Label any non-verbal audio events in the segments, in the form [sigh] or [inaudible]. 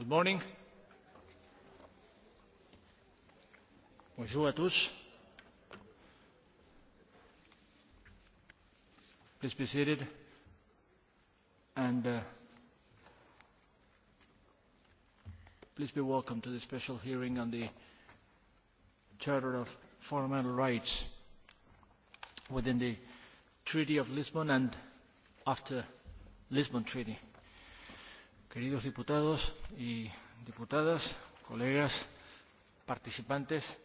Good morning. Bonjour à tous. Please be seated. And uh, please be welcome to the special hearing on the Charter of Fundamental Rights within the Treaty of Lisbon and after Lisbon Treaty queridos diputados y diputadas, colegas, participantes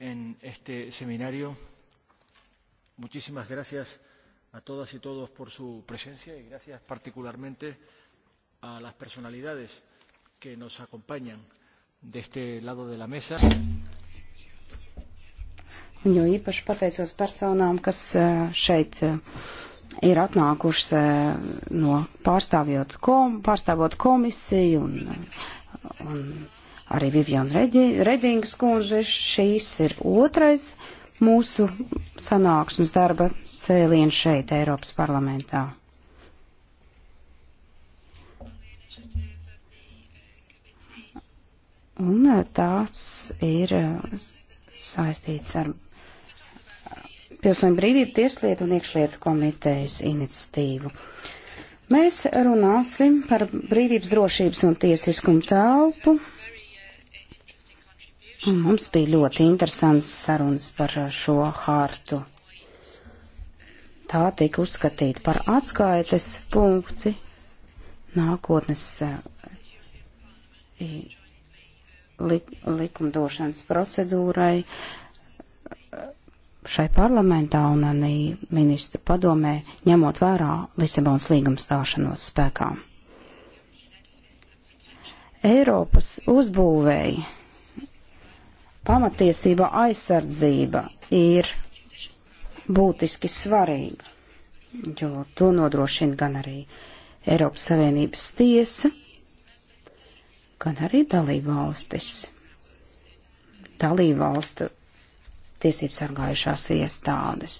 en este seminario, muchísimas gracias a todas y todos por su presencia y gracias particularmente a las personalidades que nos acompañan de este lado de la mesa. Un jo īpaši pateicos personām, kas eh, šeit eh, ir atnākušas eh, no pārstāvjot kom, pārstāvot komisiju un, un arī Viviana Redingas kundze. Šīs ir otrais mūsu sanāksmes darba cēliens šeit, Eiropas parlamentā. Un eh, tās ir eh, saistīts ar pilsoņu brīvību tieslietu un iekšlietu komitejas iniciatīvu. Mēs runāsim par brīvības drošības un tiesiskumu telpu. Un mums bija ļoti interesants sarunas par šo hārtu. Tā tika uzskatīta par atskaites punkti nākotnes eh, li likumdošanas procedūrai. Uh, šai parlamentā un arī ministru padomē, ņemot vērā Lisabonas līguma stāšanos spēkā. Eiropas uzbūvēja pamatiesība aizsardzība ir būtiski svarīga, jo to nodrošina gan arī Eiropas Savienības tiesa, gan arī dalībvalstis. Dalībvalstu tiesības sargājušās iestādes.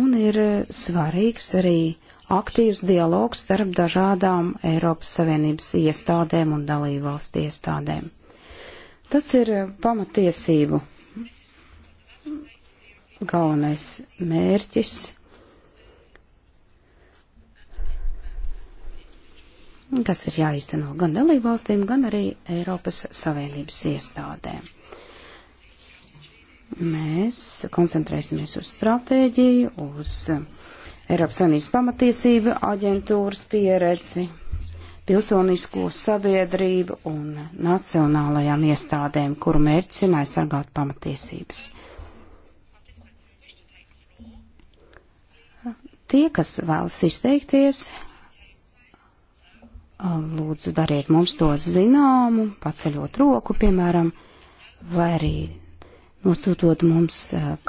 Un ir eh, svarīgs arī aktīvs dialogs starp dažādām Eiropas Savienības iestādēm un dalībvalstu iestādēm. Tas ir eh, pamatiesību galvenais mērķis kas ir jāizteno gan dalībvalstīm, gan arī Eiropas Savienības iestādēm. Mēs koncentrēsimies uz stratēģiju, uz Eiropas Savienības pamatiesību aģentūras pieredzi, pilsonisko sabiedrību un nacionālajām iestādēm, kuru mērķis ir aizsargāt pamatiesības. Tie, kas vēlas izteikties, lūdzu dariet mums to zināmu, paceļot roku, piemēram, vai arī nosūtot mums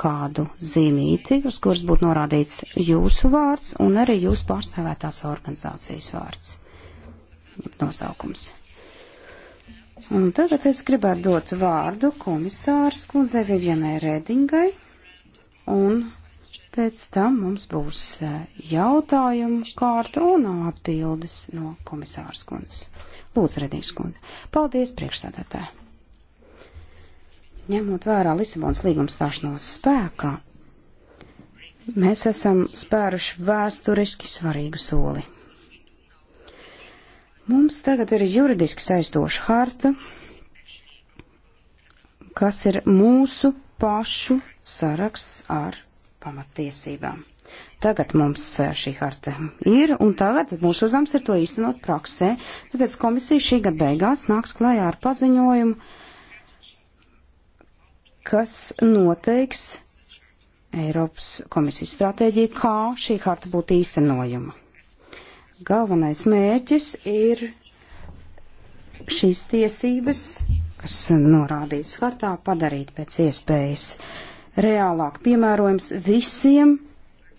kādu zīmīti, uz kuras būtu norādīts jūsu vārds un arī jūsu pārstāvētās organizācijas vārds. Nosaukums. Un tagad es gribētu dot vārdu komisāras kundzei Vivianai Redingai un Pēc tam mums būs eh, jautājumu kārta un atbildes no komisārs kundzes. Lūdzu, Redīs kundze. Paldies, priekšsēdētāji. Ņemot vērā Lisabonas līguma stāšanos spēkā, mēs esam spēruši vēsturiski svarīgu soli. Mums tagad ir juridiski saistoša harta, kas ir mūsu pašu saraksts ar pamattiesībām. Tagad mums eh, šī harta ir, un tagad mūsu uzdevums ir to īstenot praksē. Tāpēc komisija šī gada beigās nāks klājā ar paziņojumu, kas noteiks Eiropas komisijas stratēģiju, kā šī harta būtu īstenojama. Galvenais mērķis ir šīs tiesības, kas norādīts hartā, padarīt pēc iespējas uh, reālāk piemērojams visiem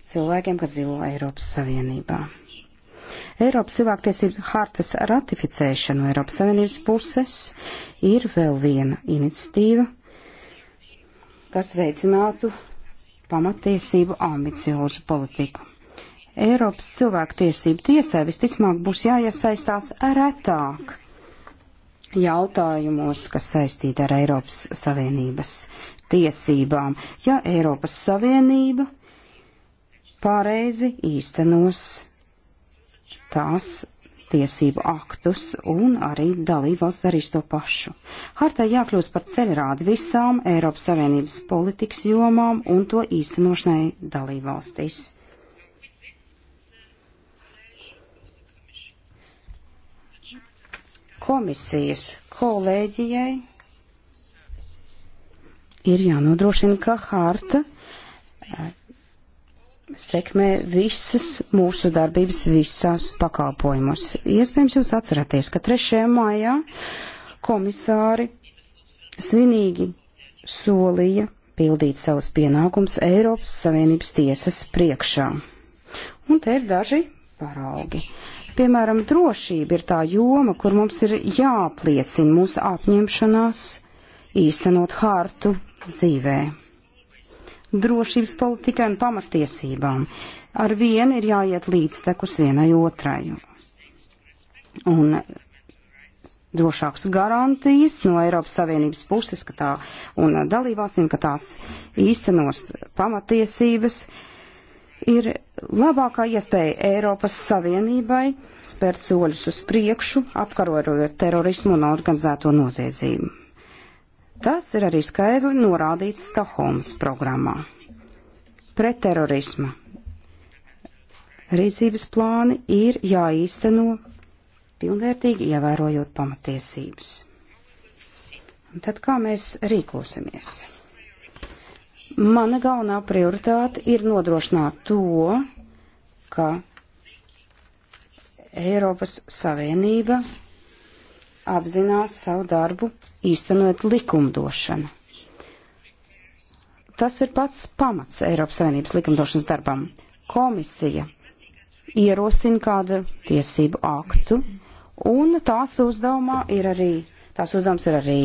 cilvēkiem, kas dzīvo Eiropas Savienībā. Eiropas cilvēktiesību hartas ratificēšana no Eiropas Savienības puses ir vēl viena iniciatīva, kas veicinātu pamatiesību ambiciozu politiku. Eiropas cilvēktiesību tiesai visticamāk būs jāiesaistās retāk jautājumos, kas saistīti ar Eiropas Savienības tiesībām, ja Eiropas Savienība pareizi īstenos tās tiesību aktus un arī dalībvalsts darīs to pašu. Hartai jākļūst par ceļrādi visām Eiropas Savienības politikas jomām un to īstenošanai dalībvalstīs. Komisijas kolēģijai ir jānodrošina, ka harta eh, sekmē visas mūsu darbības visās pakalpojumos. Iespējams, jūs atceraties, ka 3. maijā komisāri svinīgi solīja pildīt savus pienākumus Eiropas Savienības tiesas priekšā. Un te ir daži paraugi. Piemēram, drošība ir tā joma, kur mums ir jāpliecina mūsu apņemšanās īstenot hārtu dzīvē. Drošības politikai un pamatiesībām ar vienu ir jāiet līdztekus vienai otrai. Un drošāks garantijas no Eiropas Savienības puses, ka tā un dalībvalstīm, ka tās īstenos pamatiesības, ir labākā iespēja Eiropas Savienībai spērt soļus uz priekšu, apkarojot terorismu un organizēto noziedzību. Tas ir arī skaidri norādīts Stokholmas programmā. Pretterorisma rīcības plāni ir jāīsteno pilnvērtīgi ievērojot pamatiesības. Un tad kā mēs rīkosimies? Mana galvenā prioritāte ir nodrošināt to, ka Eiropas Savienība apzinās savu darbu īstenot likumdošanu. Tas ir pats pamats Eiropas Savienības likumdošanas darbam. Komisija ierosina kādu tiesību aktu, un tās uzdevumā ir arī, tās uzdevums ir arī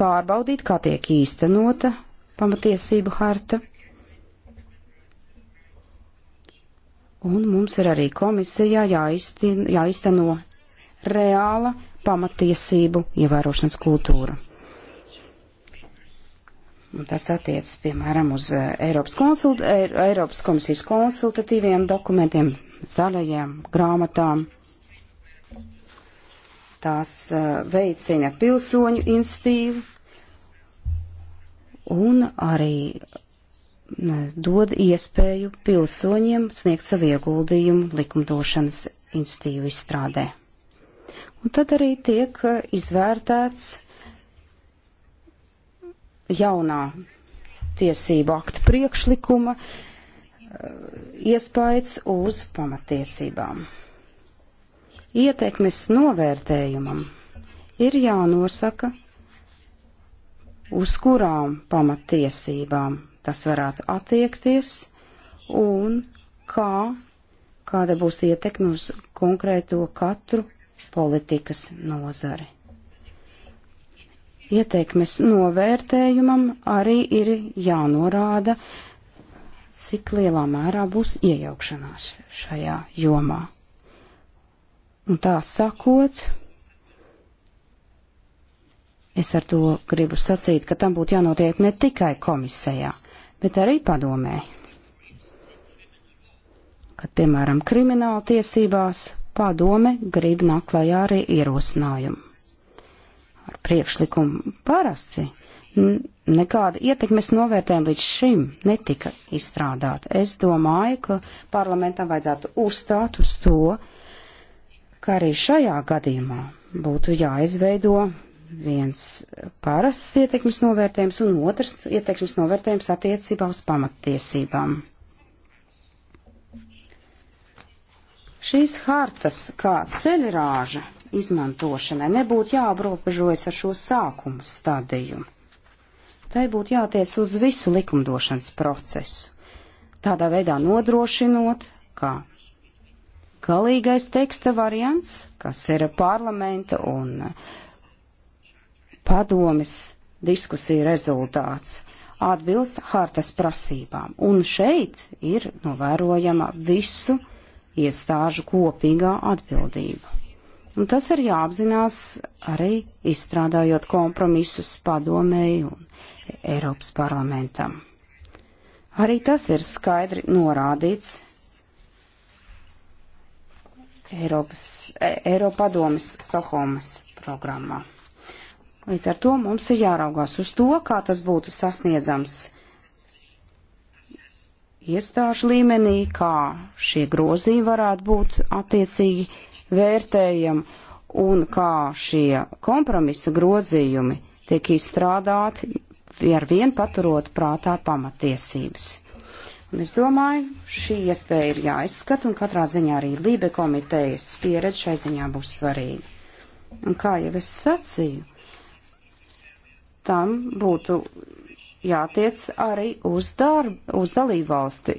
pārbaudīt, kā tiek īstenota pamatiesību harta. Un mums ir arī komisijā jāizteno reāla pamatiesību ievērošanas kultūru. Un tas attiec, piemēram, uz eh, Eiropas, konsult, eh, Eiropas komisijas konsultatīviem dokumentiem, zaļajām grāmatām. Tās eh, veicina pilsoņu institīvu un arī dod iespēju pilsoņiem sniegt savu ieguldījumu likumdošanas institīvu izstrādē. Un tad arī tiek uh, izvērtēts jaunā tiesību akta priekšlikuma uh, iespējas uz pamatiesībām. Ietekmes novērtējumam ir jānosaka, uz kurām pamatiesībām tas varētu attiekties un kā, kāda būs ietekme uz konkrēto katru politikas nozari. Ieteikmes novērtējumam arī ir jānorāda, cik lielā mērā būs iejaukšanās šajā jomā. Un tā sakot, es ar to gribu sacīt, ka tam būtu jānotiek ne tikai komisijā, bet arī padomē. Kad, piemēram, krimināla tiesībās padome grib nākt klajā arī ierosinājumu. Ar priekšlikumu parasti nekāda ietekmes novērtējuma līdz šim netika izstrādāta. Es domāju, ka parlamentam vajadzētu uzstāt uz to, ka arī šajā gadījumā būtu jāizveido viens parasts ietekmes novērtējums un otrs ietekmes novērtējums attiecībā uz pamattiesībām. Šīs hartas kā ceļrāža izmantošanai nebūtu jāaprobežojas ar šo sākumu stadiju. Tai būtu jātiec uz visu likumdošanas procesu, tādā veidā nodrošinot, ka galīgais teksta variants, kas ir parlamenta un padomis diskusija rezultāts, atbilst hartas prasībām. Un šeit ir novērojama visu iestāžu kopīgā atbildība. Un tas ir jāapzinās arī izstrādājot kompromisus padomēju un Eiropas parlamentam. Arī tas ir skaidri norādīts Eiropas, e, Eiropa padomas Stokholmas programmā. Līdz ar to mums ir jāraugās uz to, kā tas būtu sasniedzams iestāžu līmenī, kā šie grozījumi varētu būt attiecīgi vērtējami un kā šie kompromisa grozījumi tiek izstrādāti ar vien paturot prātā pamatiesības. Un es domāju, šī iespēja ir jāizskata, un katrā ziņā arī Lībe komitejas pieredze šai ziņā būs svarīga. Un kā jau es sacīju, tam būtu jātiec arī uz, darb, uz dalību valsti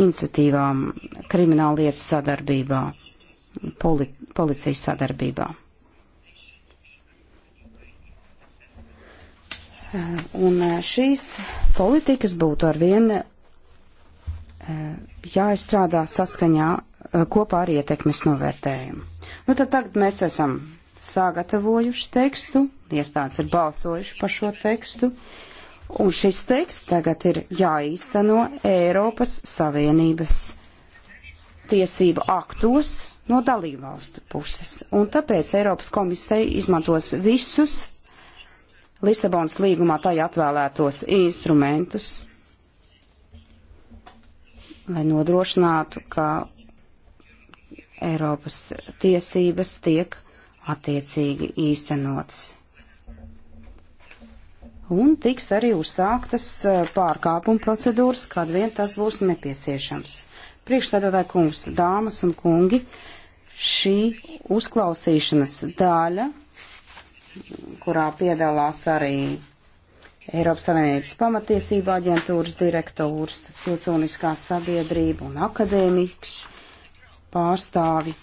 iniciatīvām krimināla lietas sadarbībā, poli, policijas sadarbībā. Un eh, šīs politikas būtu arvien eh, jāizstrādā saskaņā eh, kopā ar ietekmes novērtējumu. Nu tad tagad mēs esam sagatavojuši tekstu, iestādes ir balsojuši par šo tekstu. Uh, Un šis teksts tagad ir jāīsteno Eiropas Savienības tiesību aktos no dalībvalstu puses. Un tāpēc Eiropas komisija izmantos visus Lisabonas līgumā tajā atvēlētos instrumentus, lai nodrošinātu, ka Eiropas tiesības tiek attiecīgi īstenotas un tiks arī uzsāktas eh, pārkāpuma procedūras, kad vien tas būs nepieciešams. Priekšstādātāji kungs, dāmas un kungi, šī uzklausīšanas daļa, kurā piedalās arī Eiropas Savienības pamatiesība aģentūras direktors, pilsoniskā sabiedrība un akadēmiķis pārstāvi,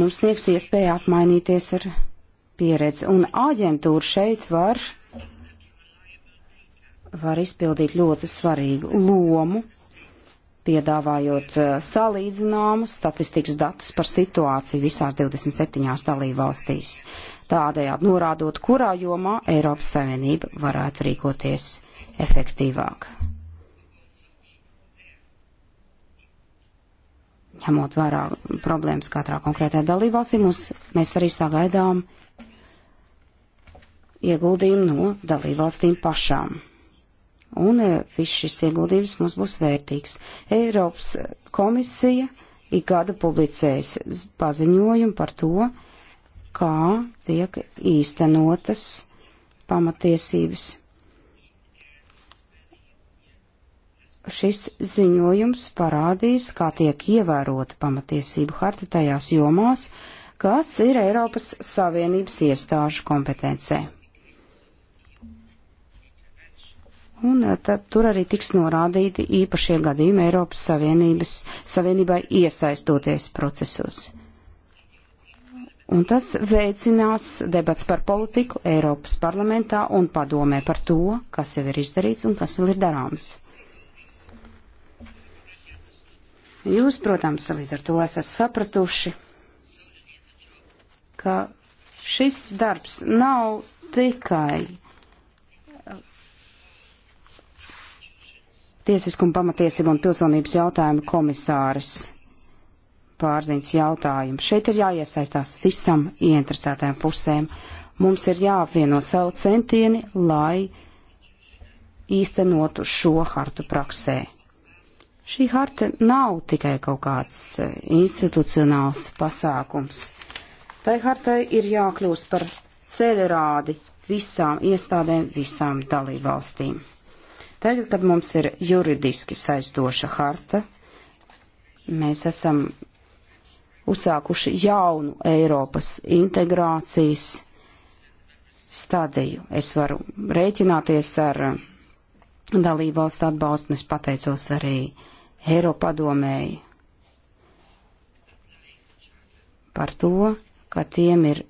mums sniegs iespēja apmainīties ar pieredze. Un aģentūra šeit var, var izpildīt ļoti svarīgu lomu, piedāvājot eh, salīdzināmus statistikas datus par situāciju visās 27 dalībvalstīs. Tādējādi norādot, kurā jomā Eiropas Savienība varētu rīkoties efektīvāk. ņemot vērā problēmas katrā konkrētajā dalībvalstī, mums, mēs arī sagaidām ieguldījumu no dalībvalstīm pašām. Un e, viss šis ieguldījums mums būs vērtīgs. Eiropas komisija ik gada publicēs paziņojumu par to, kā tiek īstenotas pamatiesības. Šis ziņojums parādīs, kā tiek ievērota pamatiesību harta tajās jomās, kas ir Eiropas Savienības iestāžu kompetencē. Un eh, tad tur arī tiks norādīti īpašie gadījumi Eiropas Savienības, Savienībai iesaistoties procesos. Un tas veicinās debats par politiku Eiropas parlamentā un padomē par to, kas jau ir izdarīts un kas vēl ir darāms. Jūs, protams, līdz ar to esat sapratuši, ka šis darbs nav tikai tiesiskuma pamatiesību un pilsonības jautājumu komisāris pārziņas jautājumu. Šeit ir jāiesaistās visam ieinteresētām pusēm. Mums ir jāapvieno savu centieni, lai īstenotu šo hartu praksē. Šī harta nav tikai kaut kāds e, institucionāls pasākums. Tai hartai ir jākļūst par ceļrādi visām iestādēm, visām dalībvalstīm. Tagad, kad mums ir juridiski saistoša harta, mēs esam uzsākuši jaunu Eiropas integrācijas stadiju. Es varu rēķināties ar uh, dalību valstu atbalstu, un es pateicos arī Eiropadomēji par to, ka tiem ir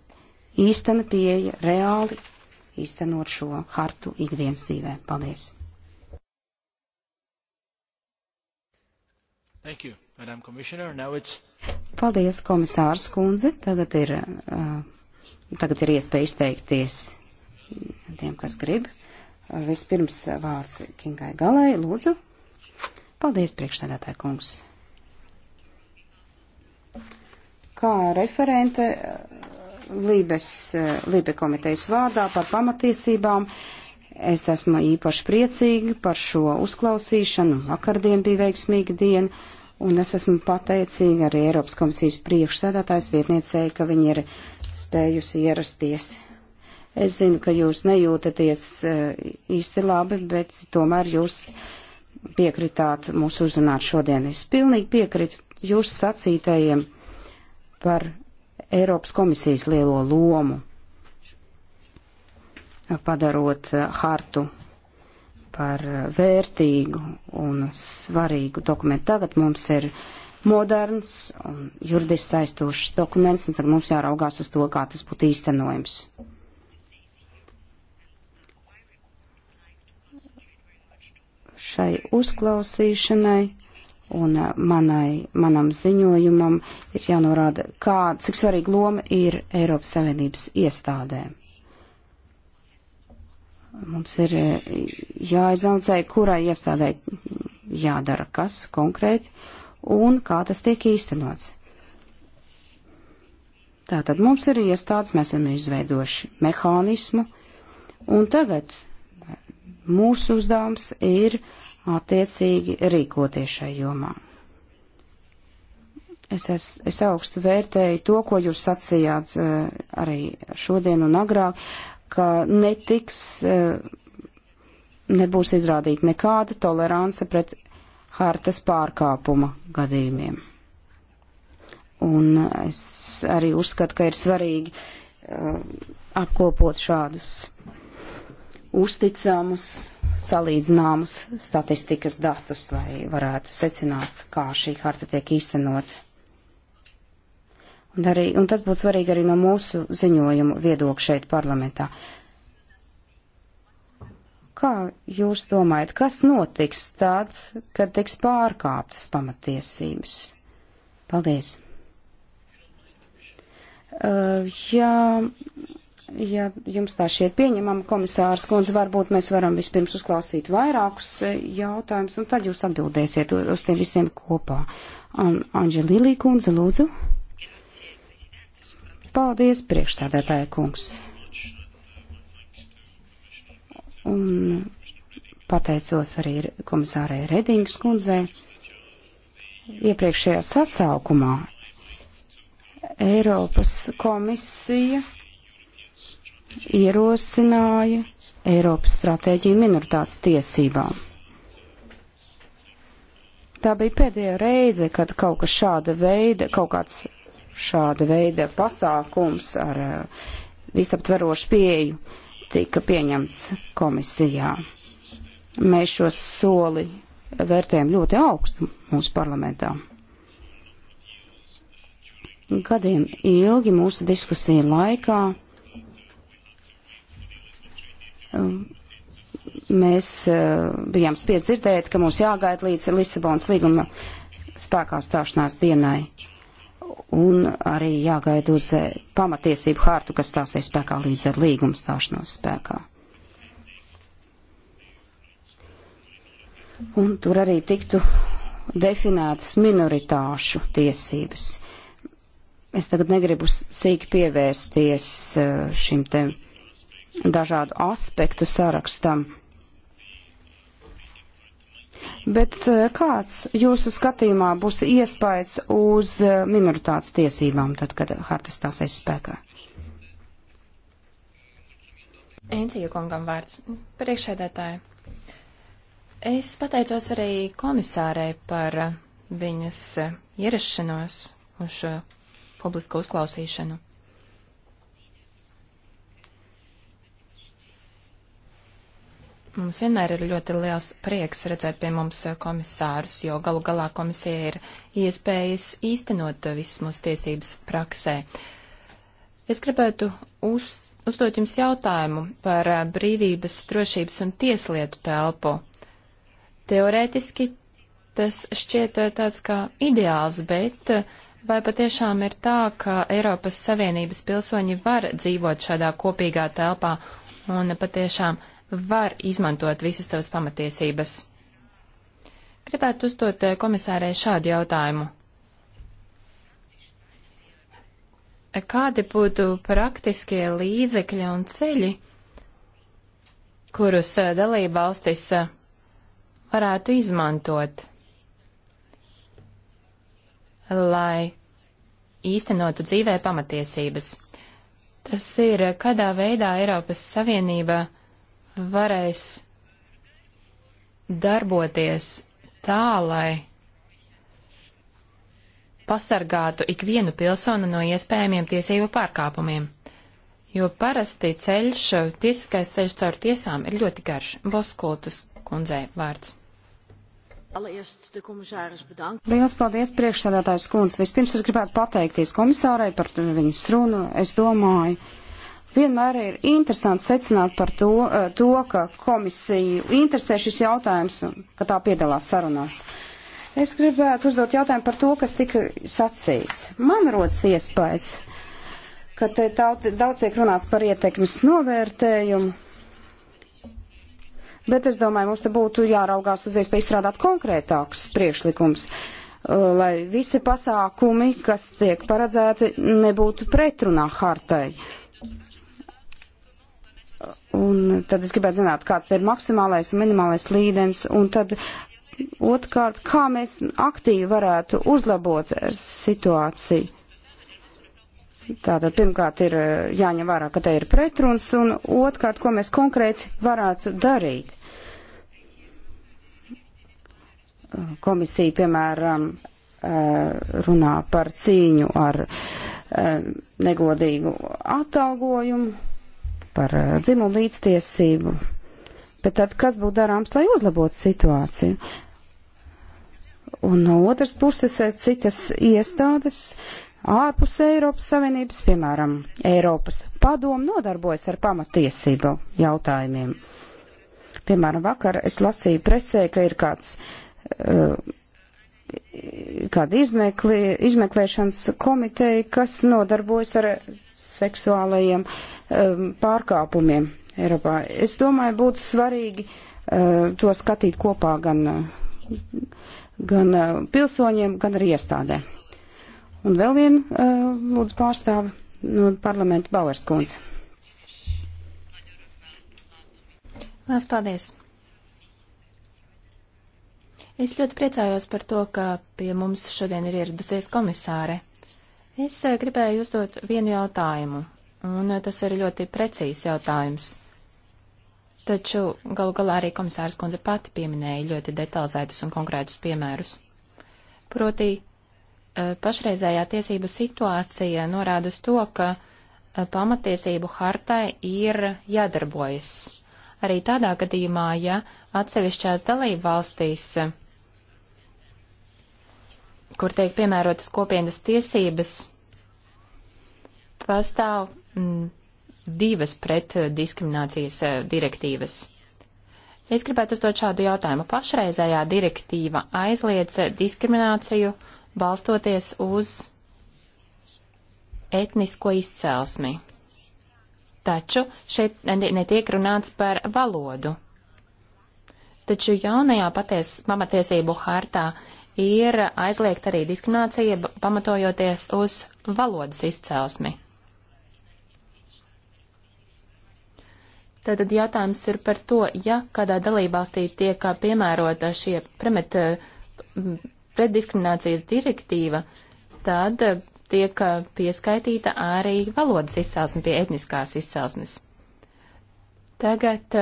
īstena pieeja reāli īstenot šo hartu ikdienas dzīvē. Paldies! Thank you, Madam Commissioner. Now it's... Paldies, komisārs kundze. Tagad ir, uh, tagad ir iespēja izteikties tiem, kas grib. Vispirms vārds Kingai Galai, lūdzu. Paldies, priekšsēdētāja kungs. Kā referente uh, Lībes, uh, Lībe komitejas vārdā par pamatiesībām, es esmu īpaši priecīga par šo uzklausīšanu. Vakardien bija veiksmīga diena. Un es esmu pateicīga arī Eiropas komisijas priekšsēdētājs vietniecei, ka viņi ir spējusi ierasties. Es zinu, ka jūs nejūtaties eh, īsti labi, bet tomēr jūs piekritāt mūsu uzrunāt šodien. Es pilnīgi piekritu jūsu sacītajiem par Eiropas komisijas lielo lomu, padarot eh, hartu par eh, vērtīgu un svarīgu dokumentu. Tagad mums ir moderns un juridiski saistošs dokuments, un tagad mums jāraugās uz to, kā tas būtu īstenojams. Šai uzklausīšanai un eh, manai, manam ziņojumam ir jānorāda, kā, cik svarīga loma ir Eiropas Savienības iestādēm. Mums ir e, jāizanalizē, kurai iestādē jādara kas konkrēti un kā tas tiek īstenots. Tātad mums ir iestādes, mēs esam izveidojuši mehānismu, un tagad mūsu uzdevums ir attiecīgi rīkoties šai jomā. Es, es, es augstu vērtēju to, ko jūs sacījāt e, arī šodien un agrāk ka netiks, eh, nebūs izrādīta nekāda tolerance pret hartas pārkāpuma gadījumiem. Un es arī uzskatu, ka ir svarīgi eh, apkopot šādus uzticamus, salīdzināmus statistikas datus, lai varētu secināt, kā šī harta tiek īstenota. Un, arī, un tas būtu svarīgi arī no mūsu ziņojumu viedokļa šeit parlamentā. Kā jūs domājat, kas notiks tad, kad tiks pārkāptas pamatiesības? Paldies. Uh, jā, ja jums tā šķiet pieņemama, komisārs kundze, varbūt mēs varam vispirms uzklausīt vairākus uh, jautājumus, un tad jūs atbildēsiet uz tiem visiem kopā. An Anģelīlī kundze, lūdzu. Paldies, priekšsēdētāja kungs. Un pateicos arī komisārai Redingas kundzei. Iepriekšējā sasaukumā Eiropas komisija ierosināja Eiropas stratēģiju minoritātes tiesībām. Tā bija pēdējā reize, kad kaut kas šāda veida, kaut kāds šāda veida pasākums ar eh, visaptverošu pieeju tika pieņemts komisijā. Mēs šo soli vērtējam ļoti augstu mūsu parlamentā. Gadiem ilgi mūsu diskusija laikā um, mēs eh, bijām spiest dzirdēt, ka mums jāgaida līdz Lisabonas līguma spēkā stāšanās dienai un arī jāgaida uz eh, pamatiesību hārtu, kas stāsies spēkā līdz ar līgumu stāšanos spēkā. Un tur arī tiktu definētas minoritāšu tiesības. Es tagad negribu sīki pievērsties eh, šim te dažādu aspektu sarakstam Bet e, kāds jūsu skatījumā būs iespējas uz e, minoritātes tiesībām, tad, kad harta stāsies spēkā? Enciju kungam vārds. Priekšēdētāji. Es pateicos arī komisārei par viņas ierašanos uz šo publisko uzklausīšanu. Mums vienmēr ir ļoti liels prieks redzēt pie mums komisārus, jo galu galā komisija ir iespējas īstenot visas mūsu tiesības praksē. Es gribētu uz, uzdot jums jautājumu par brīvības, drošības un tieslietu telpu. Teorētiski tas šķiet tāds kā ideāls, bet vai patiešām ir tā, ka Eiropas Savienības pilsoņi var dzīvot šādā kopīgā telpā un patiešām var izmantot visas savas pamatiesības. Gribētu uzdot eh, komisārei šādu jautājumu. Kādi būtu praktiskie līdzekļi un ceļi, kurus eh, dalība valstis eh, varētu izmantot, lai īstenotu dzīvē pamatiesības? Tas ir, kādā veidā Eiropas Savienība varēs darboties tā, lai pasargātu ikvienu pilsonu no iespējamiem tiesību pārkāpumiem. Jo parasti ceļš, tiesiskais ceļš caur tiesām ir ļoti garš. Boskultas kundzei vārds. Liels paldies priekšstādātājs kundze. Vispirms es gribētu pateikties komisārai par viņas runu. Es domāju, Vienmēr ir interesanti secināt par to, eh, to ka komisiju interesē šis jautājums un ka tā piedalās sarunās. Es gribētu uzdot jautājumu par to, kas tika sacīts. Man rodas iespējas, ka te daudz tiek runāts par ietekmes novērtējumu, bet es domāju, mums te būtu jāraugās uz iespēju izstrādāt konkrētākus priekšlikumus, eh, lai visi pasākumi, kas tiek paredzēti, nebūtu pretrunā hartai. Un tad es gribētu zināt, kāds ir maksimālais un minimālais līdens, un tad otrkārt, kā mēs aktīvi varētu uzlabot situāciju. Tātad pirmkārt ir eh, jāņem vērā, ka te ir pretruns, un otrkārt, ko mēs konkrēti varētu darīt. Komisija, piemēram, eh, runā par cīņu ar eh, negodīgu atalgojumu par eh, dzimumu līdztiesību. Bet tad kas būtu darāms, lai uzlabotu situāciju? Un no otras puses eh, citas iestādes ārpus Eiropas Savienības, piemēram, Eiropas padomu nodarbojas ar pamatiesību jautājumiem. Piemēram, vakar es lasīju presē, ka ir kāds, eh, kāda izmeklē, izmeklēšanas komiteja, kas nodarbojas ar seksuālajiem um, pārkāpumiem Eiropā. Es domāju, būtu svarīgi uh, to skatīt kopā gan, uh, gan uh, pilsoņiem, gan arī iestādē. Un vēl viena uh, lūdzu pārstāve no parlamenta Bauers kundze. Lās paldies! Es ļoti priecājos par to, ka pie mums šodien ir ieradusies komisāre. Es eh, gribēju uzdot vienu jautājumu, un eh, tas ir ļoti precīzs jautājums. Taču galu galā arī komisārs kundze pati pieminēja ļoti detalizētus un konkrētus piemērus. Proti, eh, pašreizējā tiesību situācija norāda uz to, ka pamatiesību hartai ir jādarbojas. Arī tādā gadījumā, ja atsevišķās dalību valstīs kur tiek piemērotas kopienas tiesības, pastāv mm, divas pretdiskriminācijas eh, eh, direktīvas. Es gribētu uzdot šādu jautājumu. Pašreizējā direktīva aizliedz eh, diskrimināciju balstoties uz etnisko izcelsmi. Taču šeit netiek runāts par valodu. Taču jaunajā paties, pamatiesību hartā ir aizliegta arī diskriminācija pamatojoties uz valodas izcelsmi. Tātad jautājums ir par to, ja kādā dalībvalstī tiek piemērota šie premet, preddiskriminācijas direktīva, tad tiek pieskaitīta arī valodas izcelsme pie etniskās izcelsmes. Tagad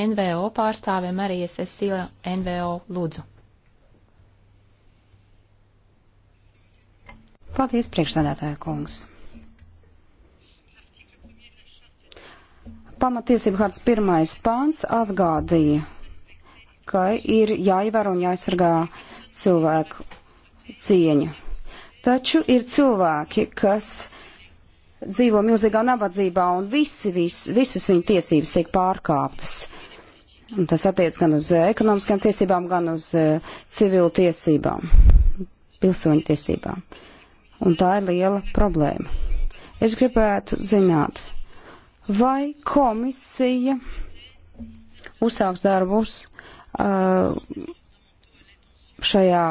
NVO pārstāve Marija Cecilija NVO lūdzu. Paldies, priekšstādātāja kungs. Pamatiesība hartas pirmais pāns atgādīja, ka ir jāievēro un jāaizsargā cilvēku cieņa. Taču ir cilvēki, kas dzīvo milzīgā nabadzībā un visi, vis, visas viņu tiesības tiek pārkāptas. Un tas attiec gan uz eh, ekonomiskām tiesībām, gan uz eh, civilu tiesībām, pilsoņu tiesībām. Un tā ir liela problēma. Es gribētu zināt, Vai komisija uzsāks darbus uh, šajā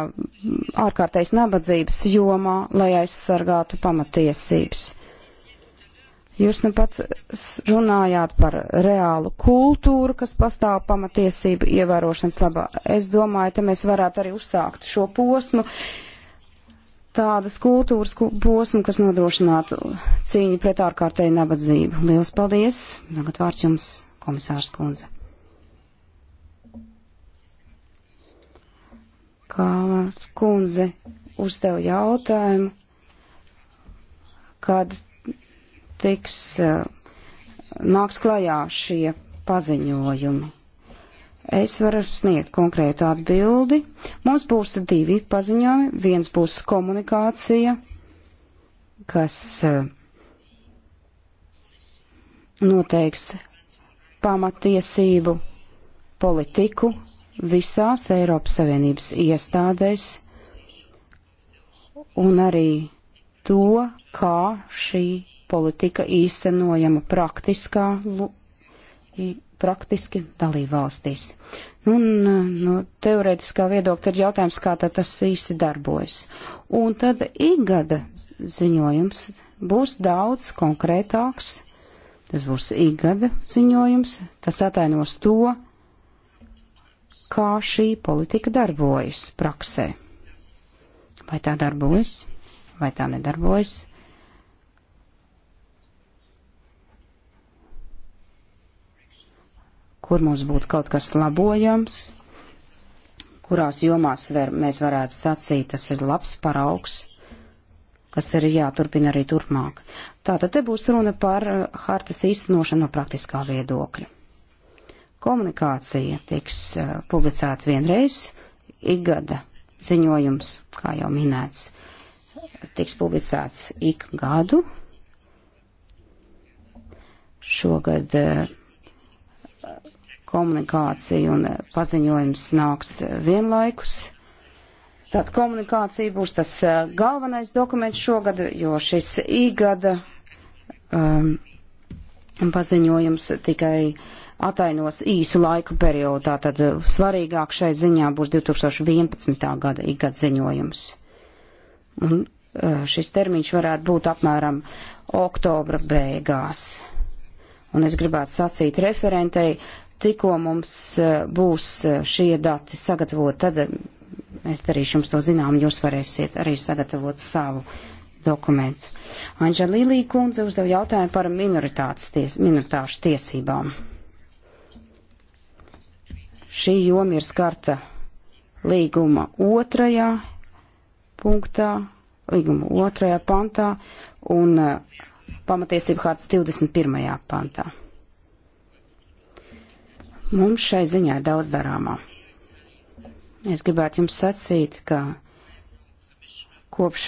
ārkārtējas nabadzības jomā, lai aizsargātu pamatiesības? Jūs nu pat runājāt par reālu kultūru, kas pastāv pamatiesību ievērošanas labā. Es domāju, te mēs varētu arī uzsākt šo posmu. Uh, tādas kultūras posmu, kas nodrošinātu cīņu pret ārkārtēju nabadzību. Lielas paldies! Tagad vārds jums, komisārs Kunze. Kā kundze uzdev jautājumu, kad tiks eh, nāks klajā šie paziņojumi. Es varu sniegt konkrētu atbildi. Mums būs divi paziņojumi. Viens būs komunikācija, kas eh, noteiks pamatiesību politiku visās Eiropas Savienības iestādēs un arī to, kā šī politika īstenojama praktiskā praktiski dalībvalstīs. Nu, un eh, no teorētiskā viedokļa ir jautājums, kā tad tas īsti darbojas. Un tad ikgada ziņojums būs daudz konkrētāks. Tas būs ikgada ziņojums, kas atainos to, kā šī politika darbojas praksē. Vai tā darbojas, vai tā nedarbojas? kur mums būtu kaut kas labojams, kurās jomās var, mēs varētu sacīt, tas ir labs paraugs, kas ir jāturpina arī turpmāk. Tātad te būs runa par uh, hartas īstenošanu no praktiskā viedokļa. Komunikācija tiks uh, publicēta vienreiz, ikgada ziņojums, kā jau minēts, tiks publicēts ik gadu. Šogad uh, komunikācija un paziņojums nāks vienlaikus. Tad komunikācija būs tas eh, galvenais dokuments šogad, jo šis īgada um, paziņojums tikai atainos īsu laiku periodu. Tātad svarīgāk šai ziņā būs 2011. gada īgada ziņojums. Un eh, šis termiņš varētu būt apmēram oktobra beigās. Un es gribētu sacīt referentei, tikko mums eh, būs eh, šie dati sagatavot, tad es eh, darīšu jums to zinām, jūs varēsiet arī sagatavot savu dokumentu. Anģelīlī kundze uzdev jautājumu par ties, minoritāšu tiesībām. Šī joma ir skarta līguma otrajā punktā, līguma otrajā pantā un pamatiesību hārtas 21. pantā. Mums šai ziņā ir daudz darāmā. Es gribētu jums sacīt, ka kopš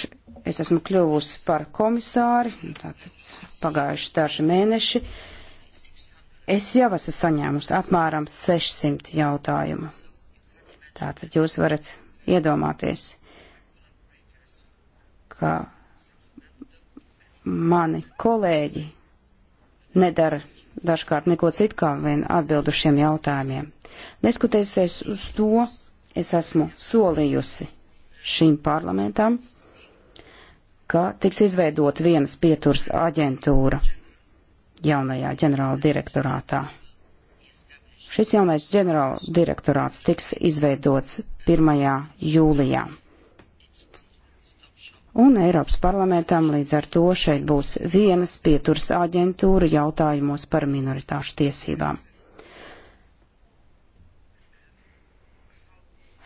es esmu kļuvusi par komisāri, tātad pagājuši daži mēneši, es jau esmu saņēmusi apmēram 600 jautājumu. Tātad jūs varat iedomāties, ka mani kolēģi nedara dažkārt neko citu kā vien atbildu šiem jautājumiem. Neskatoties uz to, es esmu solījusi šīm parlamentam, ka tiks izveidot vienas pieturas aģentūra jaunajā ģenerāla direktorātā. Šis jaunais ģenerāla direktorāts tiks izveidots 1. jūlijā. Un Eiropas parlamentam līdz ar to šeit būs vienas pieturas aģentūra jautājumos par minoritāšu tiesībām.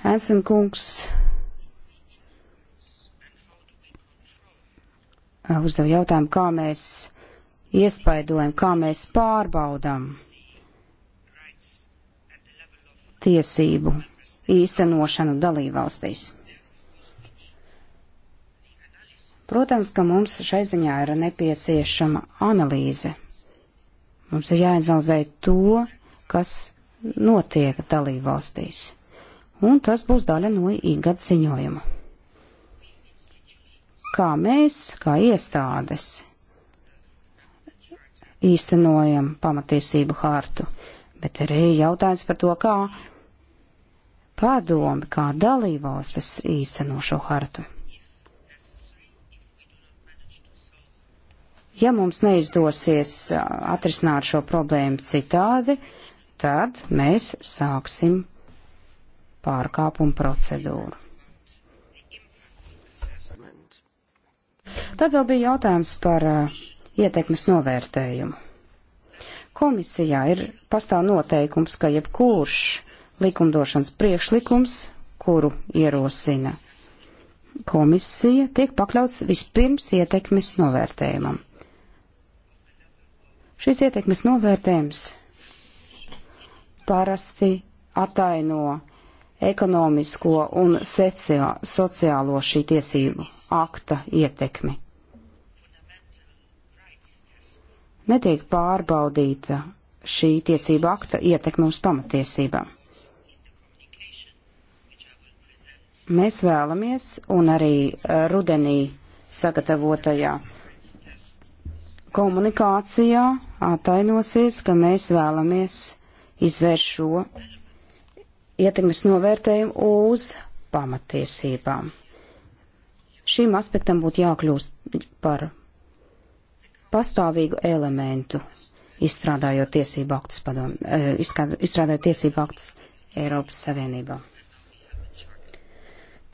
Hansen kungs eh, uzdev jautājumu, kā mēs iespaidojam, kā mēs pārbaudām tiesību īstenošanu dalībvalstīs. Protams, ka mums šai ziņā ir nepieciešama analīze. Mums ir jāizanalizē to, kas notiek dalībvalstīs. Un tas būs daļa no īgad ziņojuma. Kā mēs, kā iestādes, īstenojam pamatiesību hārtu, bet arī jautājums par to, kā padomi, kā dalībvalstis īsteno šo hartu. Ja mums neizdosies atrisināt šo problēmu citādi, tad mēs sāksim pārkāpumu procedūru. Tad vēl bija jautājums par uh, ietekmes novērtējumu. Komisijā ir pastāv noteikums, ka jebkurš likumdošanas priekšlikums, kuru ierosina komisija, tiek pakļauts vispirms ietekmes novērtējumam. Šis ietekmes novērtējums parasti ataino ekonomisko un sociālo šī tiesību akta ietekmi. Netiek pārbaudīta šī tiesība akta ietekme uz pamatiesībām. Mēs vēlamies, un arī eh, rudenī sagatavotajā komunikācijā atainosies, ka mēs vēlamies izvērst šo ietekmes novērtējumu uz pamatiesībām. Šim aspektam būtu jākļūst par pastāvīgu elementu, izstrādājot tiesību aktus, padom, eh, izstrādājot tiesību aktus Eiropas Savienībā.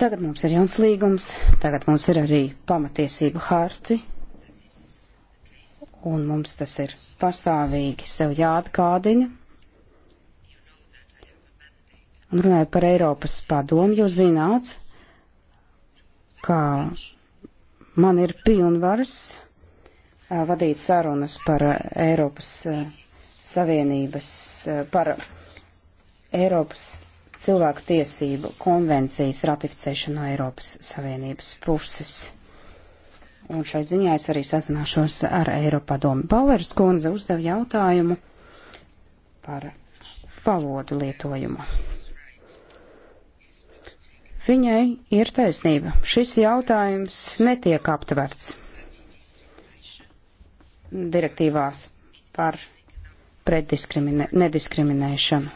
Tagad mums ir jauns līgums, tagad mums ir arī pamatiesību harti, un mums tas ir pastāvīgi sev jāatgādina. Un runājot par Eiropas padomu, jūs zināt, ka man ir pilnvars vadīt sarunas par Eiropas Savienības, par Eiropas cilvēku tiesību konvencijas ratificēšanu no Eiropas Savienības puses. Un šai ziņā es arī sazināšos ar Eiropadomu. Bauers kundze uzdev jautājumu par valodu lietojumu. Viņai ir taisnība. Šis jautājums netiek aptverts direktīvās par preddiskriminēšanu.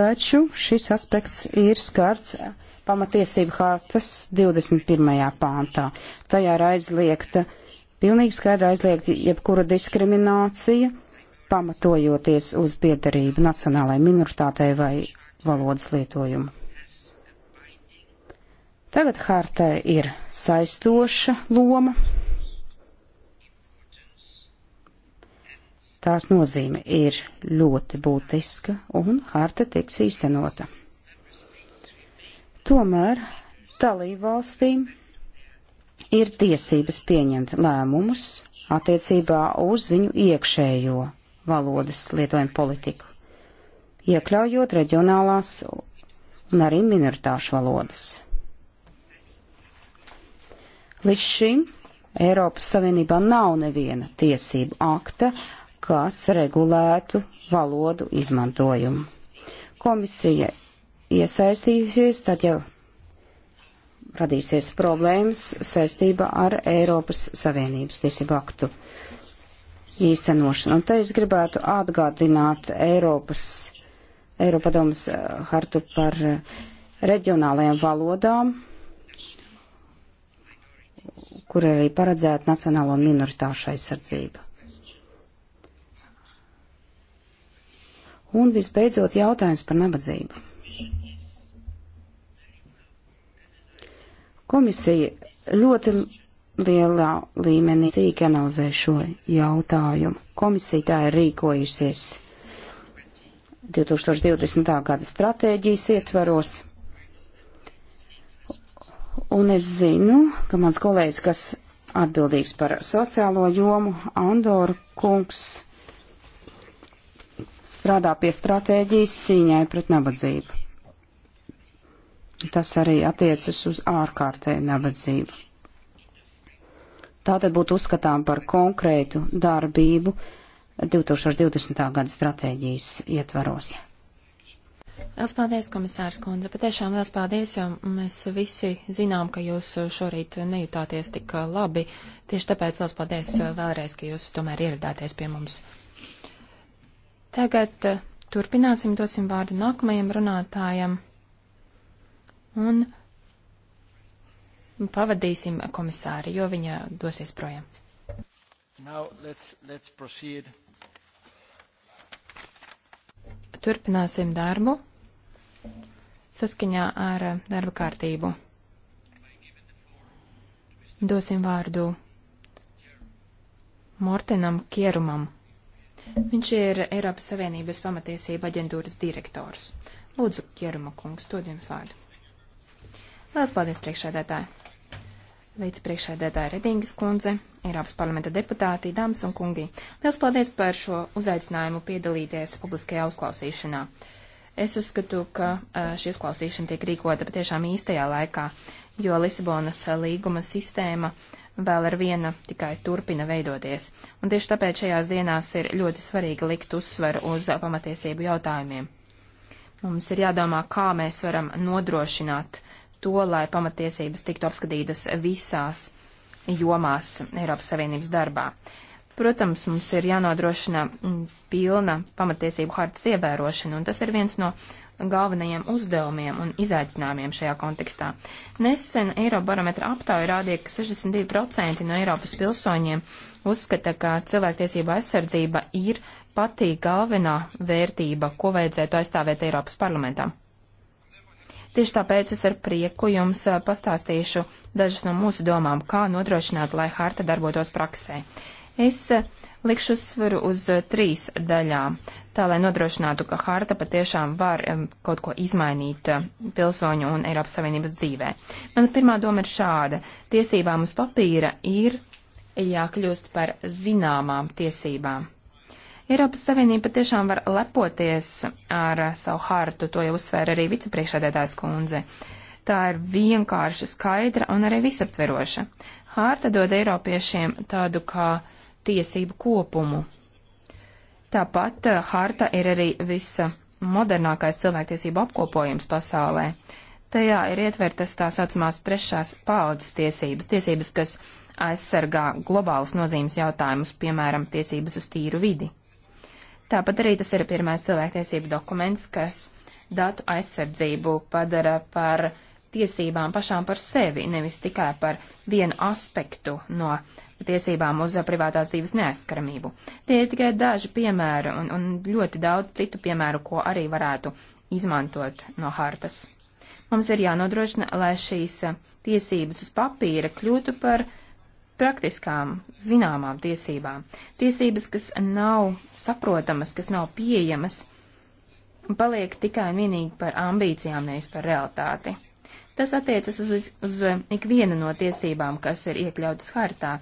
Taču šis aspekts ir skarts pamatiesību hārtas 21. pāntā. Tajā ir aizliegta, pilnīgi skaidri aizliegta jebkura diskriminācija, pamatojoties uz piedarību nacionālajai minoritātei vai valodas lietojumu. Tagad hārtai ir saistoša loma. Tās nozīme ir ļoti būtiska un harta tiks īstenota. Tomēr dalībvalstīm ir tiesības pieņemt lēmumus attiecībā uz viņu iekšējo valodas lietojumu politiku, iekļaujot reģionālās un arī minoritāšu valodas. Līdz šim Eiropas Savienībā nav neviena tiesību akta, kas regulētu valodu izmantojumu. Komisija iesaistīsies, tad jau radīsies problēmas saistībā ar Eiropas Savienības tiesību aktu īstenošanu. Un te es gribētu atgādināt Eiropas, Eiropadomas eh, hartu par eh, reģionālajām valodām, kur arī paredzēta nacionālo minoritāšu aizsardzība. Un visbeidzot jautājums par nabadzību. Komisija ļoti lielā līmenī sīk analizē šo jautājumu. Komisija tā ir rīkojusies 2020. gada stratēģijas ietvaros. Un es zinu, ka mans kolēģis, kas atbildīgs par sociālo jomu, Andor kungs, strādā pie stratēģijas cīņai pret nabadzību. Tas arī attiecas uz ārkārtēju nabadzību. Tā tad būtu uzskatām par konkrētu darbību 2020. gada stratēģijas ietvaros. Liels paldies, komisārs kundze. Patiešām liels paldies, jo mēs visi zinām, ka jūs šorīt nejutāties tik labi. Tieši tāpēc liels paldies vēlreiz, ka jūs tomēr ieradāties pie mums. Tagad eh, turpināsim, dosim vārdu nākamajam runātājam un pavadīsim komisāri, jo viņa dosies projām. Now let's, let's proceed. Turpināsim darbu saskaņā ar darba kārtību. Dosim vārdu Mortenam Kierumam. Viņš ir Eiropas Savienības pamatiesība aģentūras direktors. Lūdzu, Kieruma kungs, dod jums vārdu. Lielas paldies priekšēdētāji! Vicepriekšēdētāja Redingas kundze, Eiropas parlamenta deputāti, dāmas un kungi, liels paldies par šo uzaicinājumu piedalīties publiskajā uzklausīšanā. Es uzskatu, ka šī uzklausīšana tiek rīkota patiešām īstajā laikā, jo Lisabonas līguma sistēma vēl ar viena tikai turpina veidoties. Un tieši tāpēc šajās dienās ir ļoti svarīgi likt uzsvaru uz pamatiesību jautājumiem. Mums ir jādomā, kā mēs varam nodrošināt uh, to, lai pamatiesības tiktu apskatītas visās jomās Eiropas Savienības darbā. Protams, mums ir jānodrošina mm, pilna pamatiesību hartas ievērošana, un tas ir viens no galvenajiem uzdevumiem un izaicinājumiem šajā kontekstā. Nesen Eirobarometra aptāja rādīja, ka 62% no Eiropas pilsoņiem uzskata, ka cilvēktiesība aizsardzība ir patī galvenā vērtība, ko vajadzētu aizstāvēt Eiropas parlamentam. Tieši tāpēc es ar prieku jums pastāstīšu dažas no mūsu domām, kā nodrošināt, lai harta darbotos praksē. Es likšu uzsvaru uz trīs daļām, tā lai nodrošinātu, ka harta patiešām var kaut ko izmainīt pilsoņu un Eiropas Savienības dzīvē. Mana pirmā doma ir šāda. Tiesībām uz papīra ir jākļūst par zināmām tiesībām. Eiropas Savienība tiešām var lepoties ar savu hartu, to jau uzsvēra arī vicepriekšādētājs kundze. Tā ir vienkārša, skaidra un arī visaptveroša. Hārta dod Eiropiešiem tādu kā tiesību kopumu. Tāpat eh, harta ir arī visa modernākais cilvēktiesību apkopojums pasaulē. Tajā ir ietvertas tā saucamās trešās paudzes tiesības, tiesības, kas aizsargā globālus nozīmes jautājumus, piemēram, tiesības uz tīru vidi. Tāpat arī tas ir pirmais cilvēktiesību dokuments, kas datu aizsardzību padara par tiesībām pašām par sevi, nevis tikai par vienu aspektu no tiesībām uz privātās dzīves neaizskaramību. Tie ir tikai daži piemēri un, un ļoti daudz citu piemēru, ko arī varētu izmantot no hartas. Mums ir jānodrošina, lai šīs tiesības uz papīra kļūtu par uh, praktiskām, zināmām tiesībām. Tiesības, kas nav saprotamas, kas nav pieejamas, paliek tikai un vienīgi par ambīcijām, nevis par realitāti. Tas attiecas uz, uz ikvienu no tiesībām, kas ir iekļautas hartā,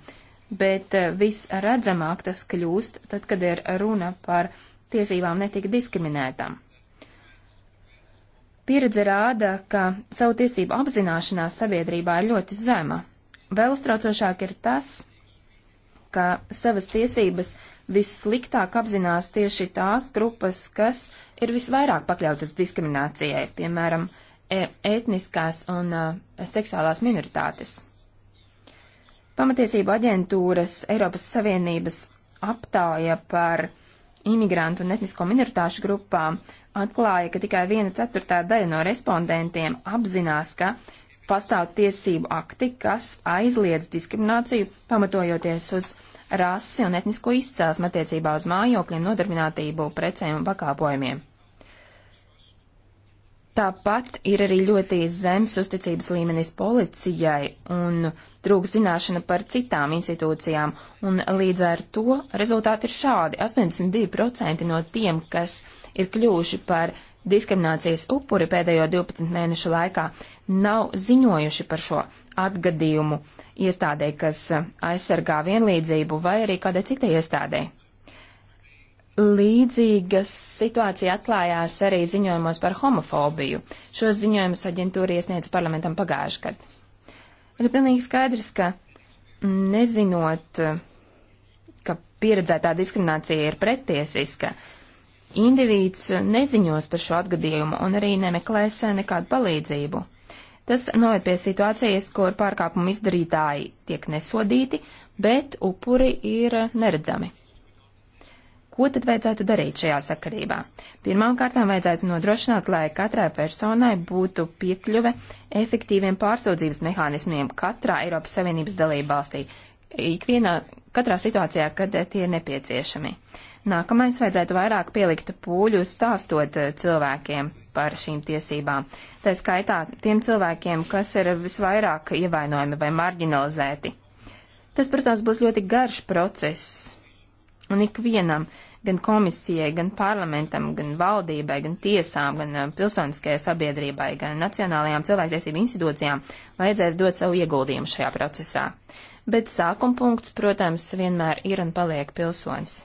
bet eh, visredzamāk tas kļūst tad, kad ir runa par tiesībām netika diskriminētām. Pieredze rāda, ka savu tiesību apzināšanās sabiedrībā ir ļoti zema, Vēl uztraucošāk ir tas, ka savas tiesības vissliktāk apzinās tieši tās grupas, kas ir visvairāk pakļautas diskriminācijai, piemēram, e, etniskās un uh, seksuālās minoritātes. Pamatiesību aģentūras Eiropas Savienības aptāja par imigrantu un etnisko minoritāšu grupām atklāja, ka tikai viena ceturtā daļa no respondentiem apzinās, ka pastāv tiesību akti, kas aizliedz diskrimināciju, pamatojoties uz rasi un etnisko izcelsmu attiecībā uz mājokļiem, nodarbinātību, precēm un pakāpojumiem. Tāpat ir arī ļoti zems uzticības līmenis policijai un trūks zināšana par citām institūcijām, un līdz ar to rezultāti ir šādi. 82% no tiem, kas ir kļuvuši par diskriminācijas upuri pēdējo 12 mēnešu laikā nav ziņojuši par šo atgadījumu iestādē, kas aizsargā vienlīdzību vai arī kādai citai iestādē. Līdzīga situācija atklājās arī ziņojumos par homofobiju. Šos ziņojumus aģentūra iesniedza parlamentam pagājušajā gadā. Ir pilnīgi skaidrs, ka nezinot, ka pieredzētā diskriminācija ir pretiesiska, uh, indivīds neziņos par šo atgadījumu un arī nemeklēs nekādu palīdzību. Tas noved pie situācijas, kur pārkāpumu izdarītāji tiek nesodīti, bet upuri ir neredzami. Ko tad vajadzētu darīt šajā sakarībā? Pirmkārt, vajadzētu nodrošināt, lai katrai personai būtu piekļuve efektīviem pārsūdzības mehānismiem katrā Eiropas Savienības dalībvalstī, ikvienā, katrā situācijā, kad tie ir nepieciešami. Uh, Nākamais vajadzētu vairāk pielikt pūļu stāstot eh, cilvēkiem par šīm tiesībām. Tā skaitā tiem cilvēkiem, kas ir visvairāk ievainojami vai marginalizēti. Tas, protams, būs ļoti garš process, un ikvienam, gan komisijai, gan parlamentam, gan valdībai, gan tiesām, gan eh, pilsoniskajai sabiedrībai, gan nacionālajām cilvēktiesību institūcijām vajadzēs dot savu ieguldījumu šajā procesā. Bet sākuma punkts, protams, vienmēr ir un paliek pilsonis.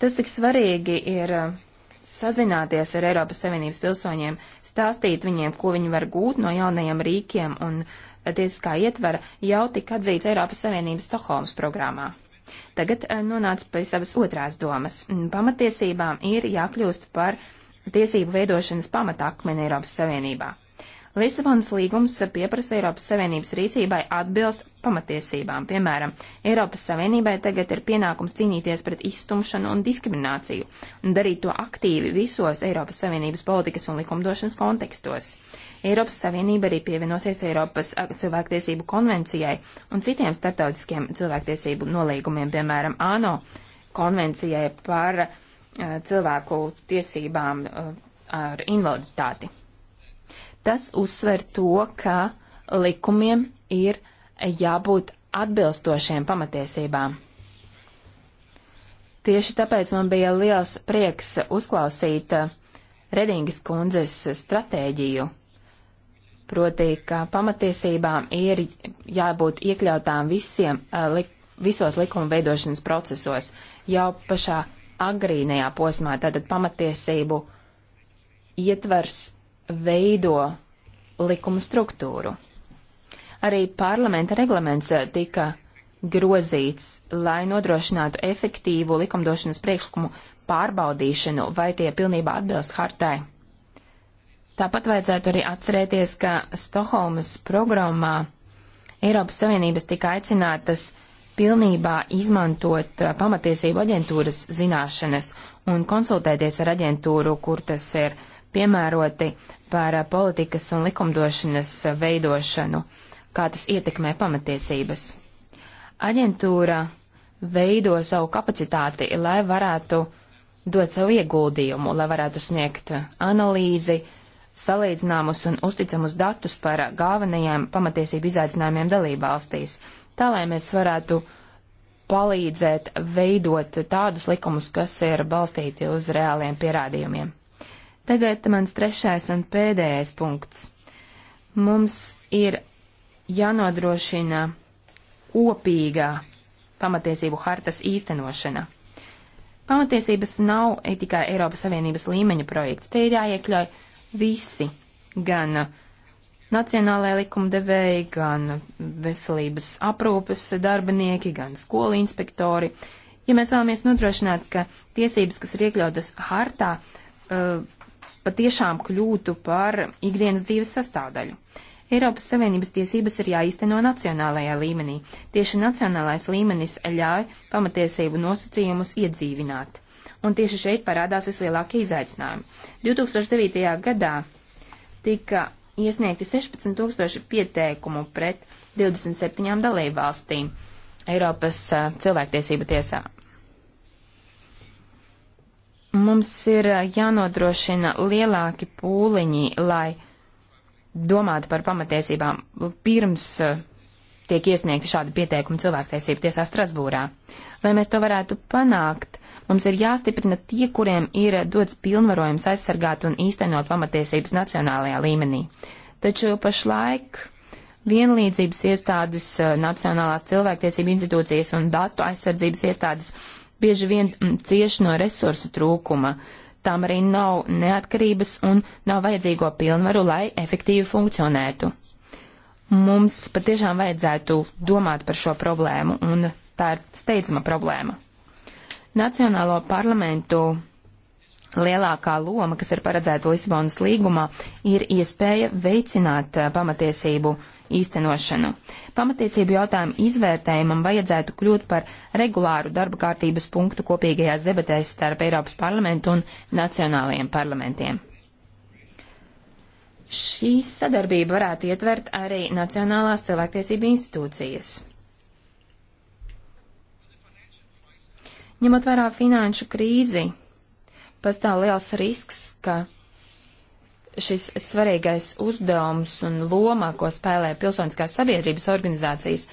Tas, cik svarīgi ir uh, sazināties ar Eiropas Savienības pilsoņiem, stāstīt viņiem, ko viņi var gūt no jaunajiem rīkiem un uh, tiesiskā ietvara, jau tika atzīts Eiropas Savienības Stokholmas programmā. Tagad uh, nonāca pie savas otrās domas. Mm, pamatiesībām ir jākļūst par tiesību veidošanas pamatakmeni Eiropas Savienībā. Lisabonas līgums pieprasa Eiropas Savienības rīcībai atbilst pamatiesībām. Piemēram, Eiropas Savienībai tagad ir pienākums cīnīties pret izstumšanu un diskrimināciju un darīt to aktīvi visos Eiropas Savienības politikas un likumdošanas kontekstos. Eiropas Savienība arī pievienosies Eiropas cilvēktiesību konvencijai un citiem starptautiskiem cilvēktiesību nolīgumiem, piemēram, ANO konvencijai par uh, cilvēku tiesībām uh, ar invaliditāti. Tas uzsver to, ka likumiem ir jābūt atbilstošiem pamatiesībām. Tieši tāpēc man bija liels prieks uzklausīt uh, Redingas kundzes stratēģiju, proti, ka pamatiesībām ir jābūt iekļautām visiem, uh, li, visos likuma veidošanas procesos jau pašā agrīnajā posmā, tātad pamatiesību ietvers veido likumu struktūru. Arī parlamenta reglaments eh, tika grozīts, lai nodrošinātu efektīvu likumdošanas priekšlikumu pārbaudīšanu, vai tie pilnībā atbilst hartai. Tāpat vajadzētu arī atcerēties, ka Stokholmas programmā Eiropas Savienības tika aicinātas pilnībā izmantot eh, pamatiesību aģentūras zināšanas un konsultēties ar aģentūru, kur tas ir piemēroti par eh, politikas un likumdošanas eh, veidošanu, kā tas ietekmē pamatiesības. Aģentūra veido savu kapacitāti, lai varētu dot savu ieguldījumu, lai varētu sniegt eh, analīzi, salīdzināmus un uzticamus datus par galvenajiem pamatiesību izaicinājumiem dalībvalstīs, tā lai mēs varētu palīdzēt veidot tādus likumus, kas ir balstīti uz reāliem pierādījumiem. Tagad mans trešais un pēdējais punkts. Mums ir jānodrošina opīgā pamatiesību hartas īstenošana. Pamatiesības nav tikai Eiropas Savienības līmeņa projekts, te ir jāiekļauj visi, gan nacionālajie likumdevēji, gan veselības aprūpes darbinieki, gan skolu inspektori. Ja mēs vēlamies nodrošināt, ka tiesības, kas ir iekļautas hartā, uh, patiešām kļūtu par ikdienas dzīves sastāvdaļu. Eiropas Savienības tiesības ir jāīsteno nacionālajā līmenī. Tieši nacionālais līmenis ļauj pamatiesību nosacījumus iedzīvināt. Un tieši šeit parādās vislielākie izaicinājumi. 2009. gadā tika iesniegti 16 tūkstoši pieteikumu pret 27 dalībvalstīm Eiropas eh, cilvēktiesību tiesā. Mums ir jānodrošina lielāki pūliņi, lai domātu par pamatiesībām pirms eh, tiek iesniegti šādi pieteikumi cilvēktiesību tiesā Strasbūrā. Lai mēs to varētu panākt, mums ir jāstiprina tie, kuriem ir dots pilnvarojums aizsargāt un īstenot pamatiesības nacionālajā līmenī. Taču pašlaik vienlīdzības iestādes, eh, Nacionālās cilvēktiesību institūcijas un datu aizsardzības iestādes bieži vien mm, cieš no resursu trūkuma. Tām arī nav neatkarības un nav vajadzīgo pilnvaru, lai efektīvi funkcionētu. Mums patiešām vajadzētu domāt par šo problēmu, un tā ir steidzama problēma. Nacionālo parlamentu lielākā loma, kas ir paredzēta Lisabonas līgumā, ir iespēja veicināt pamatiesību īstenošanu. Pamatiesību jautājumu izvērtējumam vajadzētu kļūt par regulāru darba kārtības punktu kopīgajās debatēs starp Eiropas parlamentu un nacionālajiem parlamentiem. Šī sadarbība varētu ietvert arī Nacionālās cilvēktiesību institūcijas. Ņemot vērā finanšu krīzi, pastāv liels risks, ka šis svarīgais uzdevums un loma, ko spēlē pilsoniskās sabiedrības organizācijas,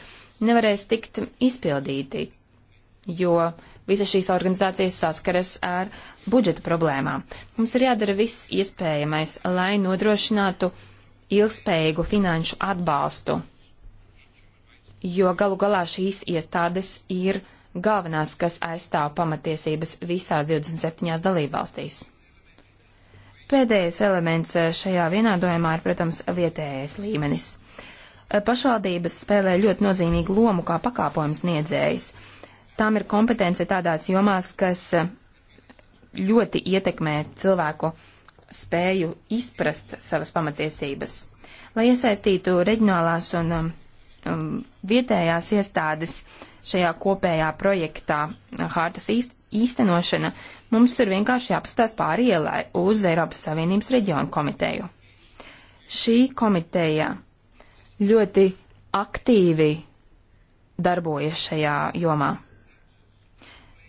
nevarēs tikt izpildīti, jo visas šīs organizācijas saskaras ar budžeta problēmām. Mums ir jādara viss iespējamais, lai nodrošinātu ilgspējīgu finanšu atbalstu, jo galu galā šīs iestādes ir galvenās, kas aizstāv pamatiesības visās 27 dalībvalstīs. Pēdējais elements eh, šajā vienādojumā ir, protams, vietējais līmenis. Eh, pašvaldības spēlē ļoti nozīmīgu lomu kā pakāpojums niedzējs. Tām ir kompetence tādās jomās, kas eh, ļoti ietekmē cilvēku spēju izprast savas pamatiesības. Lai iesaistītu reģionālās un um, um vietējās iestādes, uh, šajā kopējā projektā hārtas īstenošana, mums ir vienkārši jāpastās pāri ielai uz Eiropas Savienības reģionu komiteju. Šī komiteja ļoti aktīvi darbojas šajā jomā.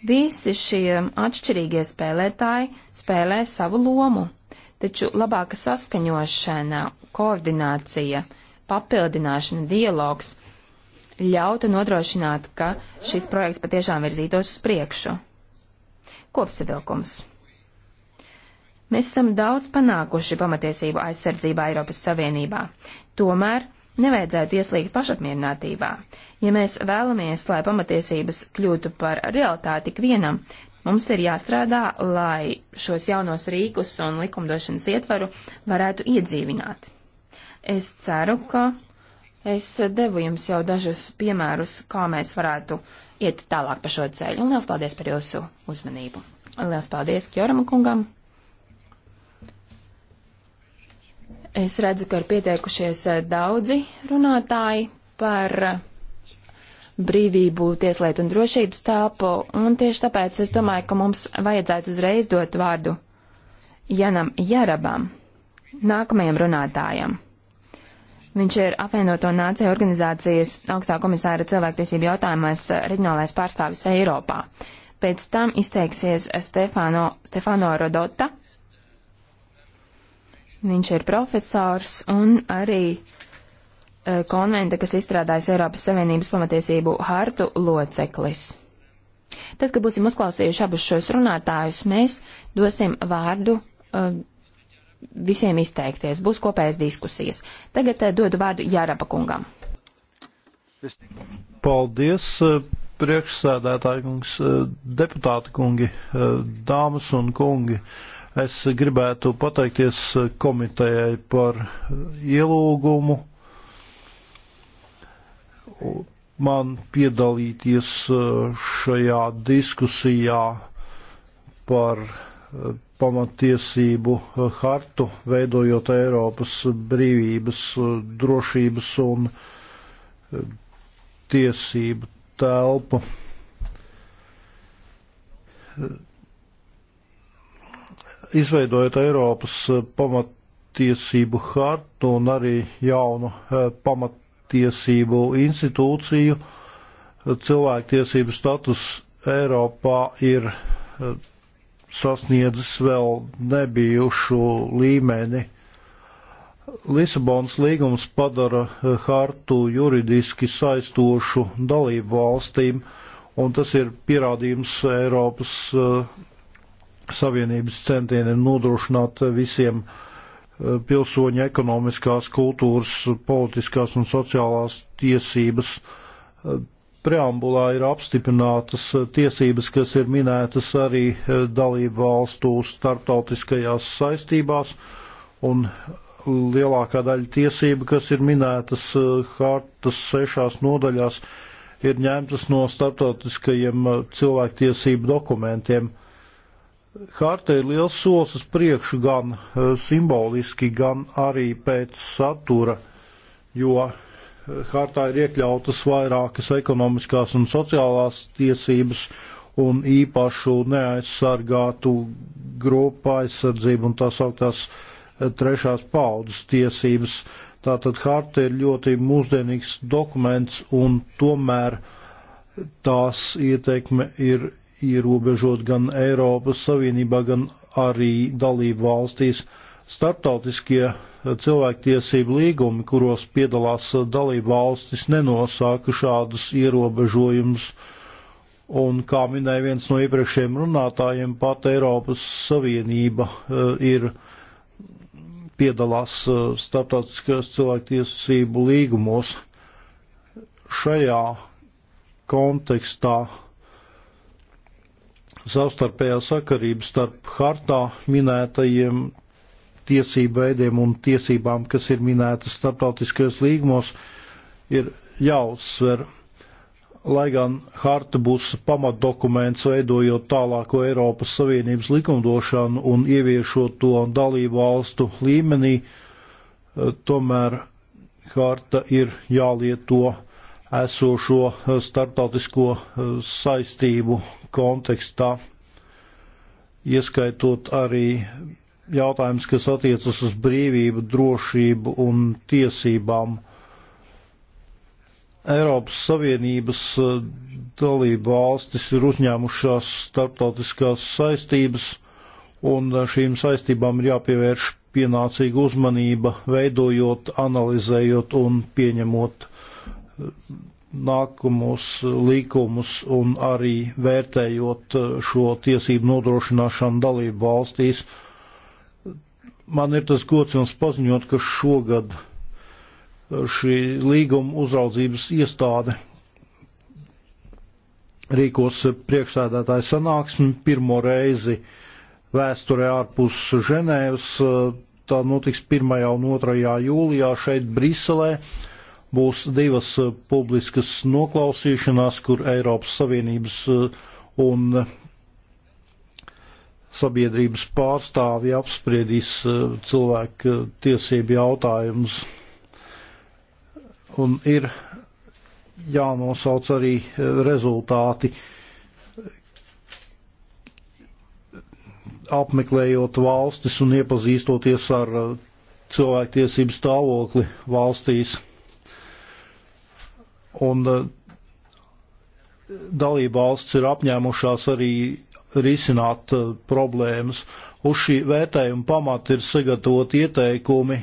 Visi šie atšķirīgie spēlētāji spēlē savu lomu, taču labāka saskaņošana, koordinācija, papildināšana, dialogs – ļautu nodrošināt, ka šis projekts patiešām virzītos uz priekšu. Kopsavilkums. Mēs esam daudz panākuši pamatiesību aizsardzībā Eiropas Savienībā. Tomēr nevajadzētu ieslīgt pašapmierinātībā. Ja mēs vēlamies, lai pamatiesības kļūtu par realitāti ikvienam, mums ir jāstrādā, lai šos jaunos rīkus un likumdošanas ietvaru varētu iedzīvināt. Es ceru, ka Es devu jums jau dažus piemērus, kā mēs varētu iet tālāk pa šo ceļu. Un liels paldies par jūsu uzmanību. Un liels paldies Kjoram kungam. Es redzu, ka ir pieteikušies eh, daudzi runātāji par brīvību, tieslietu un drošības telpu, un tieši tāpēc es domāju, ka mums vajadzētu uzreiz dot vārdu Janam Jarabam, nākamajam runātājam. Viņš ir apvienoto nāciju organizācijas augstā komisāra cilvēktiesību jautājumos reģionālais pārstāvis Eiropā. Pēc tam izteiksies Stefano, Stefano Rodota. Viņš ir profesors un arī e, konventa, kas izstrādājas Eiropas Savienības pamatiesību hartu loceklis. Tad, kad būsim uzklausījuši abus šos runātājus, mēs dosim vārdu uh, visiem izteikties, būs kopējas diskusijas. Tagad eh, dodu vārdu Jāraba kungam. Paldies, eh, priekšsēdētāji kungs, eh, deputāti kungi, dāmas un kungi. Es gribētu pateikties komitejai par ielūgumu man piedalīties šajā diskusijā par pamatiesību eh, hartu, veidojot Eiropas brīvības, eh, drošības un eh, tiesību telpu. Izveidojot Eiropas pamatiesību hartu un arī jaunu pamatiesību institūciju, cilvēktiesību status Eiropā ir sasniedzis vēl nebijušu līmeni. Lisabonas līgums padara eh, hartu juridiski saistošu dalību valstīm, un tas ir pierādījums Eiropas eh, Savienības centieniem nodrošināt visiem eh, pilsoņu ekonomiskās, kultūras, politiskās un sociālās tiesības preambulā ir apstiprinātas eh, tiesības, kas ir minētas arī eh, dalību valstu starptautiskajās saistībās, un lielākā daļa tiesība, kas ir minētas eh, hartas sešās nodaļās, ir ņemtas no starptautiskajiem cilvēktiesību dokumentiem. Harta ir liels solis uz priekšu gan simboliski, gan arī pēc satura, jo hartā ir iekļautas vairākas ekonomiskās un sociālās tiesības un īpašu neaizsargātu grupu aizsardzību un tās augtās eh, trešās paudzes tiesības. Tātad harta ir ļoti mūsdienīgs dokuments un tomēr tās ietekme ir ierobežot gan Eiropas Savienībā, gan arī dalību valstīs. Startautiskie cilvēktiesību līgumi, kuros piedalās dalību valstis, nenosaka šādus ierobežojumus. Un, kā minēja viens no iepriekšējiem runātājiem, pat Eiropas Savienība e, ir piedalās e, starptautiskajos cilvēktiesību līgumos. Šajā kontekstā savstarpējā sakarība starp hartā minētajiem tiesību veidiem un tiesībām, kas ir minētas starptautiskajos līgumos, ir jāuzsver, lai gan harta būs pamatdokuments veidojot tālāko Eiropas Savienības likumdošanu un ieviešot to dalību valstu līmenī, eh, tomēr harta ir jālieto esošo eh, starptautisko eh, saistību kontekstā, ieskaitot arī jautājums, kas attiecas uz brīvību, drošību un tiesībām. Eiropas Savienības eh, dalība valstis ir uzņēmušās starptautiskās saistības, un eh, šīm saistībām ir jāpievērš pienācīga uzmanība, veidojot, analizējot un pieņemot eh, nākamos līkumus un arī vērtējot šo tiesību nodrošināšanu dalību valstīs. Uh, Man ir tas gods jums paziņot, ka šogad uh, šī līguma uzraudzības iestāde rīkos uh, priekšsēdētāju sanāksmi pirmo reizi vēsturē ārpus Ženēvas. Uh, tā notiks 1. un 2. jūlijā šeit Briselē. Būs divas publiskas noklausīšanās, kur Eiropas Savienības un sabiedrības pārstāvji apspriedīs eh, cilvēku eh, tiesību jautājumus. Un ir jānosauc arī eh, rezultāti, apmeklējot valstis un iepazīstoties ar cilvēktiesību stāvokli valstīs. Un dalība valsts ir apņēmušās arī risināt eh, problēmas. Uz šī vērtējuma pamata ir sagatavot ieteikumi,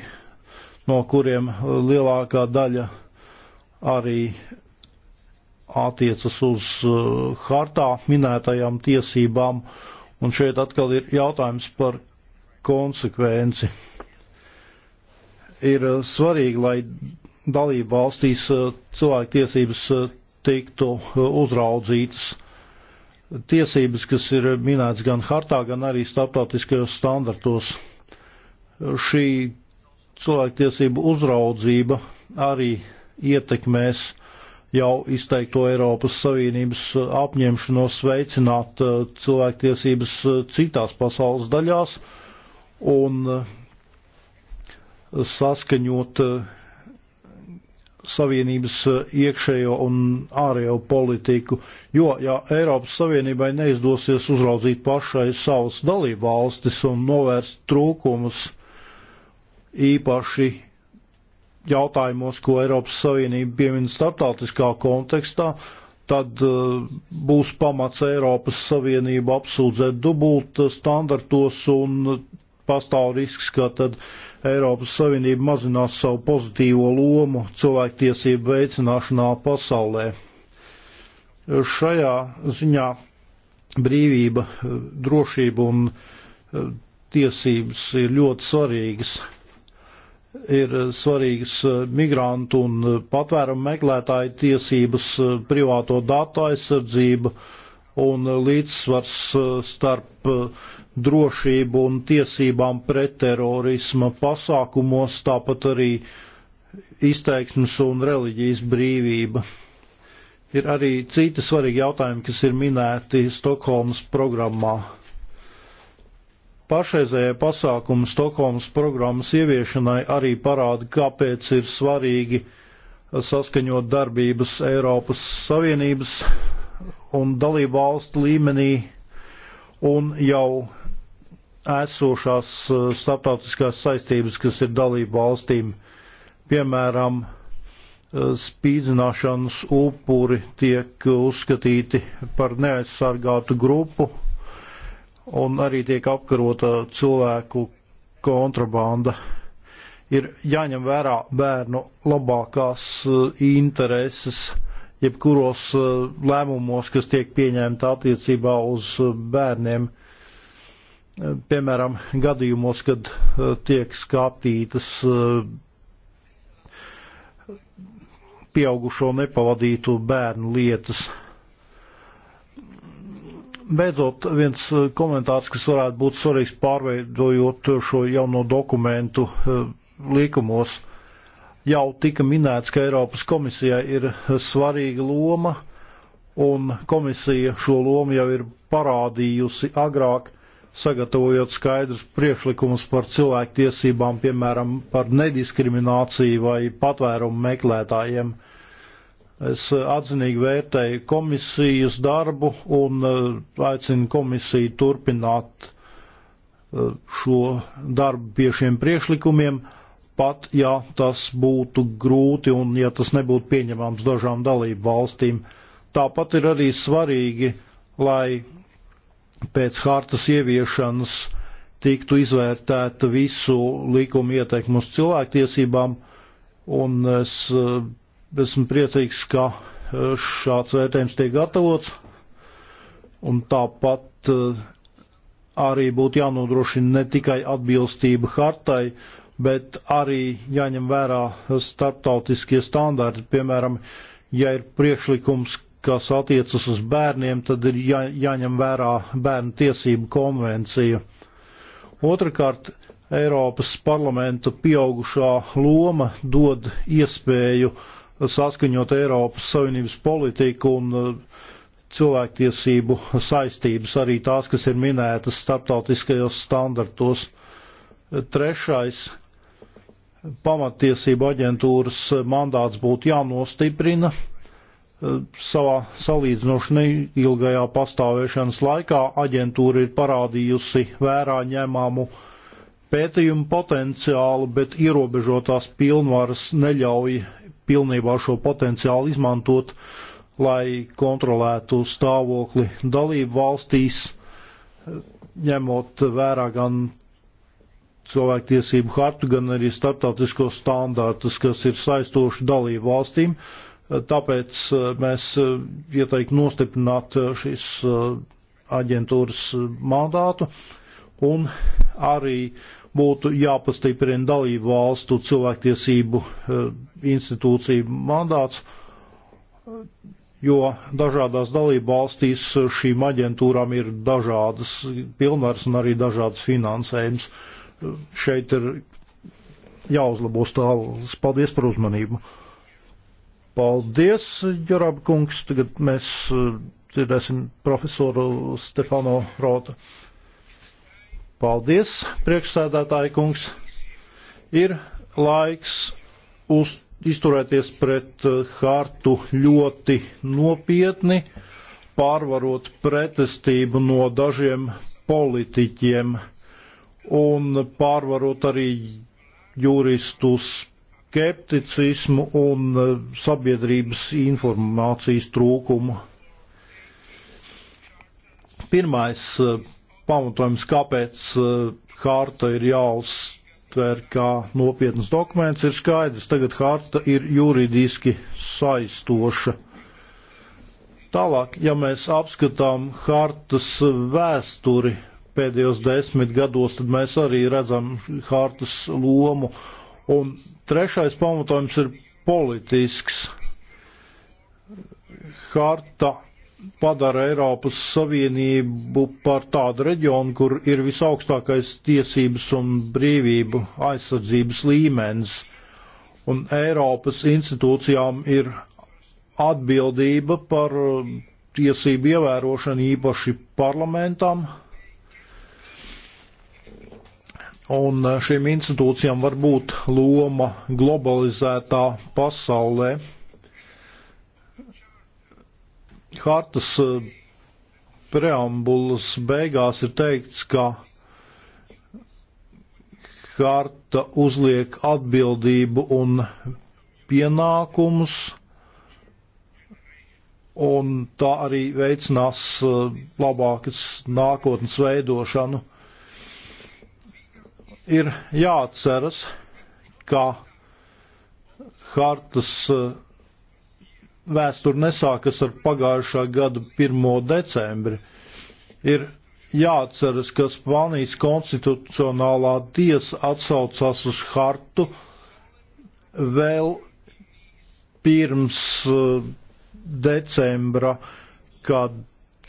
no kuriem eh, lielākā daļa arī attiecas uz eh, hartā minētajām tiesībām, un šeit atkal ir jautājums par konsekvenci. Ir svarīgi, lai dalību valstīs cilvēktiesības tiktu uzraudzītas tiesības, kas ir minētas gan hartā, gan arī starptautiskajos standartos. Šī cilvēktiesību uzraudzība arī ietekmēs jau izteikto Eiropas Savienības apņemšanos veicināt uh, cilvēktiesības uh, citās pasaules daļās un uh, saskaņot Savienības eh, iekšējo un ārējo politiku, jo, ja Eiropas Savienībai neizdosies uzraudzīt pašai savas dalību valstis un novērst trūkumus īpaši jautājumos, ko Eiropas Savienība piemin startautiskā kontekstā, tad uh, būs pamats Eiropas Savienību apsūdzēt dubult standartos un pastāv risks, ka tad Eiropas Savienība mazinās savu pozitīvo lomu cilvēktiesību veicināšanā pasaulē. Šajā ziņā brīvība, drošība un e, tiesības ir ļoti svarīgas. Ir svarīgas e, migrantu un e, patvērumu meklētāju tiesības, privāto datu aizsardzība un līdzsvars starp drošību un tiesībām pret terorisma pasākumos, tāpat arī izteiksmes un reliģijas brīvība. Ir arī citi svarīgi jautājumi, kas ir minēti Stokholmas programmā. Pašreizējie pasākumi Stokholmas programmas ieviešanai arī parāda, kāpēc ir svarīgi saskaņot darbības Eiropas Savienības un dalību valstu līmenī un jau esošās eh, starptautiskās saistības, kas ir dalību valstīm, piemēram, eh, spīdzināšanas upuri tiek uzskatīti par neaizsargātu grupu un arī tiek apkarota cilvēku kontrabanda. Ir jāņem vērā bērnu labākās eh, intereses jebkuros lēmumos, kas tiek pieņemta attiecībā uz bērniem. Uh, piemēram, gadījumos, kad eh, tiek skāptītas eh, pieaugušo nepavadītu bērnu lietas. Beidzot, viens eh, komentārs, kas varētu būt svarīgs pārveidojot šo jauno dokumentu likumos, jau tika minēts, ka Eiropas komisijai ir svarīga loma, un komisija šo lomu jau ir parādījusi agrāk, sagatavojot skaidrus priekšlikumus par cilvēktiesībām, piemēram, par nediskrimināciju vai patvērumu meklētājiem. Es eh, atzinīgi vērtēju komisijas darbu un eh, aicinu komisiju turpināt eh, šo darbu pie šiem priekšlikumiem, pat ja tas būtu grūti un ja tas nebūtu pieņemams dažām dalību valstīm. Tāpat ir arī svarīgi, lai pēc hartas ieviešanas tiktu izvērtēta visu likumu ieteikumu uz cilvēktiesībām, un es eh, esmu priecīgs, ka eh, šāds vērtējums tiek gatavots, un tāpat eh, arī būtu jānodrošina ne tikai atbilstība hartai, bet arī jāņem vērā starptautiskie standarti. Piemēram, ja ir priekšlikums, kas attiecas uz bērniem, tad ir jā, jāņem vērā bērnu tiesību konvencija. Otrakārt, Eiropas parlamenta pieaugušā loma dod iespēju saskaņot Eiropas Savienības politiku un uh, cilvēktiesību saistības, arī tās, kas ir minētas starptautiskajos standartos. Trešais pamatiesību aģentūras mandāts būtu jānostiprina savā salīdzinoši neilgajā pastāvēšanas laikā aģentūra ir parādījusi vērā ņemamu pētījumu potenciālu, bet ierobežotās pilnvaras neļauj pilnībā šo potenciālu izmantot, lai kontrolētu stāvokli dalību valstīs, ņemot vērā gan cilvēktiesību hartu, gan arī starptautiskos standārtus, kas ir saistoši dalību valstīm. Uh, Tāpēc eh, mēs eh, ieteiktu nostiprināt eh, šīs aģentūras mandātu un arī būtu jāpastiprina dalību valstu cilvēktiesību institūciju mandāts, jo dažādās dalību valstīs šīm aģentūrām ir dažādas pilnvaras un arī dažādas finansējums. Šeit ir jāuzlabo stāvoklis. Paldies par uzmanību! Paldies, Jorab kungs. Tagad mēs uh, dzirdēsim profesoru Stefano Rota. Paldies, priekšsēdētāji kungs. Ir laiks uz, izturēties pret uh, hartu ļoti nopietni, pārvarot pretestību no dažiem politiķiem un pārvarot arī juristus skepticismu un eh, sabiedrības informācijas trūkumu. Pirmais eh, pamatojums, kāpēc eh, harta ir jāuztver kā nopietnas dokuments, ir skaidrs. Tagad harta ir juridiski saistoša. Tālāk, ja mēs apskatām hartas vēsturi pēdējos desmit gados, tad mēs arī redzam hartas lomu. Un Trešais pamatojums ir politisks. Harta padara Eiropas Savienību par tādu reģionu, kur ir visaugstākais tiesības un brīvību aizsardzības līmenis, un Eiropas institūcijām ir atbildība par tiesību ievērošanu īpaši parlamentam, Un eh, šīm institūcijām var būt loma globalizētā pasaulē. Hartas eh, preambulas beigās ir teikts, ka harta uzliek atbildību un pienākumus, un tā arī veicinās eh, labākas nākotnes veidošanu ir jāatceras, ka hartas eh, vēsture nesākas ar pagājušā gada 1. decembri. Ir jāatceras, ka Spānijas konstitucionālā tiesa atsaucās uz hartu vēl pirms eh, decembra, kad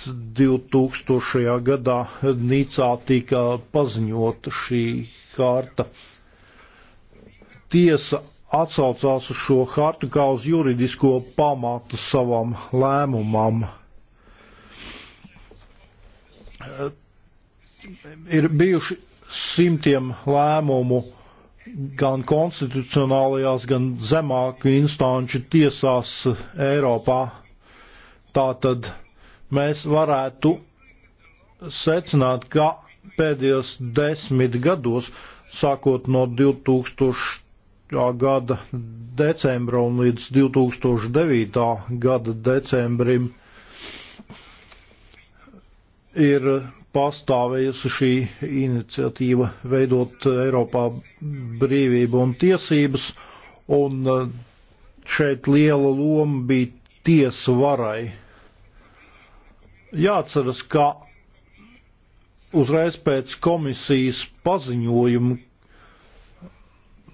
2000. gadā Nīcā tika paziņota šī harta. Tiesa atsaucās uz šo hartu kā uz juridisko pamatu savam lēmumam. Ir bijuši simtiem lēmumu gan konstitucionālajās, gan zemāku instanču tiesās Eiropā. Tātad mēs varētu secināt, ka pēdējos desmit gados, sākot no 2000 gada decembra un līdz 2009. gada decembrim ir pastāvējusi šī iniciatīva veidot Eiropā brīvību un tiesības, un eh, šeit liela loma bija tiesvarai jāatceras, ka uzreiz pēc komisijas paziņojuma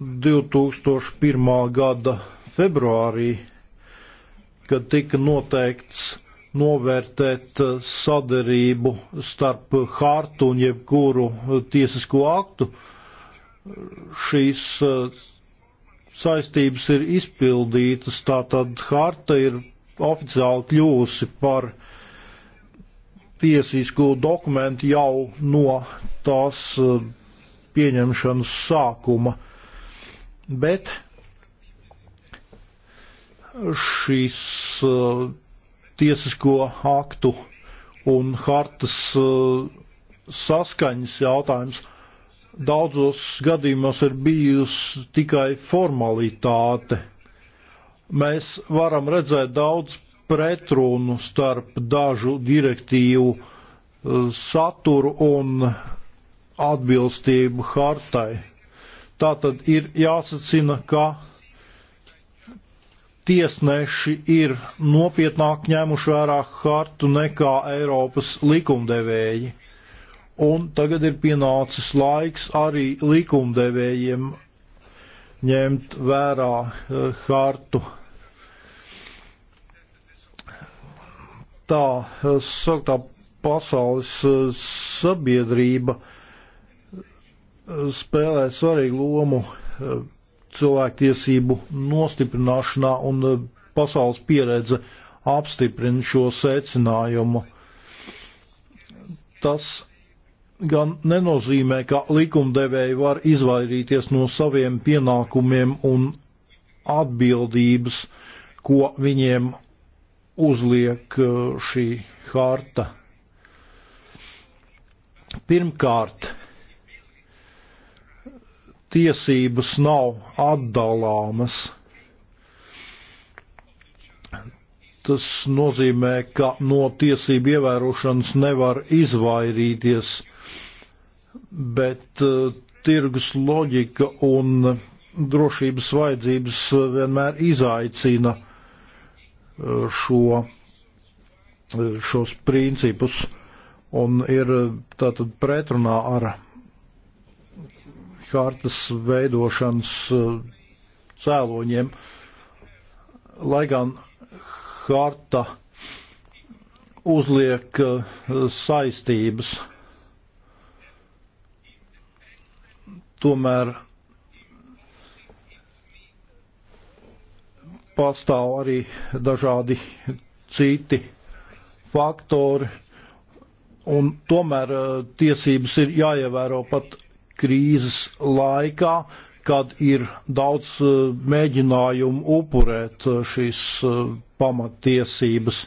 2001. gada februārī, kad tika noteikts novērtēt sadarību starp hārtu un jebkuru tiesisko aktu, šīs eh, saistības ir izpildītas, tātad hārta ir oficiāli kļūsi par tiesisku dokumentu jau no tās eh, pieņemšanas sākuma. Bet šīs eh, tiesisko aktu un hartas eh, saskaņas jautājums daudzos gadījumos ir bijusi tikai formalitāte. Mēs varam redzēt daudz pretrunu starp dažu direktīvu eh, saturu un atbilstību hartai. Tā tad ir jāsacina, ka tiesneši ir nopietnāk ņēmuši vērā hartu nekā Eiropas likumdevēji. Un tagad ir pienācis laiks arī likumdevējiem ņemt vērā eh, hartu. Uh, tā eh, sauktā pasaules eh, sabiedrība eh, spēlē svarīgu lomu cilvēktiesību nostiprināšanā un pasaules pieredze apstiprina šo secinājumu. Tas gan nenozīmē, ka likumdevēji var izvairīties no saviem pienākumiem un atbildības, ko viņiem uzliek eh, šī harta. Pirmkārt, tiesības nav atdalāmas. Tas nozīmē, ka no tiesību ievērošanas nevar izvairīties, bet uh, tirgus loģika un drošības vajadzības eh, vienmēr izaicina uh, šo, šos principus un ir tātad pretrunā ar kartas veidošanas eh, cēloņiem, lai gan harta uzliek eh, saistības. Tomēr pastāv arī dažādi citi faktori, un tomēr eh, tiesības ir jāievēro pat krīzes laikā, kad ir daudz eh, mēģinājumu upurēt eh, šīs pamatiesības.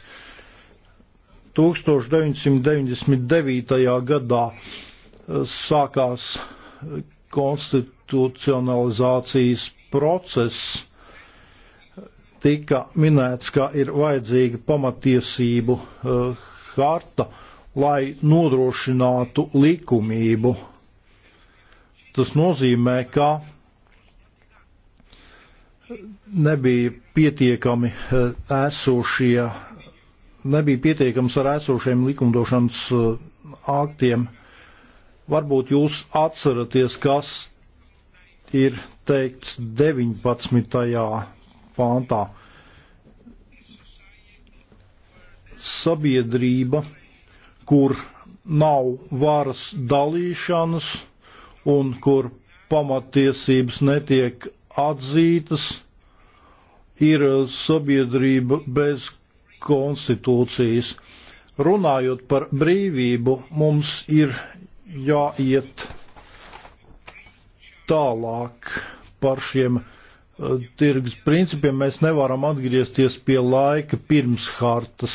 1999. gadā sākās konstitucionalizācijas process, tika minēts, ka ir vajadzīga pamatiesību eh, harta, lai nodrošinātu likumību. Tas nozīmē, ka nebija pietiekami eh, esošie, nebija pietiekams ar esošiem likumdošanas eh, aktiem. Varbūt jūs atceraties, kas ir teikts 19 pāntā. Sabiedrība, kur nav varas dalīšanas un kur pamatiesības netiek atzītas, ir sabiedrība bez konstitūcijas. Runājot par brīvību, mums ir jāiet tālāk par šiem tirgus principiem mēs nevaram atgriezties pie laika pirms hartas.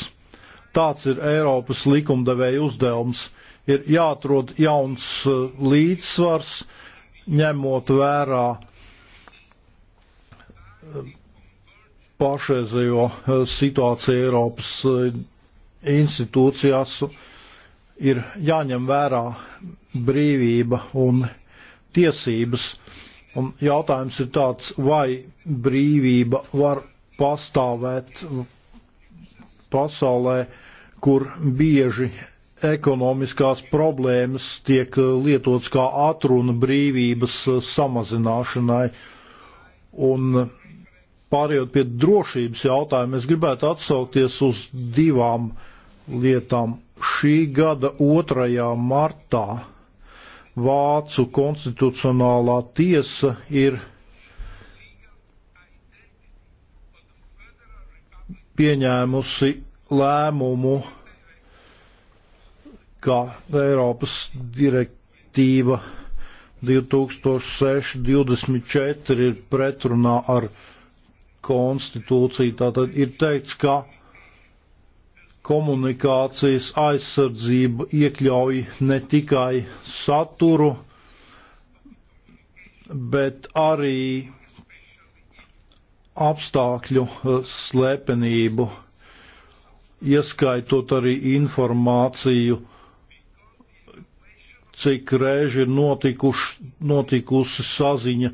Tāds ir Eiropas likumdevēja uzdevums. Ir jāatrod jauns uh, līdzsvars, ņemot vērā uh, pašreizējo uh, situāciju Eiropas institūcijās. Ir jāņem vērā brīvība un tiesības. Uh, Un jautājums ir tāds, vai brīvība var pastāvēt pasaulē, kur bieži ekonomiskās problēmas tiek lietots kā atruna brīvības samazināšanai. Un pārējot pie drošības jautājuma, es gribētu atsaukties uz divām lietām. Šī gada 2. martā Vācu konstitucionālā tiesa ir pieņēmusi lēmumu, ka Eiropas direktīva 2006-24 ir pretrunā ar konstitūciju. Tātad ir teikts, ka komunikācijas aizsardzība iekļauj ne tikai saturu, bet arī apstākļu eh, slepenību, ieskaitot arī informāciju, cik reiži ir notikuš, notikusi saziņa,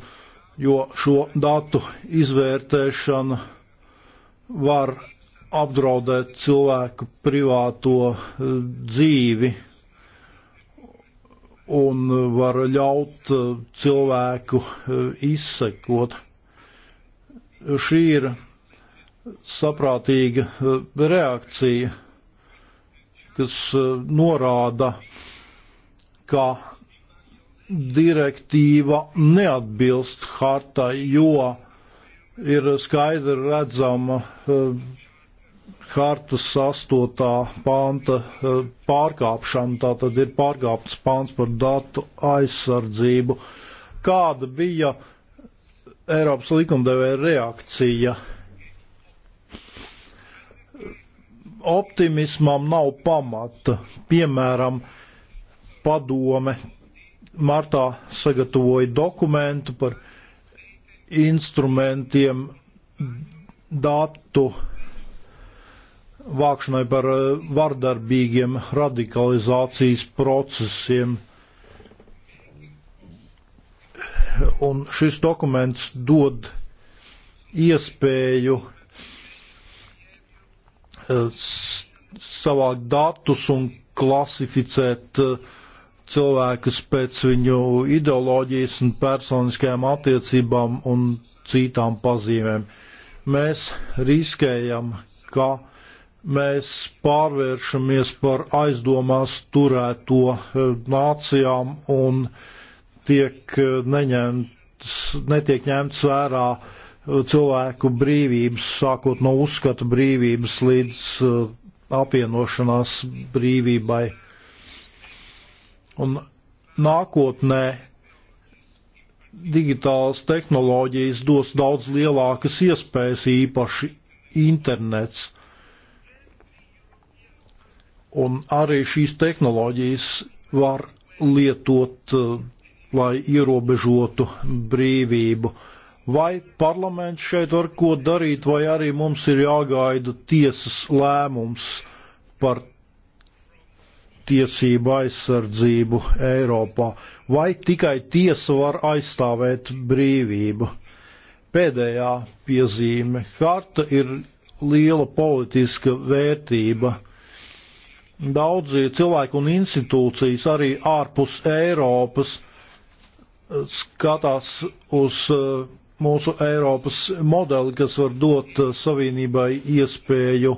jo šo datu izvērtēšana var apdraudēt cilvēku privāto eh, dzīvi un var ļaut eh, cilvēku eh, izsekot. Šī ir saprātīga reakcija, kas norāda, ka direktīva neatbilst hartai, jo ir skaidri redzama hartas astotā panta eh, pārkāpšana, tā tad ir pārkāpts pants par datu aizsardzību. Kāda bija Eiropas likumdevēja reakcija? Optimismam nav pamata. Piemēram, padome martā sagatavoja dokumentu par instrumentiem datu vākšanai par eh, vardarbīgiem radikalizācijas procesiem. Un šis dokuments dod iespēju eh, savākt datus un klasificēt eh, cilvēkus pēc viņu ideoloģijas un personiskajām attiecībām un citām pazīmēm. Mēs riskējam, ka mēs pārvēršamies par aizdomās turēto eh, nācijām un tiek eh, neņemts, netiek ņemts vērā eh, cilvēku brīvības, sākot no uzskata brīvības līdz apvienošanās brīvībai. Un nākotnē digitālas tehnoloģijas dos daudz lielākas iespējas, īpaši internets Un arī šīs tehnoloģijas var lietot, eh, lai ierobežotu brīvību. Vai parlaments šeit var ko darīt, vai arī mums ir jāgaida tiesas lēmums par tiesību aizsardzību Eiropā, vai tikai tiesa var aizstāvēt brīvību? Pēdējā piezīme - harta ir liela politiska vērtība. Daudzi cilvēki un institūcijas arī ārpus Eiropas eh, skatās uz eh, mūsu Eiropas modeli, kas var dot eh, Savienībai iespēju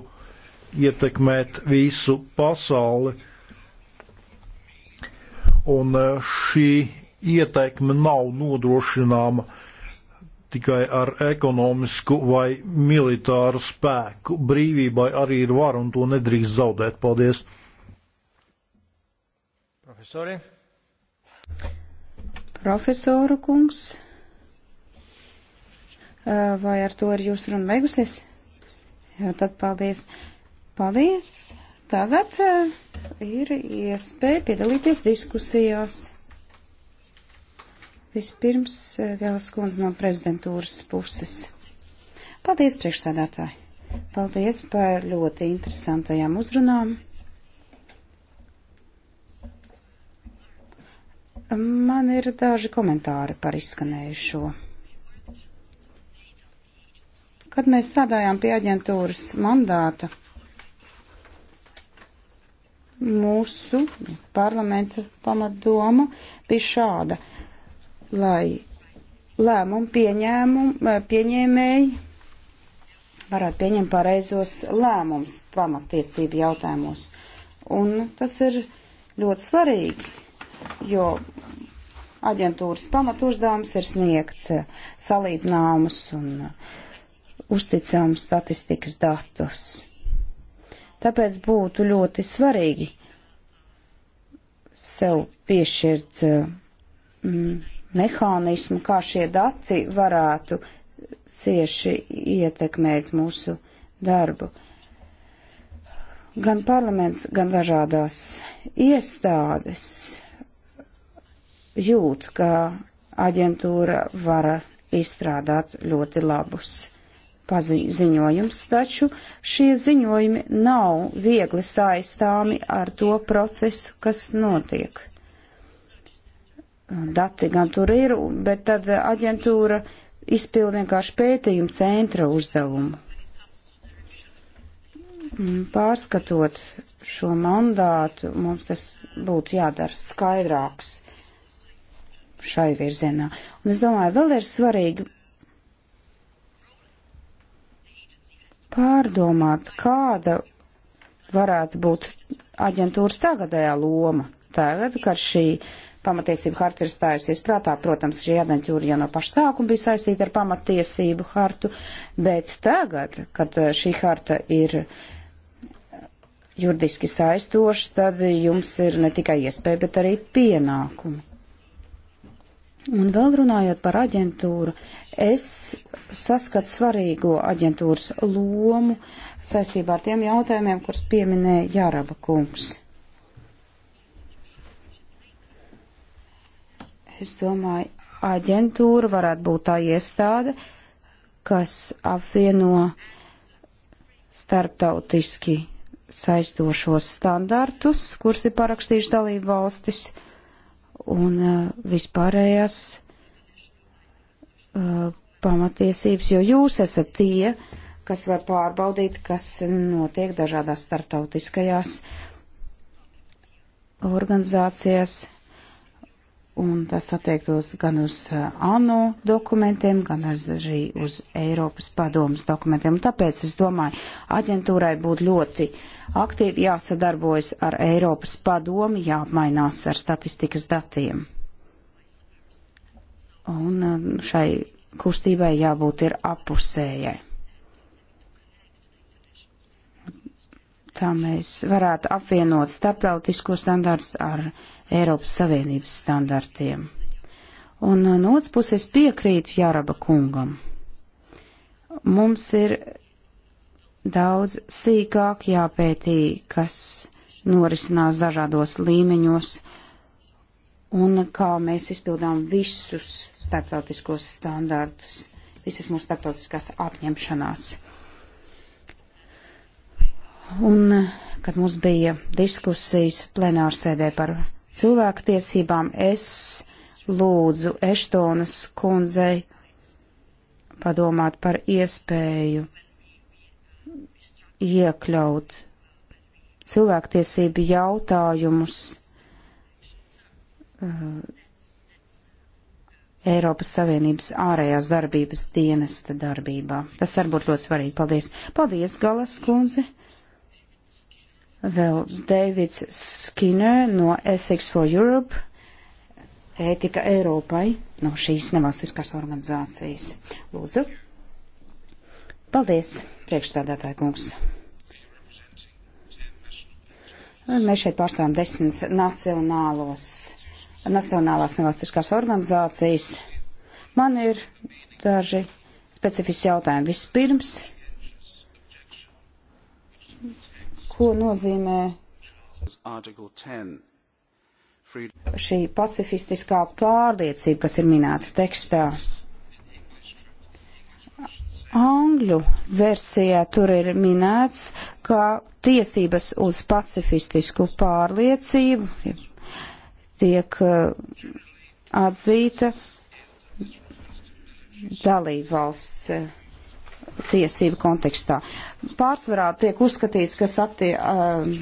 ietekmēt visu pasauli. Un šī ietekme nav nodrošināma tikai ar ekonomisku vai militāru spēku. Brīvībai arī ir vara un to nedrīkst zaudēt. Paldies! Profesori! Profesoru kungs, vai ar to ir jūsu runa beigusies? Jā, tad paldies. Paldies! Tagad ir iespēja piedalīties diskusijās. Vispirms eh, Gēlas kundze no prezidentūras puses. Paldies, priekšsādātāji! Paldies par ļoti interesantajām uzrunām. Man ir daži komentāri par izskanējušo. Kad mēs strādājām pie aģentūras mandāta, mūsu parlamenta pamatdoma bija šāda lai lēmumu pieņēmumu, eh, pieņēmēji varētu pieņemt pareizos lēmumus pamatiesību jautājumos. Un tas ir ļoti svarīgi, jo aģentūras pamatuzdevums ir sniegt eh, salīdzināmus un eh, uzticamus statistikas datus. Tāpēc būtu ļoti svarīgi sev piešķirt mm, mehānismu, kā šie dati varētu cieši ietekmēt mūsu darbu. Gan parlaments, gan dažādās iestādes jūt, ka aģentūra var izstrādāt ļoti labus paziņojums, taču šie ziņojumi nav viegli saistāmi ar to procesu, kas notiek. Dati gan tur ir, bet tad aģentūra izpild vienkārši pētījumu centra uzdevumu. Mm, pārskatot šo mandātu, mums tas būtu jādara skaidrāks šai virzienā. Un es domāju, vēl ir svarīgi pārdomāt, kāda varētu būt aģentūras tagadējā loma. Tagad, kad šī pamatiesību harta ir stājusies prātā. Protams, šī aģentūra jau no paša sākuma bija saistīta ar pamatiesību hartu, bet tagad, kad eh, šī harta ir juridiski saistoša, tad jums ir ne tikai iespēja, bet arī pienākumi. Un vēl runājot par aģentūru, es saskatu svarīgo aģentūras lomu saistībā ar tiem jautājumiem, kurus pieminēja Jāraba kungs. Es domāju, aģentūra varētu būt tā iestāde, kas apvieno starptautiski saistošos standartus, kurus ir parakstījuši dalību valstis, un uh, vispārējās uh, pamatiesības, jo jūs esat tie, kas var pārbaudīt, kas notiek dažādās starptautiskajās organizācijās, un tas attiektos gan uz eh, ANO dokumentiem, gan arī uz Eiropas padomas dokumentiem. Un tāpēc es domāju, aģentūrai būtu ļoti aktīvi jāsadarbojas ar Eiropas padomi, jāapmainās ar statistikas datiem. Un eh, šai kustībai jābūt ir apusējai. Tā mēs varētu apvienot starptautisko standārts ar Eiropas Savienības standartiem. Un uh, no otras puses piekrītu Jāraba kungam. Mums ir daudz sīkāk jāpētī, kas norisinās dažādos līmeņos un kā mēs izpildām visus starptautiskos standartus, visas mūsu starptautiskās apņemšanās. Un, uh, kad mums bija diskusijas plenārsēdē par cilvēktiesībām, es lūdzu Eštonas kundzei padomāt par iespēju iekļaut cilvēktiesību jautājumus uh, Eiropas Savienības ārējās darbības dienesta darbībā. Tas var būt ļoti svarīgi. Paldies. Paldies, Galas kundze vēl Deivids Skinner no Ethics for Europe, ētika Eiropai, no šīs nevalstiskās organizācijas. Lūdzu. Paldies, priekšstādātāja kungs. Mēs šeit pārstāvam desmit nacionālos, nacionālās nevalstiskās organizācijas. Man ir daži specifiski jautājumi. Vispirms ko nozīmē šī pacifistiskā pārliecība, kas ir minēta tekstā. Angļu versijā tur ir minēts, ka tiesības uz pacifistisku pārliecību tiek eh, atzīta dalībvalsts eh, tiesību kontekstā. Pārsvarā tiek uzskatīts, ka, satie, um,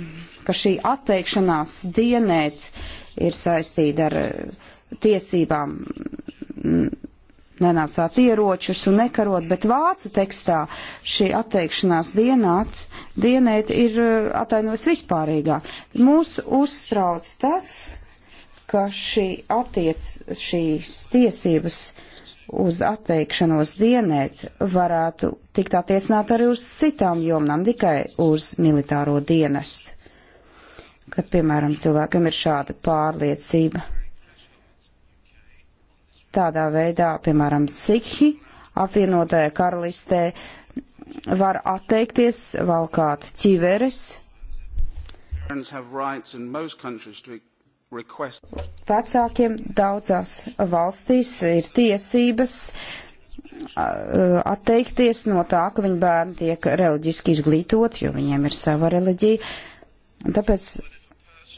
ka šī atteikšanās dienēt ir saistīta ar uh, tiesībām mm, nenāsāt ieročus un nekarot, bet vācu tekstā šī atteikšanās dienāt, dienēt ir uh, atainojas vispārīgā. Mūs uztrauc tas, ka šī attiec, šīs tiesības uz atteikšanos dienēt varētu tikt attiecināt arī uz citām jomām, tikai uz militāro dienestu. Kad, piemēram, cilvēkam ir šāda pārliecība. Tādā veidā, piemēram, Sikhi apvienotajā karalistē var atteikties valkāt ķiveres. Have rights in most countries to Vecākiem daudzās valstīs ir tiesības atteikties no tā, ka viņu bērni tiek reliģiski izglītoti, jo viņiem ir sava reliģija. Un tāpēc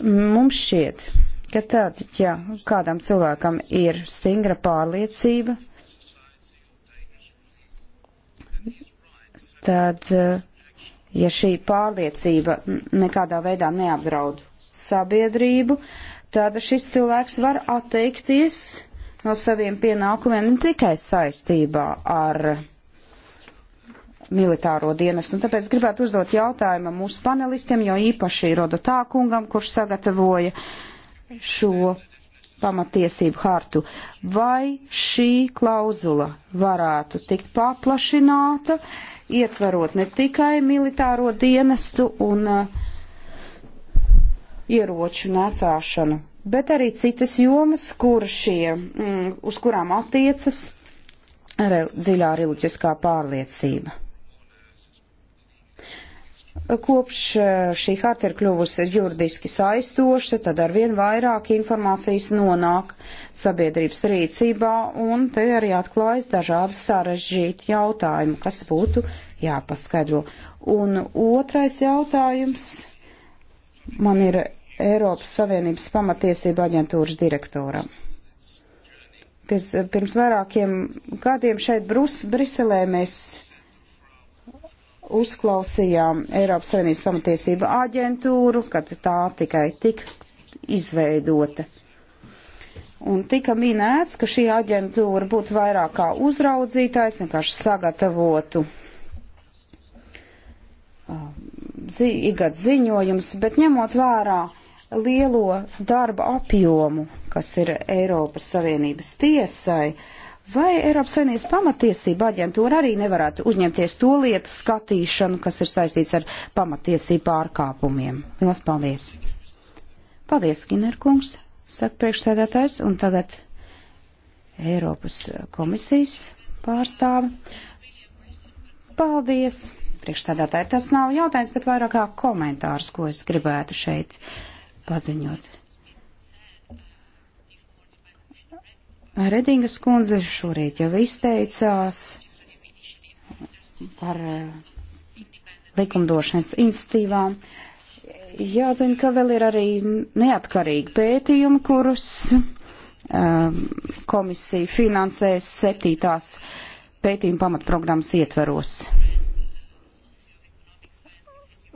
mums šķiet, ka tad, ja kādam cilvēkam ir stingra pārliecība, tad, ja šī pārliecība nekādā veidā neapdraud sabiedrību, uh, tad šis cilvēks var atteikties no saviem pienākumiem ne tikai saistībā ar militāro dienestu. Un tāpēc gribētu uzdot jautājumu mūsu panelistiem, jo īpaši Rodotā kungam, kurš sagatavoja šo pamatiesību hartu. Vai šī klauzula varētu tikt paplašināta, ietvarot ne tikai militāro dienestu un uh, ieroču nesāšanu, bet arī citas jomas, kur šie, mm, uz kurām attiecas re, dziļā reliģiskā pārliecība. Kopš e, šī harta ir kļuvusi juridiski saistoša, tad arvien vairāk informācijas nonāk sabiedrības rīcībā, un te arī atklājas dažādi sarežģīti jautājumi, kas būtu jāpaskaidro. Un otrais jautājums man ir Eiropas Savienības pamatiesība aģentūras direktoram. Pies, pirms vairākiem gadiem šeit Brus, Briselē mēs uzklausījām Eiropas Savienības pamatiesība aģentūru, kad tā tikai tik izveidota. Un tika minēts, ka šī aģentūra būtu vairāk kā uzraudzītājs, vienkārši sagatavotu uh, zi, igat ziņojums, bet ņemot vērā lielo darba apjomu, kas ir Eiropas Savienības tiesai, vai Eiropas Savienības pamatiesība aģentūra arī nevarētu uzņemties to lietu skatīšanu, kas ir saistīts ar pamatiesību pārkāpumiem? Lielas paldies! Paldies, Skinnerkungs, saka priekšsēdētājs, un tagad Eiropas komisijas pārstāve. Paldies! Priekšstādātāji, tas nav jautājums, bet vairāk kā komentārs, ko es gribētu šeit uh, paziņot. Redingas kundze šorīt jau izteicās par eh, likumdošanas institīvām. Jāzina, ka vēl ir arī neatkarīgi pētījumi, kurus um, komisija finansēs septītās pētījuma pamatprogrammas ietveros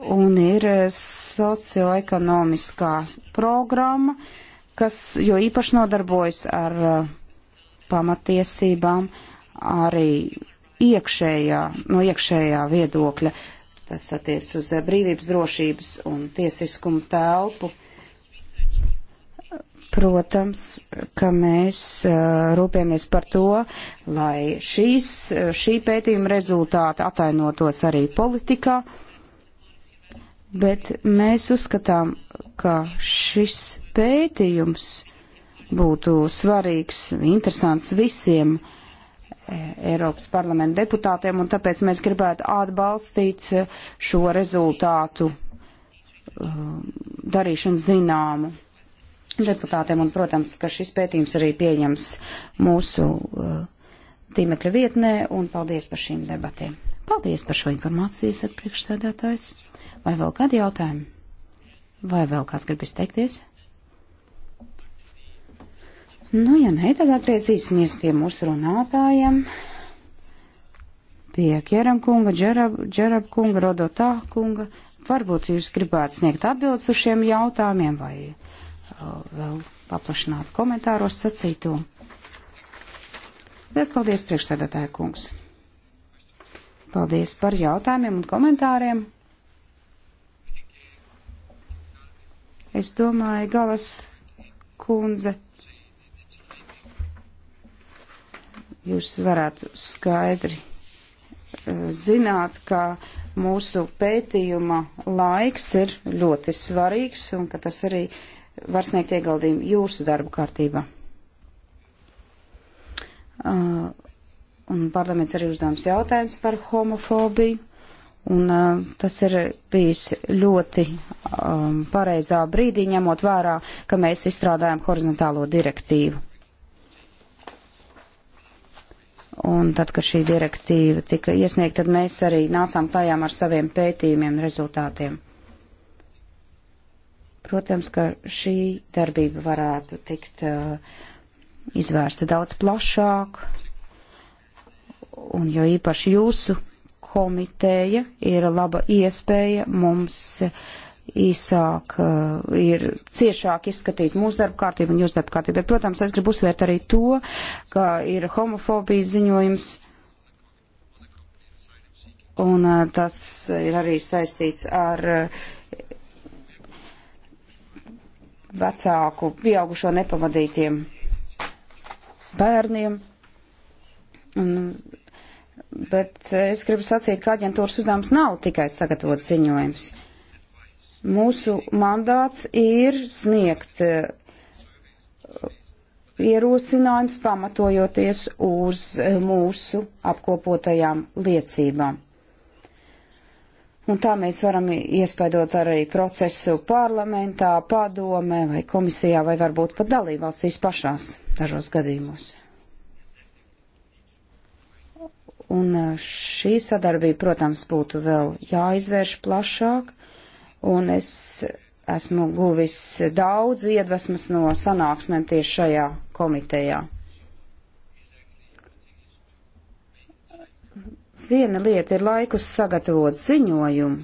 un ir eh, socioekonomiskā programma, kas jo īpaši nodarbojas ar eh, pamatiesībām arī iekšējā, no iekšējā viedokļa. Tas attiec uz eh, brīvības, drošības un tiesiskumu telpu. Protams, ka mēs rūpēmies par to, lai šīs, šī pētījuma rezultāti atainotos arī politikā bet mēs uzskatām, ka šis pētījums būtu svarīgs, interesants visiem e, Eiropas parlamenta deputātiem, un tāpēc mēs gribētu atbalstīt šo rezultātu e, darīšanu zināmu deputātiem, un, protams, ka šis pētījums arī pieņems mūsu e, tīmekļa vietnē, un paldies par šīm debatēm. Paldies par šo informāciju, saka priekšsēdētājs. Vai vēl kādi jautājumi? Vai vēl kāds grib izteikties? Nu, ja nē, tad atgriezīsimies pie mūsu runātājiem, pie Kieram kunga, Džerab, Džerab kunga, Rodotā kunga. Varbūt jūs gribētu sniegt atbildes uz šiem jautājumiem vai uh, vēl paplašināt komentāros sacīto. Liels paldies, priekšsēdētāja kungs! Paldies par jautājumiem un komentāriem. Es domāju, Galas kundze, jūs varētu skaidri eh, zināt, ka mūsu pētījuma laiks ir ļoti svarīgs un ka tas arī var sniegt ieguldījumu jūsu darbu kārtībā. Uh, un parlaments arī uzdevums jautājums par homofobiju. Un uh, tas ir bijis ļoti um, pareizā brīdī, ņemot vērā, ka mēs izstrādājam horizontālo direktīvu. Un tad, kad šī direktīva tika iesniegta, tad mēs arī nācām klajām ar saviem pētījumiem rezultātiem. Protams, ka šī darbība varētu tikt uh, izvērsta daudz plašāk, un jo īpaši jūsu komiteja ir laba iespēja mums īsāk, uh, ir ciešāk izskatīt mūsu darba kārtību un jūsu darba kārtību. Bet, protams, es gribu uzsvērt arī to, ka ir homofobijas ziņojums. Un uh, tas ir arī saistīts ar uh, vecāku, pieaugušo nepavadītiem bērniem. Un bet es gribu sacīt, ka aģentūras uzdevums nav tikai sagatavot ziņojums. Mūsu mandāts ir sniegt eh, ierosinājums pamatojoties uz eh, mūsu apkopotajām liecībām. Un tā mēs varam iespaidot arī procesu parlamentā, padomē vai komisijā vai varbūt pat dalībvalstīs pašās dažos gadījumos. Un e, šī sadarbība, protams, būtu vēl jāizvērš plašāk, un es esmu guvis daudz iedvesmas no sanāksmēm tieši šajā komitejā. Viena lieta ir laikus sagatavot ziņojumu,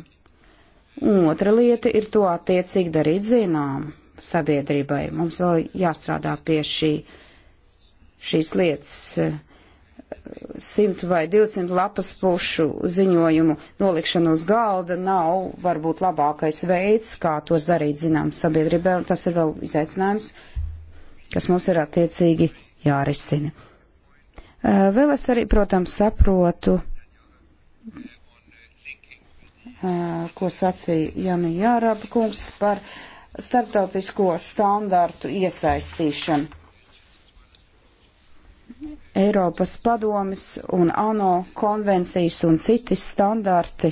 un otra lieta ir to attiecīgi darīt zinām sabiedrībai. Mums vēl jāstrādā pie šī, šīs lietas e, 100 vai 200 lapas pušu ziņojumu nolikšana uz galda nav varbūt labākais veids, kā tos darīt zinām sabiedrībai, un tas ir vēl izaicinājums, kas mums ir attiecīgi jārisina. Eh, vēl es arī, protams, saprotu, eh, ko sacīja Jani Jāraba kungs par starptautisko standārtu iesaistīšanu Eiropas padomis un ANO konvencijas un citi standarti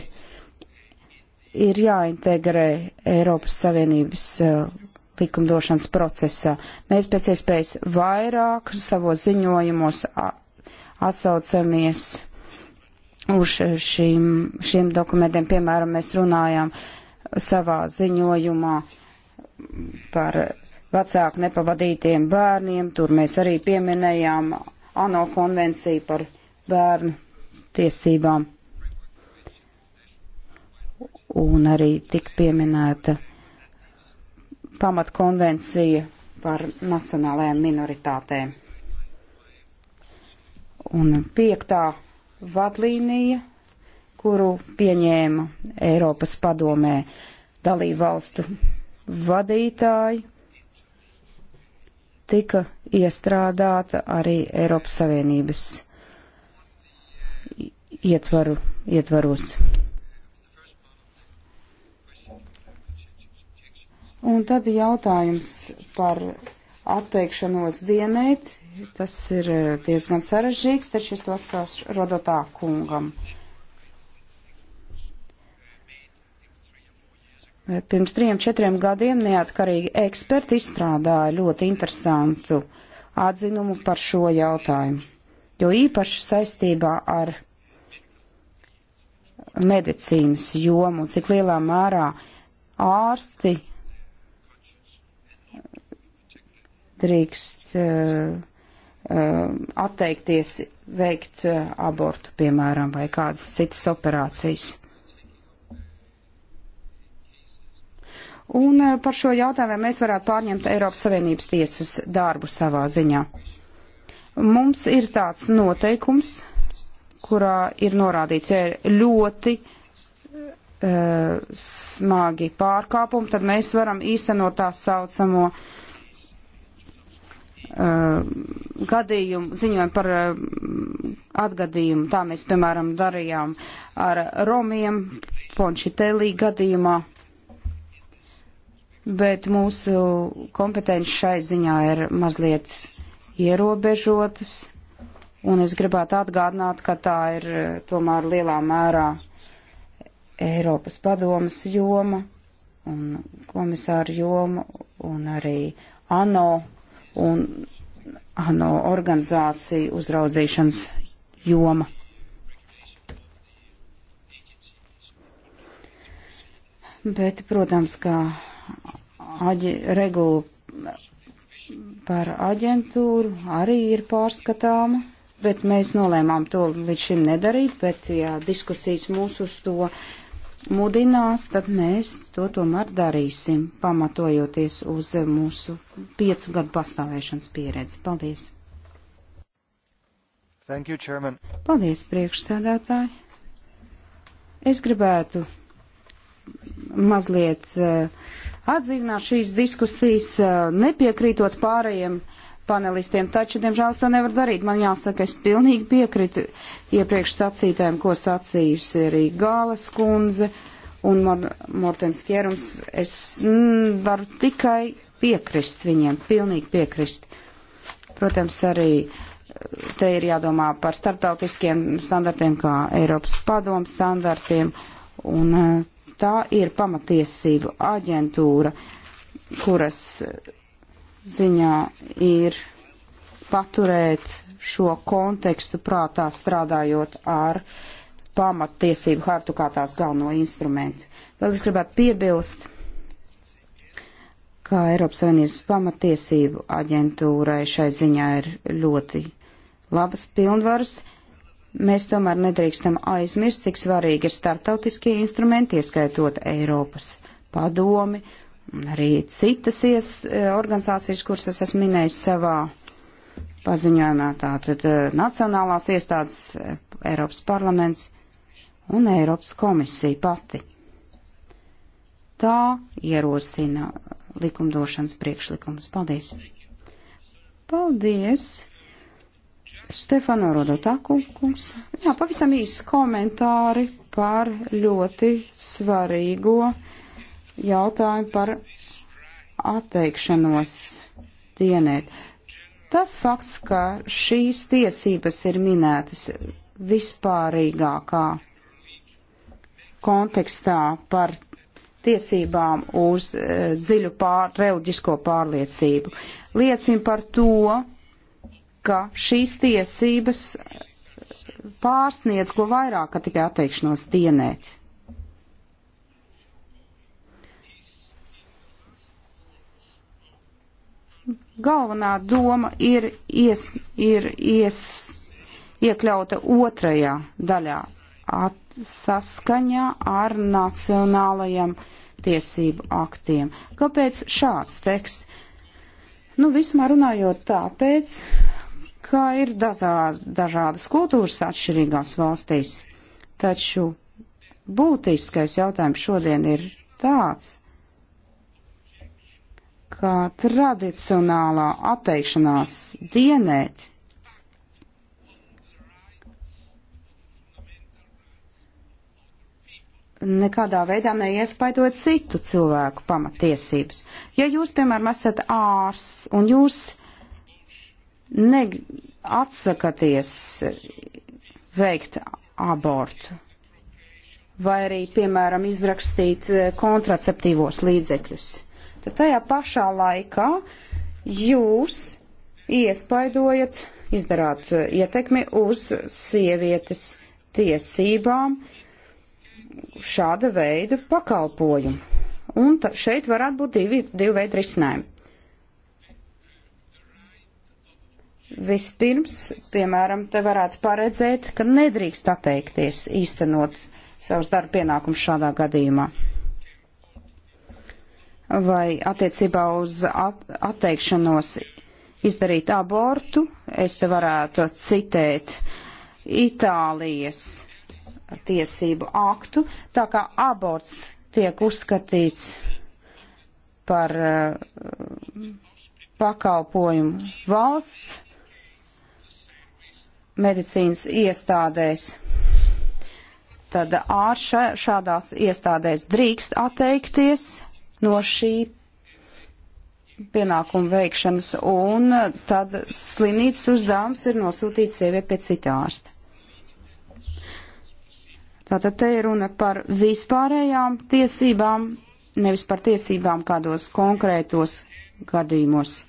ir jāintegrē Eiropas Savienības eh, likumdošanas procesā. Mēs pēc iespējas vairāk savos ziņojumos atsaucamies uz šīm, šiem dokumentiem. Piemēram, mēs runājām savā ziņojumā par vecāku nepavadītiem bērniem. Tur mēs arī pieminējām ANO konvenciju par bērnu tiesībām. Un arī tik pieminēta pamatkonvencija par nacionālajām minoritātēm. Un piektā vadlīnija, kuru pieņēma Eiropas padomē dalību valstu vadītāji tika iestrādāta arī Eiropas Savienības ietvaru, ietvaros. Un tad jautājums par atteikšanos dienēt, tas ir eh, diezgan sarežģīts, taču es to atstāšu Rodotā kungam. Pirms trim, četriem gadiem neatkarīgi eksperti izstrādāja ļoti interesantu atzinumu par šo jautājumu, jo īpaši saistībā ar medicīnas jomu un cik lielā mērā ārsti drīkst uh, atteikties veikt eh, abortu, piemēram, vai kādas citas operācijas. un eh, par šo jautājumu mēs varētu pārņemt Eiropas Savienības tiesas darbu savā ziņā. Mums ir tāds noteikums, kurā ir norādīts ir ļoti uh, smagi pārkāpumi, tad mēs varam īstenot tā saucamo uh, gadījumu, ziņojumu par uh, atgadījumu. Tā mēs, piemēram, darījām ar Romiem Pončitelī gadījumā bet mūsu kompetenci šai ziņā ir mazliet ierobežotas, un es gribētu atgādināt, ka tā ir eh, tomēr lielā mērā Eiropas padomas joma un komisāra joma un arī ANO un ANO organizāciju uzraudzīšanas joma. Bet, protams, ka aģi, regula par aģentūru arī ir pārskatāma, bet mēs nolēmām to līdz šim nedarīt, bet ja diskusijas mūs uz to mudinās, tad mēs to tomēr darīsim, pamatojoties uz mūsu piecu gadu pastāvēšanas pieredzi. Paldies! Thank you, chairman. Paldies, priekšsēdētāji! Es gribētu mazliet uh, atzīvināt šīs diskusijas, eh, nepiekrītot pārējiem panelistiem, taču, diemžēl, es to nevaru darīt. Man jāsaka, es pilnīgi piekritu iepriekš sacītājiem, ko sacījusi arī Gāles kundze un Mor Mortens Kierums. Es mm, varu tikai piekrist viņiem, pilnīgi piekrist. Protams, arī eh, te ir jādomā par starptautiskiem standartiem, kā Eiropas padomu standartiem, un eh, Tā ir pamatiesību aģentūra, kuras ziņā ir paturēt šo kontekstu prātā strādājot ar pamattiesību hartu kā tās galveno instrumentu. Vēl es gribētu piebilst, ka Eiropas Savienības pamatiesību aģentūrai šai ziņā ir ļoti labas pilnvaras. Mēs tomēr nedrīkstam aizmirst, cik svarīgi ir startautiskie instrumenti, ieskaitot Eiropas padomi un arī citas ies, e, organizācijas, kuras es esmu minējis savā paziņojumā. Tātad e, Nacionālās iestādes, e, Eiropas parlaments un Eiropas komisija pati. Tā ierosina likumdošanas priekšlikums. Paldies! Paldies! Stefano Rodotaku kungs. Jā, pavisam īsi komentāri par ļoti svarīgo jautājumu par atteikšanos dienēt. Tas fakts, ka šīs tiesības ir minētas vispārīgākā kontekstā par tiesībām uz uh, dziļu pār, reliģisko pārliecību, liecina par to, ka šīs tiesības pārsniedz ko vairāk, ka tikai atteikšanos dienēt. Galvenā doma ir, ies, ir ies, iekļauta otrajā daļā at, saskaņā ar nacionālajiem tiesību aktiem. Kāpēc šāds teksts? Nu, vismaz runājot tāpēc, ka ir dažād, dažādas kultūras atšķirīgās valstīs, taču būtiskais jautājums šodien ir tāds, ka tradicionālā atteikšanās dienēt nekādā veidā neiespaidot citu cilvēku pamatiesības. Ja jūs, piemēram, esat ārsts un jūs ne, atsakaties veikt abortu. Vai arī, piemēram, izrakstīt eh, kontraceptīvos līdzekļus. Tad tajā pašā laikā jūs iespaidojat, izdarāt eh, ietekmi uz sievietes tiesībām šāda veida pakalpojumu. Un ta, šeit varētu būt divi, divi veidi risinājumi. Vispirms, piemēram, te varētu paredzēt, ka nedrīkst atteikties īstenot savus darba pienākumus šādā gadījumā. Vai attiecībā uz at atteikšanos izdarīt abortu, es te varētu citēt Itālijas tiesību aktu, tā kā aborts tiek uzskatīts par uh, pakalpojumu valsts medicīnas iestādēs, tad ārš šādās iestādēs drīkst atteikties no šī pienākumu veikšanas, un tad slimnīcas uzdevums ir nosūtīt sievieti pie cita ārsta. Tātad te ir runa par vispārējām tiesībām, nevis par tiesībām kādos konkrētos gadījumos.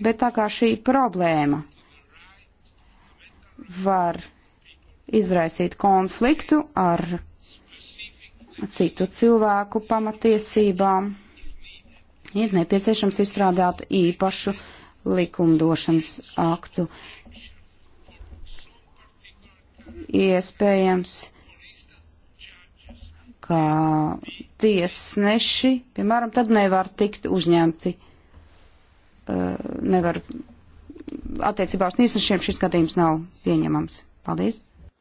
Bet tā kā šī problēma var izraisīt konfliktu ar citu cilvēku pamatiesībām, ir nepieciešams izstrādāt īpašu likumdošanas aktu. Iespējams, ka tiesneši, piemēram, tad nevar tikt uzņemti Eh, nevar attiecībā uz tiesnešiem šis gadījums nav pieņemams. Paldies!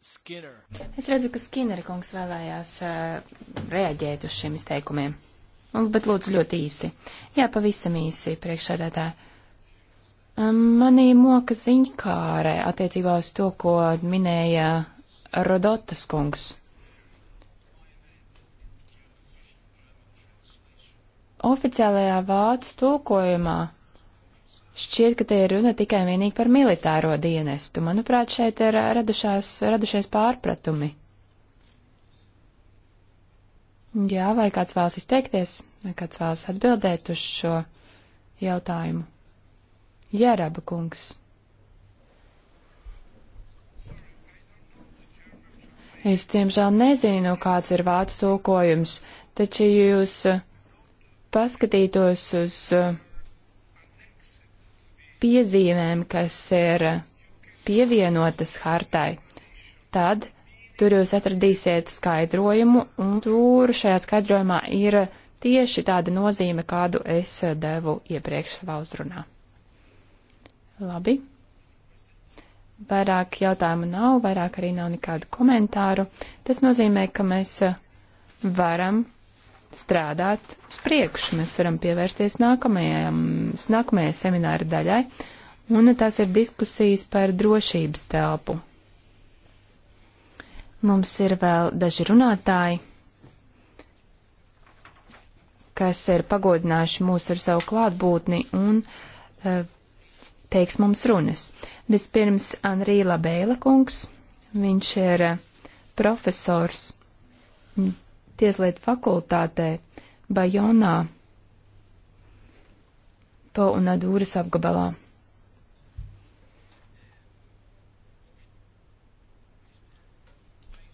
Skinner. Es redzu, ka Skinneri kungs vēlējās uh, reaģēt uz šiem izteikumiem. Un, nu, bet lūdzu ļoti īsi. Jā, pavisam īsi priekšsēdētā. Um, manī moka ziņkāre attiecībā uz to, ko minēja Rodotas kungs. Oficiālajā vācu tulkojumā Šķiet, ka te ir runa tikai un vienīgi par militāro dienestu. Manuprāt, šeit ir radušās, radušies pārpratumi. Jā, vai kāds vēlas izteikties, vai kāds vēlas atbildēt uz šo jautājumu? Jā, Raba kungs. Es, diemžēl, nezinu, kāds ir vārds tulkojums, taču jūs eh, paskatītos uz. Uh, piezīmēm, kas ir pievienotas hartai, tad tur jūs atradīsiet skaidrojumu, un tur šajā skaidrojumā ir tieši tāda nozīme, kādu es devu iepriekš savā uzrunā. Labi. Vairāk jautājumu nav, vairāk arī nav nekādu komentāru. Tas nozīmē, ka mēs varam strādāt uz priekšu. Mēs varam pievērsties nākamajam, nākamajai semināra daļai, un tās ir diskusijas par drošības telpu. Mums ir vēl daži runātāji, kas ir pagodinājuši mūs ar savu klātbūtni un e, teiks mums runas. Vispirms Anrī Labēla kungs, viņš ir profesors Tieslietu fakultātē Bajonā Po un Adūras apgabalā.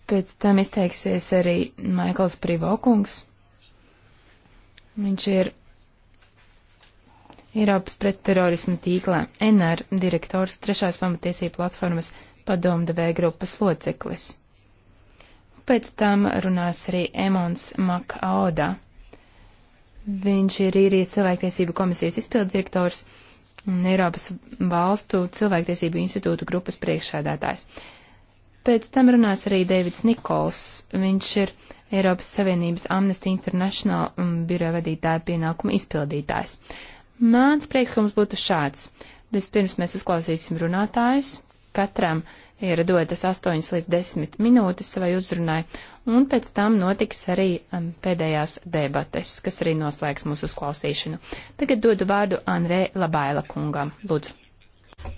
Pēc tam izteiksies arī Maikls Privokungs. Viņš ir Eiropas pretterorismu tīklā NR direktors trešās pamatiesību platformas padomdevēja grupas loceklis pēc tam runās arī Emons Makauda. Viņš ir īrijas cilvēktiesību komisijas izpildirektors un Eiropas valstu cilvēktiesību institūtu grupas priekšsēdētājs. Pēc tam runās arī Deivids Nikols. Viņš ir Eiropas Savienības Amnesty International um, biroja vadītāja pienākuma izpildītājs. Mans priekšlikums būtu šāds. Vispirms mēs uzklausīsim runātājus. Katram uh, ir dotas 8 līdz 10 minūtes savai uzrunai, un pēc tam notiks arī um, pēdējās debates, kas arī noslēgs mūsu uzklausīšanu. Tagad dodu vārdu Andrē Labaila kungam. Lūdzu.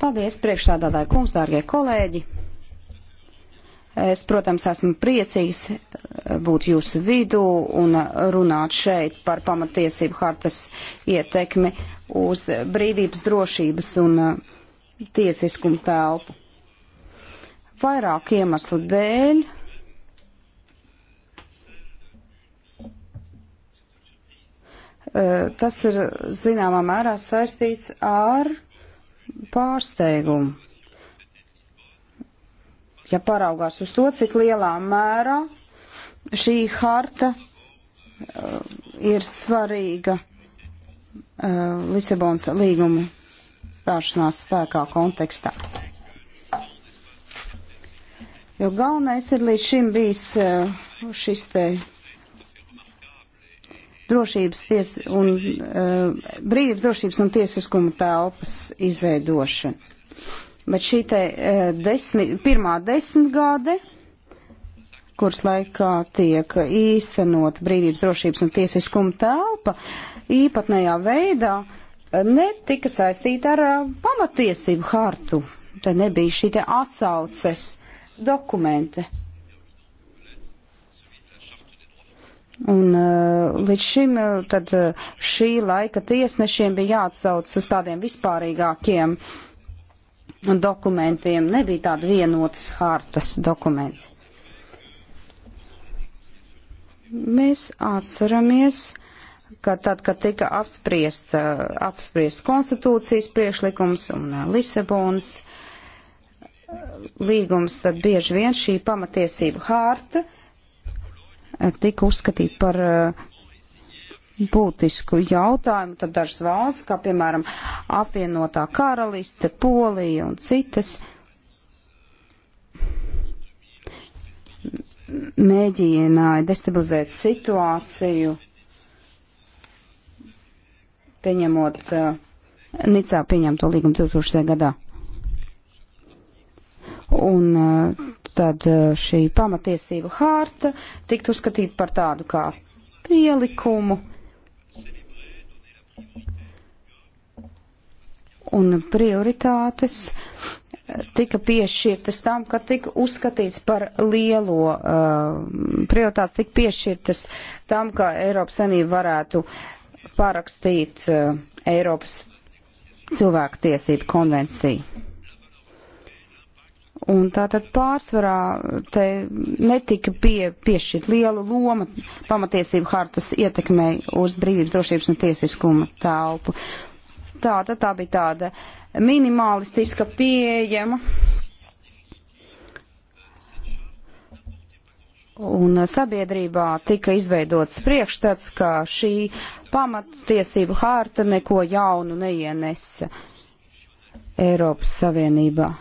Paldies, priekšstādātāji kungs, dārgie kolēģi! Es, protams, esmu priecīgs eh, būt jūsu vidū un eh, runāt šeit par pamatiesību hartas ietekmi uz brīvības, drošības un eh, tiesiskumu telpu vairāk iemeslu dēļ. Eh, tas ir zināmā mērā saistīts ar pārsteigumu. Ja paraugās uz to, cik lielā mērā šī harta eh, ir svarīga eh, Lisabonas līguma stāšanās spēkā kontekstā. Jo galvenais ir līdz šim bijis eh, šis te drošības ties un eh, brīvības drošības un tiesiskuma telpas izveidošana. Bet šī te eh, desmit, pirmā desmitgāde, kuras laikā tiek īstenot brīvības drošības un tiesiskuma telpa, īpatnējā veidā netika saistīta ar pamatiesību hartu. Te nebija šī te atsauces dokumenti. Un uh, līdz šim uh, tad uh, šī laika tiesnešiem bija jāatsauc uz tādiem vispārīgākiem dokumentiem. Nebija tāda vienotas hartas dokumenti. Mēs atceramies, ka tad, kad tika apspriest, apspriest konstitūcijas priešlikums un Lisabonas līgums, tad bieži vien šī pamatiesība hārta eh, tika uzskatīta par eh, būtisku jautājumu. Tad dažas valsts, kā piemēram apvienotā karaliste, Polija un citas, mēģināja destabilizēt situāciju, pieņemot uh, Nicā pieņemto līgumu 2000. gadā un eh, tad eh, šī pamatiesība hārta tiktu uzskatīta par tādu kā pielikumu. Un prioritātes eh, tika piešķirtas tam, ka tika uzskatīts par lielo, uh, prioritātes tika piešķirtas tam, ka Eiropas Sanība varētu parakstīt uh, Eiropas cilvēku tiesību konvenciju. Un tātad pārsvarā te netika pie, piešķirt liela loma pamatiesību hartas ietekmei uz brīvības, drošības un tiesiskuma telpu. Tātad tā bija tāda minimalistiska pieejama. Un sabiedrībā tika izveidots priekšstats, ka šī pamatiesību harta neko jaunu neienesa Eiropas Savienībā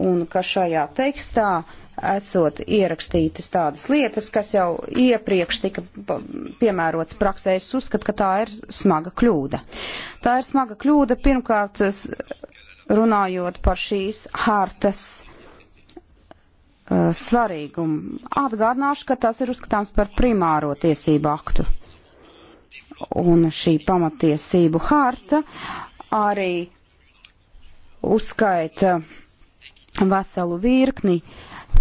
un ka šajā tekstā esot ierakstītas tādas lietas, kas jau iepriekš tika piemērots praksē, es uzskatu, ka tā ir smaga kļūda. Tā ir smaga kļūda pirmkārt runājot par šīs hartas uh, svarīgumu. Atgādināšu, ka tas ir uzskatāms par primāro tiesību aktu. Un šī pamatiesību harta arī uzskaita uh, veselu virkni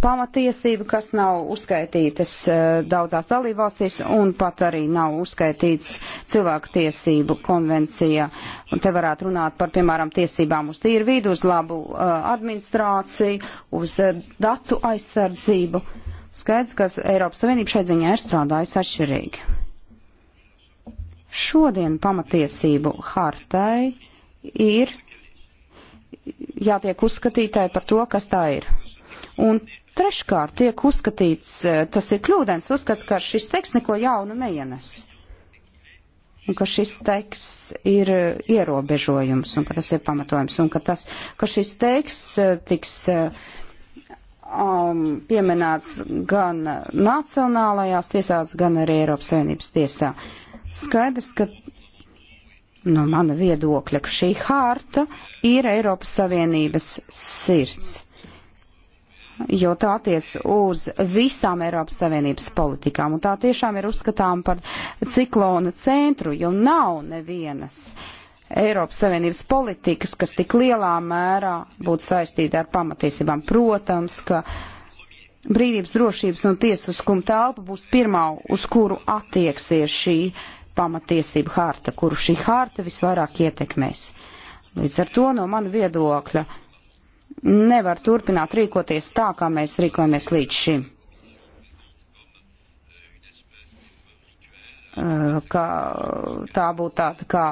pamatiesību, kas nav uzskaitītas eh, daudzās dalībvalstīs un pat arī nav uzskaitīts cilvēku tiesību konvencijā. Un te varētu runāt par, piemēram, tiesībām uz tīru vidu, uz labu eh, administrāciju, uz eh, datu aizsardzību. Skaidrs, ka Eiropas Savienība šai ziņā ir strādājusi atšķirīgi. Šodien pamatiesību hartai ir jātiek uzskatītāji par to, kas tā ir. Un treškārt tiek uzskatīts, e, tas ir kļūdens uzskats, ka šis teksts neko jaunu neienes. Un ka šis teksts ir e, ierobežojums, un ka tas ir pamatojums, un ka, tas, ka šis teksts e, tiks um, pieminēts gan nacionālajās tiesās, gan arī Eiropas Savienības tiesā. Skaidrs, ka no mana viedokļa, ka šī harta ir Eiropas Savienības sirds, jo tā attiec uz visām Eiropas Savienības politikām, un tā tiešām ir uzskatām par ciklona centru, jo nav nevienas. Eiropas Savienības politikas, kas tik lielā mērā būtu saistīta ar pamatiesībām. Protams, ka brīvības, drošības un tiesu skuma telpa būs pirmā, uz kuru attieksies šī uh, pamatiesību harta, kuru šī harta visvairāk ietekmēs. Līdz ar to no manu viedokļa nevar turpināt rīkoties tā, kā mēs rīkojamies līdz šim. Eh, ka tā būtu tāda kā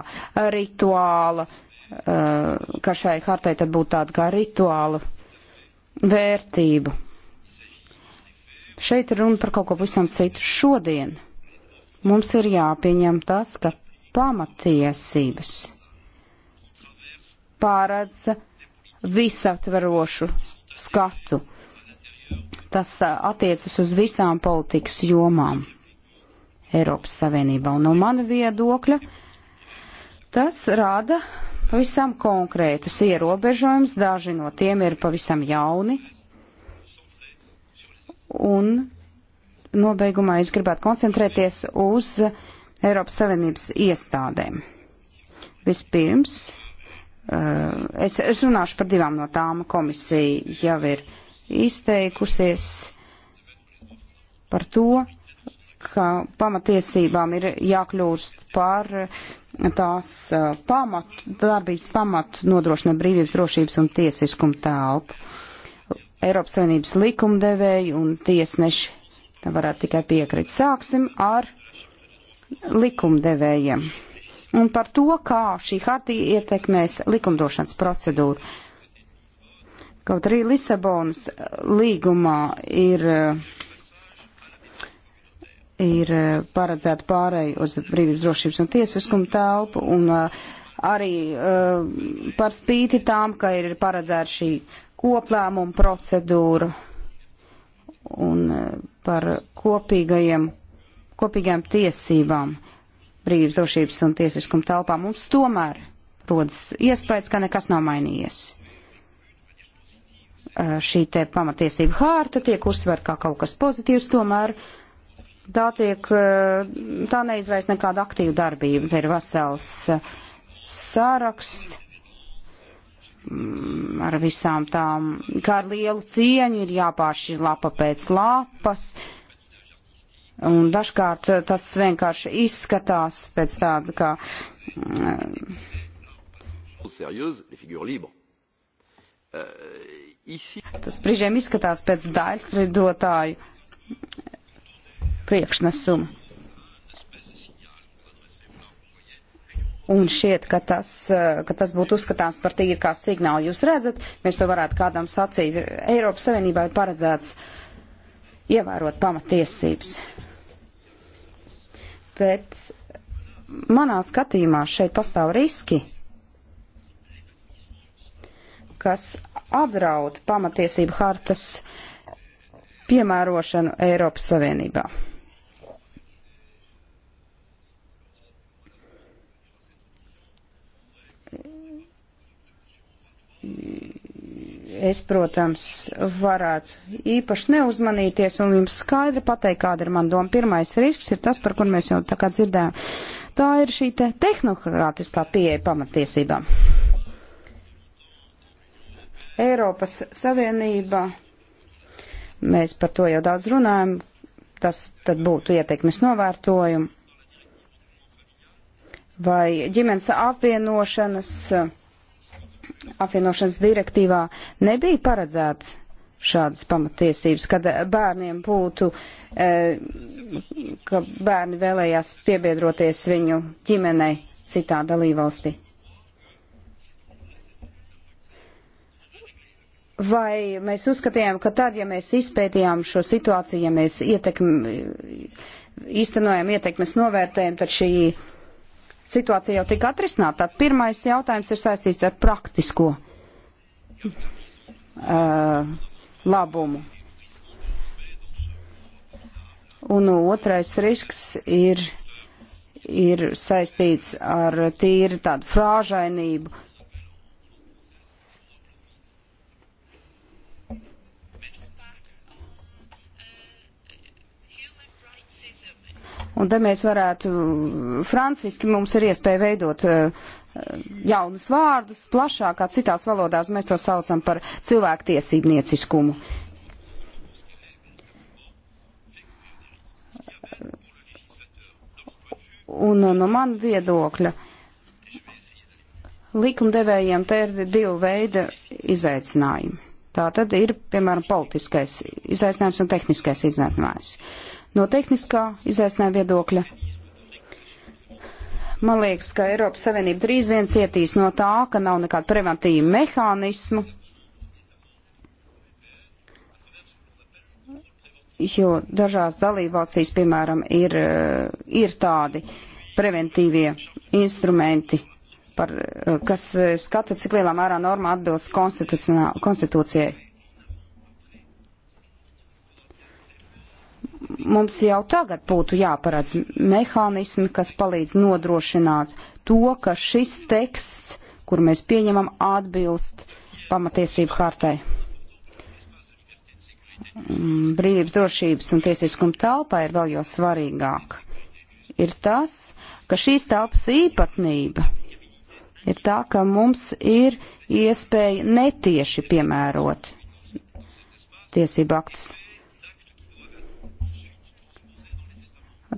rituāla, eh, ka šai hartai tad būtu tāda kā rituāla vērtība. Šeit runa par kaut ko pavisam citu šodien. Mums ir jāpieņem tas, ka pamatiesības pārēdz visaptverošu skatu. Tas uh, attiecas uz visām politikas jomām Eiropas Savienībā. Un no mana viedokļa tas rāda pavisam konkrētus ierobežojumus, daži no tiem ir pavisam jauni. Un nobeigumā es gribētu koncentrēties uz Eiropas Savienības iestādēm. Vispirms, eh, es, es runāšu par divām no tām. Komisija jau ir izteikusies par to, ka pamatiesībām ir jākļūst par tās eh, pamat, darbības pamatu nodrošina brīvības, drošības un tiesiskuma telpu. Eiropas Savienības likumdevēji un tiesneši Te varētu tikai piekrist. Sāksim ar likumdevējiem un par to, kā šī hartija ietekmēs likumdošanas procedūru. Kaut arī Lisabonas līgumā ir, ir paredzēta pārēja uz brīvības drošības un tiesiskumu telpu, un uh, arī uh, par spīti tām, ka ir paredzēta šī koplēmuma procedūra un uh, par kopīgajiem, kopīgām tiesībām, brīvības drošības un tiesiskuma telpā, mums tomēr rodas iespējas, ka nekas nav mainījies. Šī te pamatiesība hārta tiek uzsver kā kaut kas pozitīvs, tomēr tā tiek, tā neizraisa nekādu aktīvu darbību. Te ir vesels saraksts Mm, ar visām tām, kā ar lielu cieņu ir jāpāršķir lapa pēc lapas. Un dažkārt eh, tas vienkārši izskatās pēc tāda kā. Mm, euh, tas brīžiem izskatās pēc daļstrīdotāju priekšnesuma. un šķiet, ka tas, eh, ka tas būtu uzskatāms par tīri kā signālu. Jūs redzat, mēs to varētu kādam sacīt, Eiropas Savienībā ir paredzēts ievērot pamatiesības. Bet manā skatījumā šeit pastāv riski, kas apdraud pamatiesību hartas piemērošanu Eiropas Savienībā. es, protams, varētu īpaši neuzmanīties un jums skaidri pateikt, kāda ir man doma. Pirmais risks ir tas, par kur mēs jau tā kā dzirdējām. Tā ir šī te tehnokrātiskā pieeja pamatiesībām. Eiropas Savienība, mēs par to jau daudz runājam, tas tad būtu ietekmes novērtojumu. Vai ģimenes apvienošanas uh, apvienošanas direktīvā nebija paredzēta šādas pamatiesības, kad bērniem būtu, e, ka bērni vēlējās piebiedroties viņu ģimenei citā dalībvalstī. Vai mēs uzskatījām, ka tad, ja mēs izpētījām šo situāciju, ja mēs ietekmi, īstenojam ietekmes novērtējumu, tad šī uh, situācija jau tika atrisināta. Tad pirmais jautājums ir saistīts ar praktisko uh, labumu. Un otrais risks ir, ir saistīts ar tīri tādu frāžainību, Un te mēs varētu, franciski mums ir iespēja veidot eh, jaunus vārdus, plašākā citās valodās mēs to saucam par cilvēktiesībnieciskumu. Un eh, no man viedokļa likumdevējiem te ir divi veidi izaicinājumi. Tā tad ir, piemēram, politiskais izaicinājums un tehniskais izaicinājums no tehniskā izaicinājuma viedokļa. Man liekas, ka Eiropas Savienība drīz vien cietīs no tā, ka nav nekādu preventīvu mehānismu, jo dažās dalībvalstīs, piemēram, ir, ir tādi preventīvie instrumenti, par, kas skata, cik lielā mērā norma atbilst konstitūcijai. mums jau tagad būtu jāparedz mehānismi, kas palīdz nodrošināt to, ka šis teksts, kur mēs pieņemam, atbilst pamatiesību hartai. Mm, brīvības, drošības un tiesiskuma telpā ir vēl jau svarīgāk. Ir tas, ka šīs telpas īpatnība ir tā, ka mums ir iespēja netieši piemērot tiesību aktus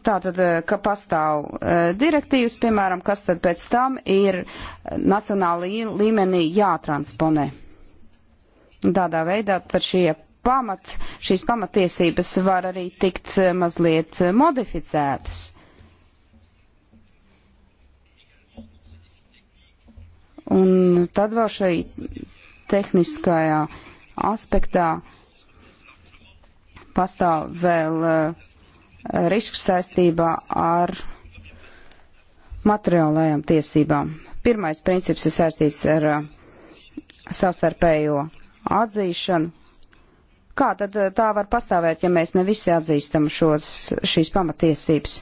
Tātad, eh, ka pastāv eh, direktīvas, piemēram, kas tad pēc tam ir nacionāla līmenī jātransponē. Tādā veidā tad šie pamat, šīs pamatiesības var arī tikt eh, mazliet modificētas. Un tad vēl šai tehniskajā aspektā pastāv vēl uh, risku saistībā ar materiālajām tiesībām. Pirmais princips ir saistīts ar uh, savstarpējo atzīšanu. Kā tad uh, tā var pastāvēt, ja mēs ne visi atzīstam šos, šīs pamatiesības?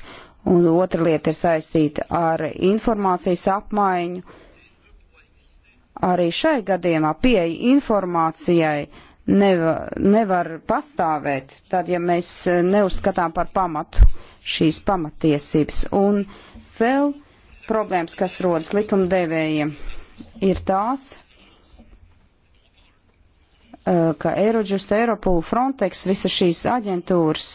Un otra lieta ir saistīta ar informācijas apmaiņu. Arī šai gadījumā pieeja informācijai uh, nevar, nevar pastāvēt, tad, ja mēs eh, neuzskatām par pamatu šīs pamatiesības. Un vēl problēmas, kas rodas likumdevējiem, ir tās, eh, ka Eirodžus, Eiropulu, Frontex, visas šīs aģentūras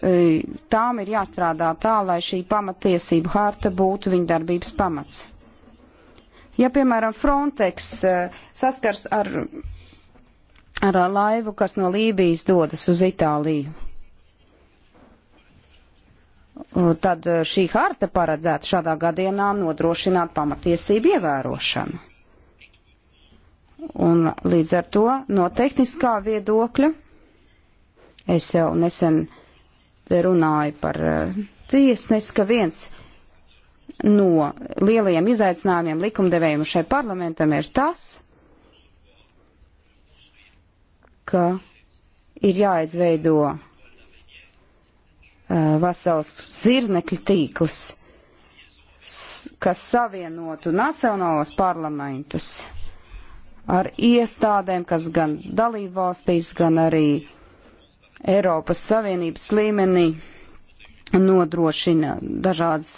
eh, tām ir jāstrādā tā, lai šī pamatiesība harta būtu viņa darbības pamats. Ja, piemēram, Frontex eh, saskars ar, ar eh, laivu, kas no Lībijas dodas uz Itāliju, tad eh, šī harta paredzētu šādā gadienā nodrošināt pamatiesību ievērošanu. Un līdz ar to no tehniskā viedokļa es jau nesen runāju par tiesnesi, ka viens no lielajiem izaicinājumiem likumdevējiem šai parlamentam ir tas, ka ir jāizveido uh, vesels zirnekļu tīkls, kas savienotu nacionālos parlamentus ar iestādēm, kas gan dalību valstīs, gan arī Eiropas Savienības līmenī nodrošina dažādas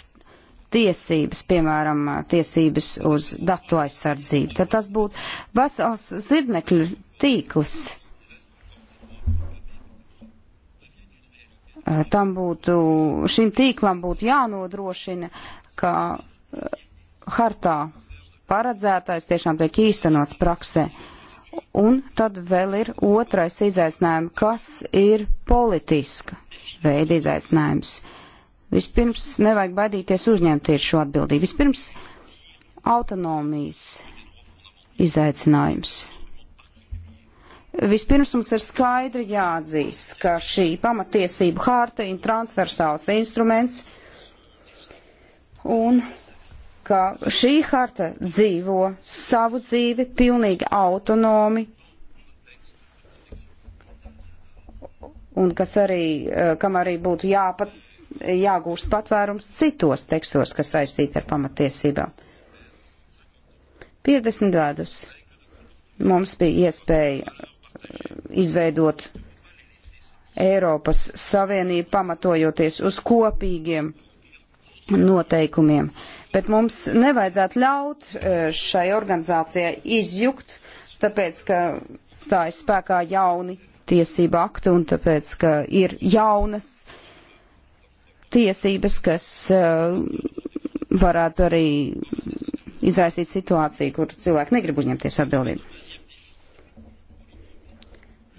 tiesības, piemēram, tiesības uz datu aizsardzību. Tad tas būtu vesels zirnekļu tīkls. Eh, tam būtu, šim tīklam būtu jānodrošina, ka eh, hartā paredzētais tiešām tiek īstenots praksē. Un tad vēl ir otrais izaicinājums, kas ir politiska veida izaicinājums. Uh, Vispirms nevajag baidīties uzņemties šo atbildību. Vispirms autonomijas izaicinājums. Vispirms mums ir skaidri jāatzīst, ka šī pamatiesība harta ir transversāls instruments un ka šī harta dzīvo savu dzīvi pilnīgi autonomi un kas arī, eh, kam arī būtu jāpat jāgūst patvērums citos tekstos, kas saistīti ar pamatiesībām. 50 gadus mums bija iespēja uh, izveidot Eiropas Savienību pamatojoties uz kopīgiem noteikumiem, bet mums nevajadzētu ļaut uh, šai organizācijai izjukt, tāpēc, ka stājas spēkā jauni tiesība akti un tāpēc, ka ir jaunas uh, tiesības, kas eh, varētu arī izraisīt situāciju, kur cilvēki negrib uzņemties atbildību.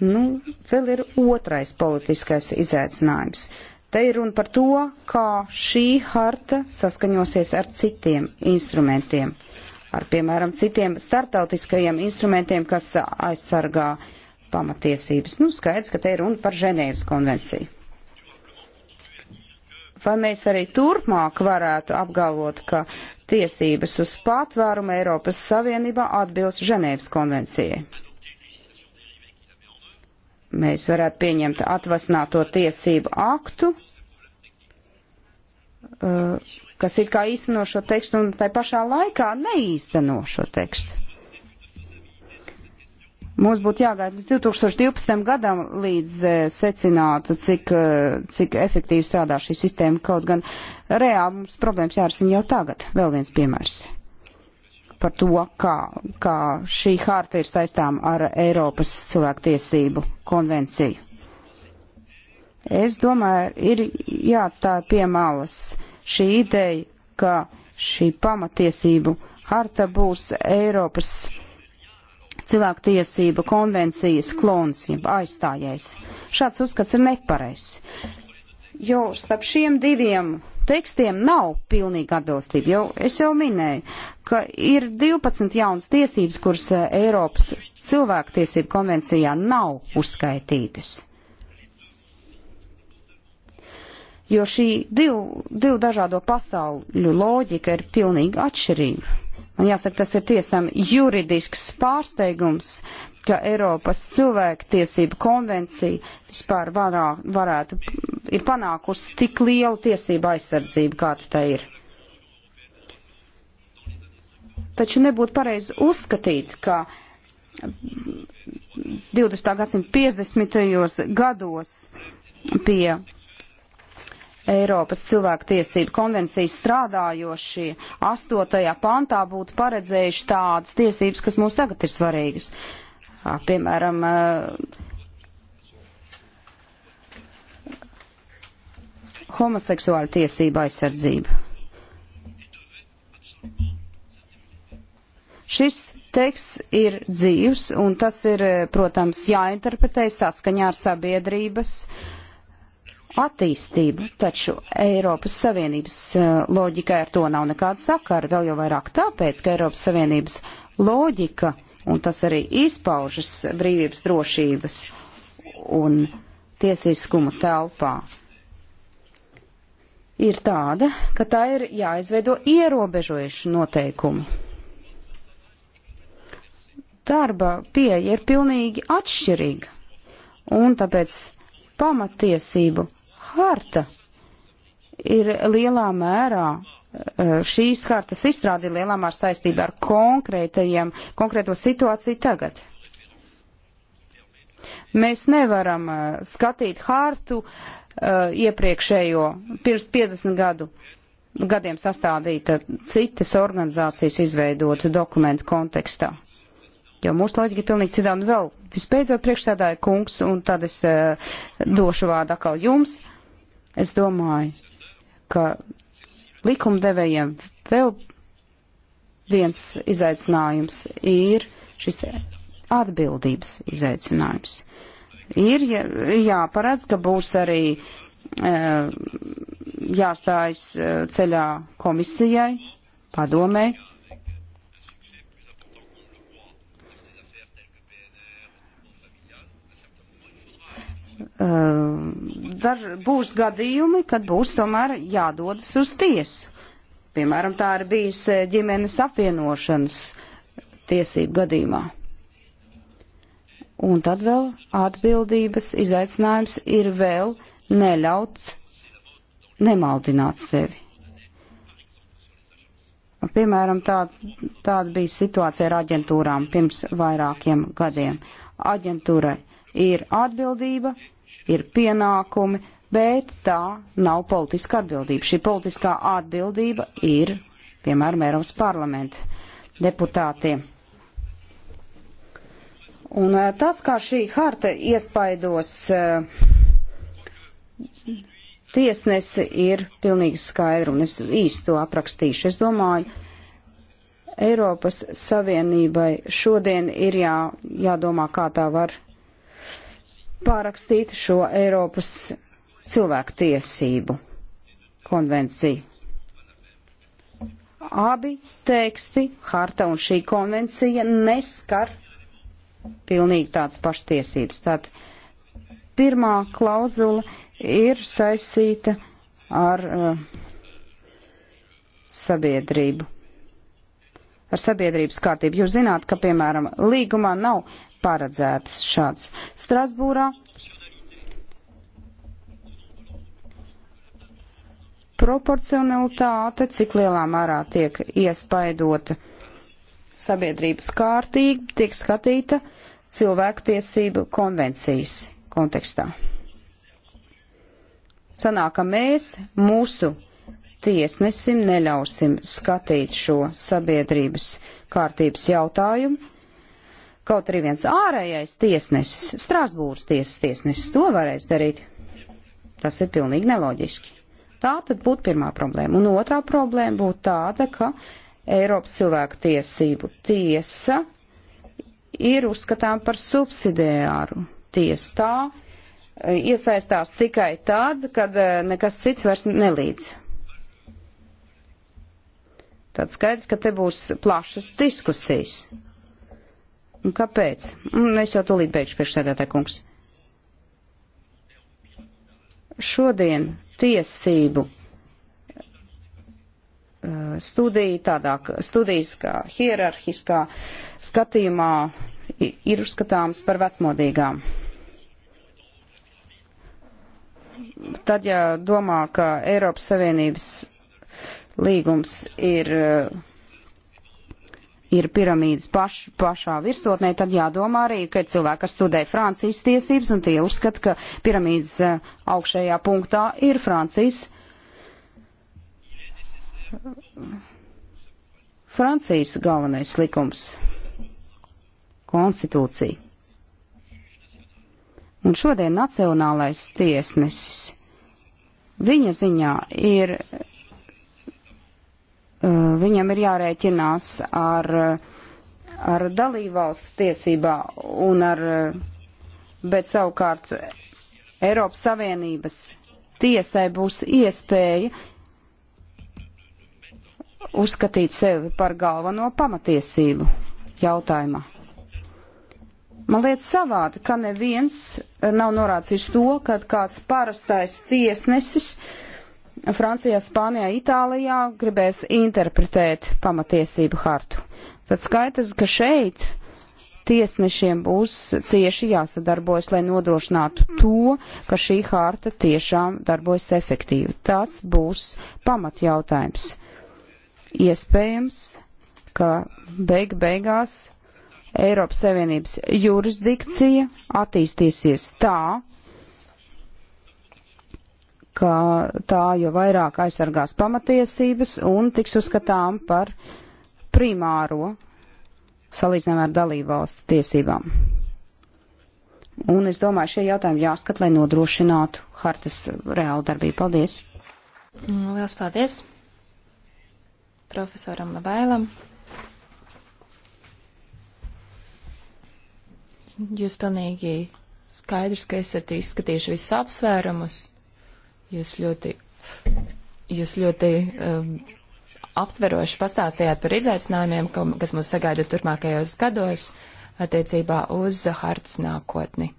Nu, vēl ir otrais politiskais izaicinājums. Te ir runa par to, kā šī harta saskaņosies ar citiem instrumentiem, ar piemēram citiem startautiskajiem instrumentiem, kas aizsargā pamatiesības. Nu, skaidrs, ka te ir runa par Ženēvas konvenciju. Vai mēs arī turpmāk varētu apgalvot, ka tiesības uz patvērumu Eiropas Savienībā atbilst Ženēvas konvencijai? Mēs varētu pieņemt atvasināto tiesību aktu, uh, kas it kā īsteno šo tekstu un tai pašā laikā neīsteno šo tekstu. Mums būtu jāgaida līdz 2012. gadam, līdz e, secinātu, cik, e, cik efektīvi strādā šī sistēma. Kaut gan reāli mums problēmas jārisina jau tagad. Vēl viens piemērs par to, kā, kā šī harta ir saistām ar Eiropas cilvēktiesību konvenciju. Es domāju, ir jāatstāja pie malas šī ideja, ka šī pamatiesību harta būs Eiropas cilvēktiesība konvencijas klons, jeb aizstājais. Šāds uzskats ir nepareizs. Jo starp šiem diviem tekstiem nav pilnīga atbilstība. Jo es jau minēju, ka ir 12 jaunas tiesības, kuras eh, Eiropas cilvēktiesība konvencijā nav uzskaitītas. jo šī divu, divu dažādo pasauļu loģika ir pilnīgi atšķirīga. Man jāsaka, tas ir tiesam juridisks pārsteigums, ka Eiropas cilvēktiesība konvencija vispār varā, varētu, ir panākusi tik lielu tiesību aizsardzību, kāda tā ir. Taču nebūtu pareizi uzskatīt, ka 20. gadsimta 50. gados pie Eiropas cilvēku tiesību konvencijas strādājošie 8. pantā būtu paredzējuši tādas tiesības, kas mums tagad ir svarīgas. Piemēram, homoseksuāla tiesība aizsardzība. Šis teksts ir dzīvs, un tas ir, protams, jāinterpretē saskaņā ar sabiedrības uh, attīstību, taču Eiropas Savienības eh, loģikai ar to nav nekāda sakara, vēl jau vairāk tāpēc, ka Eiropas Savienības loģika, un tas arī izpaužas brīvības drošības un tiesiskuma telpā, ir tāda, ka tā ir jāizveido ierobežojuši noteikumi. Darba pieeja ir pilnīgi atšķirīga, un tāpēc pamatiesību harta ir lielā mērā e, šīs hartas izstrādi lielā mērā saistībā ar konkrētajiem, konkrēto situāciju tagad. Mēs nevaram e, skatīt hartu e, iepriekšējo, pirms 50 gadu gadiem sastādīta citas organizācijas izveidota dokumentu kontekstā. Jo mūsu loģika ir pilnīgi citāda. Vēl vispēcot priekšstādāja kungs, un tad es došu vārdu atkal jums. Uh, Es domāju, ka likumdevējiem vēl viens izaicinājums ir šis atbildības izaicinājums. Ir jā, jāparedz, ka būs arī e, jāstājas e, ceļā komisijai, padomēji, Ehm, daž, būs gadījumi, kad būs tomēr jādodas uz tiesu. Piemēram, tā ir bijis ģimenes apvienošanas tiesību gadījumā. Un tad vēl atbildības izaicinājums ir vēl neļaut nemaldināt sevi. Piemēram, tā, tāda bija situācija ar aģentūrām pirms vairākiem gadiem. Aģentūrai ir atbildība, ir pienākumi, bet tā nav politiska atbildība. Šī politiskā atbildība ir, piemēram, Eiropas parlamenta deputātiem. Un eh, tas, kā šī harta iespaidos eh, tiesnesi, ir pilnīgi skaidri, un es īsti to aprakstīšu. Es domāju, Eiropas Savienībai šodien ir jā, jādomā, kā tā var pārakstīt šo Eiropas cilvēku tiesību konvenciju. Abi teksti, harta un šī konvencija, neskar pilnīgi tāds paštiesības. Tad pirmā klauzula ir saistīta ar uh, sabiedrību. Ar sabiedrības kārtību. Jūs zināt, ka, piemēram, līgumā nav paredzēts šāds. Strasbūrā proporcionalitāte, cik lielā mērā tiek iespaidota sabiedrības kārtība, tiek skatīta cilvēktiesību konvencijas kontekstā. Sanāk, ka mēs mūsu tiesnesim neļausim skatīt šo sabiedrības kārtības jautājumu, Kaut arī viens ārējais tiesnesis, Strasbūras tiesas tiesnesis, to varēs darīt. Tas ir pilnīgi neloģiski. Tā tad būtu pirmā problēma. Un otrā problēma būtu tāda, ka Eiropas cilvēku tiesību tiesa ir uzskatām par subsidiāru tiesu. Tā e, iesaistās tikai tad, kad e, nekas cits vairs nelīdz. Tad skaidrs, ka te būs plašas diskusijas. Un kāpēc? Un es jau tūlīt beigšu priekšsēdētā kungs. Šodien tiesību uh, studija tādā studijiskā, hierarhiskā skatījumā ir uzskatāms par vecmodīgām. Tad, ja domā, ka Eiropas Savienības līgums ir uh, ir piramīdas paš, pašā virsotnē, tad jādomā arī, ka ir cilvēki, kas studē Francijas tiesības, un tie uzskata, ka piramīdas eh, augšējā punktā ir Francijas. Francijas galvenais likums - konstitūcija. Un šodien nacionālais tiesnesis viņa ziņā ir Uh, viņam ir jārēķinās ar, ar dalībvalsts tiesībā un ar, uh, bet savukārt Eiropas Savienības tiesai būs iespēja uzskatīt sevi par galveno pamatiesību jautājumā. Man liekas savādi, ka neviens nav norādījis to, ka kāds parastais tiesnesis uh, Francijā, Spānijā, Itālijā gribēs interpretēt pamatiesību hartu. Tad skaidrs, ka šeit tiesnešiem būs cieši jāsadarbojas, lai nodrošinātu to, ka šī harta tiešām darbojas efektīvi. Tas būs pamatjautājums. Iespējams, ka beig beigās Eiropas Savienības jurisdikcija attīstīsies tā, ka tā jo vairāk aizsargās pamatiesības un tiks uzskatām par primāro salīdzinājumā ar dalībvalstu tiesībām. Un es domāju, šie jautājumi jāskat, lai nodrošinātu hartas reālu darbību. Paldies! Lielas paldies profesoram Labailam! Jūs pilnīgi skaidrs, ka esat izskatījuši visus apsvērumus. Jūs ļoti, jūs ļoti um, aptveroši pastāstījāt par izaicinājumiem, kas mūs sagaida turpmākajos gados attiecībā uz hartas nākotni.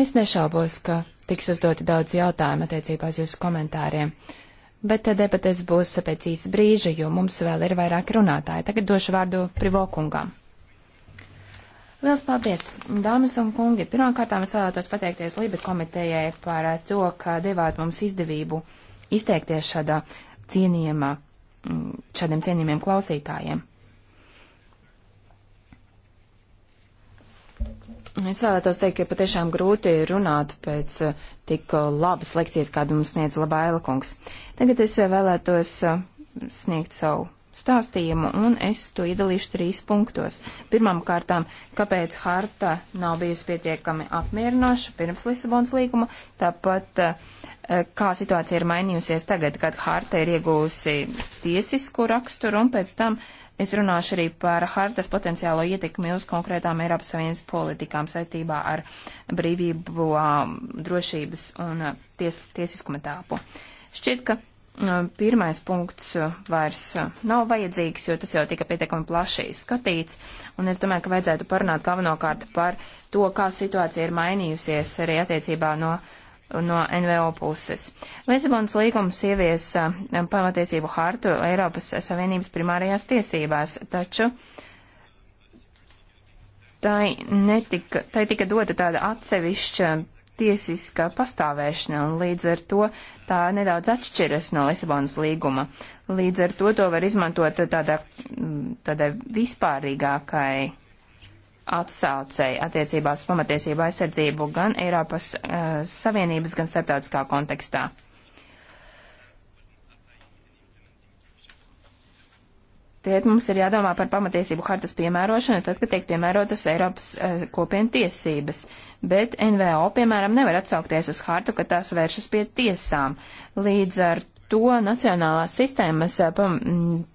Es nešaubos, ka tiks uzdoti daudz jautājumu attiecībā uz jūsu komentāriem, bet debates būs pēc īsa brīža, jo mums vēl ir vairāk runātāji. Tagad došu vārdu privokungam. Liels paldies, dāmas un kungi! Pirmkārt, es vēlētos pateikties Libet komitejai par eh, to, ka devāt mums izdevību izteikties šādā cienījumā, mm, šādiem cienījumiem klausītājiem. Es vēlētos teikt, ka patiešām grūti runāt pēc eh, tik eh, labas lekcijas, kādu mums sniedz Labaila kungs. Tagad es vēlētos sniegt savu stāstījumu, un es to iedalīšu trīs punktos. Pirmām kārtām, kāpēc harta nav bijusi pietiekami apmierinoša pirms Lisabonas līguma, tāpat eh, kā situācija ir mainījusies tagad, kad harta ir iegūsi tiesisku raksturu, un pēc tam es runāšu arī par hartas potenciālo ietekmi uz konkrētām Eiropas Savienības politikām saistībā ar brīvību, drošības un eh, ties, tiesiskuma tāpu. Šķiet, ka pirmais punkts vairs nav vajadzīgs, jo tas jau tika pietiekami plaši skatīts, un es domāju, ka vajadzētu parunāt galvenokārt par to, kā situācija ir mainījusies arī attiecībā no, no NVO puses. Lisabonas līgums ievies pamatiesību hartu Eiropas Savienības primārajās tiesībās, taču tai netika, tai tika dota tāda atsevišķa tiesiskā pastāvēšana, un līdz ar to tā nedaudz atšķiras no Lisabonas līguma. Līdz ar to to var izmantot tādā, tādā vispārīgākai atsaucei attiecībās pamatiesību aizsardzību gan Eiropas uh, Savienības, gan starptautiskā kontekstā. Tiet mums ir jādomā par pamatiesību hartas piemērošanu, tad, kad tiek piemērotas Eiropas uh, kopienu tiesības. Bet NVO, piemēram, nevar atsaukties uz hartu, ka tās vēršas pie tiesām. Līdz ar to nacionālās sistēmas uh, pam,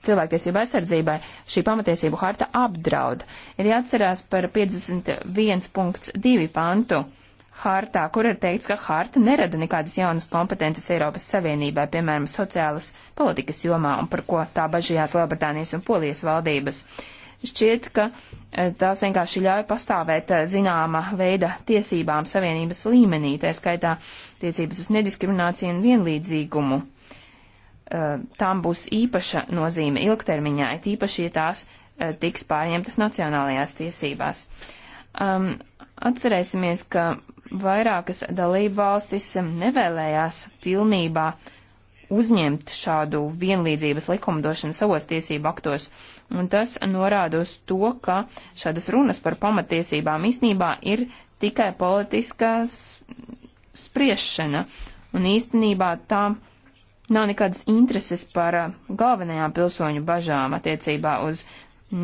cilvēktiesību aizsardzībai šī pamatiesību harta apdraud. Ir jāatcerās par 51.2 pantu. Uh, hartā, kur ir teikts, ka harta nerada nekādas jaunas kompetences Eiropas Savienībai, piemēram, sociālas politikas jomā, un par ko tā bažījās Lielbritānijas un Polijas valdības. Šķiet, ka e, tās vienkārši ļauj pastāvēt e, zināma veida tiesībām Savienības līmenī, tā skaitā tiesības uz nediskrimināciju un vienlīdzīgumu. E, Tām būs īpaša nozīme ilgtermiņā, it īpaši, ja tās tiks pārņemtas nacionālajās tiesībās. Um, atcerēsimies, ka vairākas dalībvalstis nevēlējās pilnībā uzņemt šādu vienlīdzības likumdošanu savos tiesību aktos, un tas norāda uz to, ka šādas runas par pamatiesībām īstenībā ir tikai politiskās spriešana, un īstenībā tām nav nekādas intereses par uh, galvenajām pilsoņu bažām attiecībā uz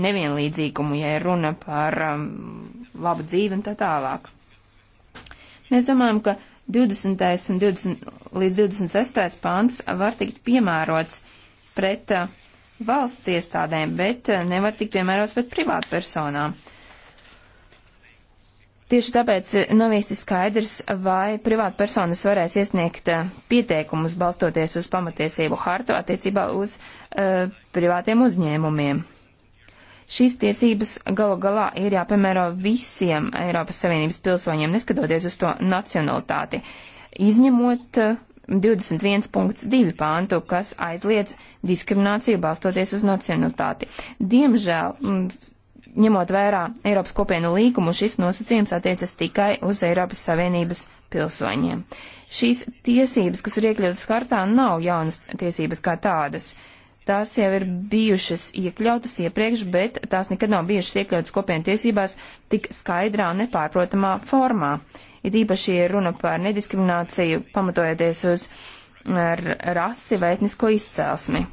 nevienlīdzīgumu, ja ir runa par um, labu dzīvi un tā tālāk. Mēs domājam, ka 20. un 20, līdz 26. pāns var tikt piemērots pret uh, valsts iestādēm, bet uh, nevar tikt piemērots pret privātpersonām. Tieši tāpēc uh, nav īsti skaidrs, vai privātpersonas varēs iesniegt pieteikumus balstoties uz pamatiesību hartu attiecībā uz uh, privātiem uzņēmumiem. Šīs tiesības galu galā ir jāpiemēro visiem Eiropas Savienības pilsoņiem, neskatoties uz to nacionalitāti, izņemot 21.2 eh, pāntu, kas aizliedz diskrimināciju balstoties uz nacionalitāti. Diemžēl, mm, ņemot vērā Eiropas kopienu līgumu, šis nosacījums attiecas tikai uz Eiropas Savienības pilsoņiem. Šīs tiesības, kas ir iekļautas kartā, nav jaunas tiesības kā tādas tās jau ir bijušas iekļautas iepriekš, bet tās nekad nav bijušas iekļautas kopienu tiesībās tik skaidrā un nepārprotamā formā. It īpaši ir runa par nediskrimināciju, pamatojoties uz rasi vai etnisko izcelsmi.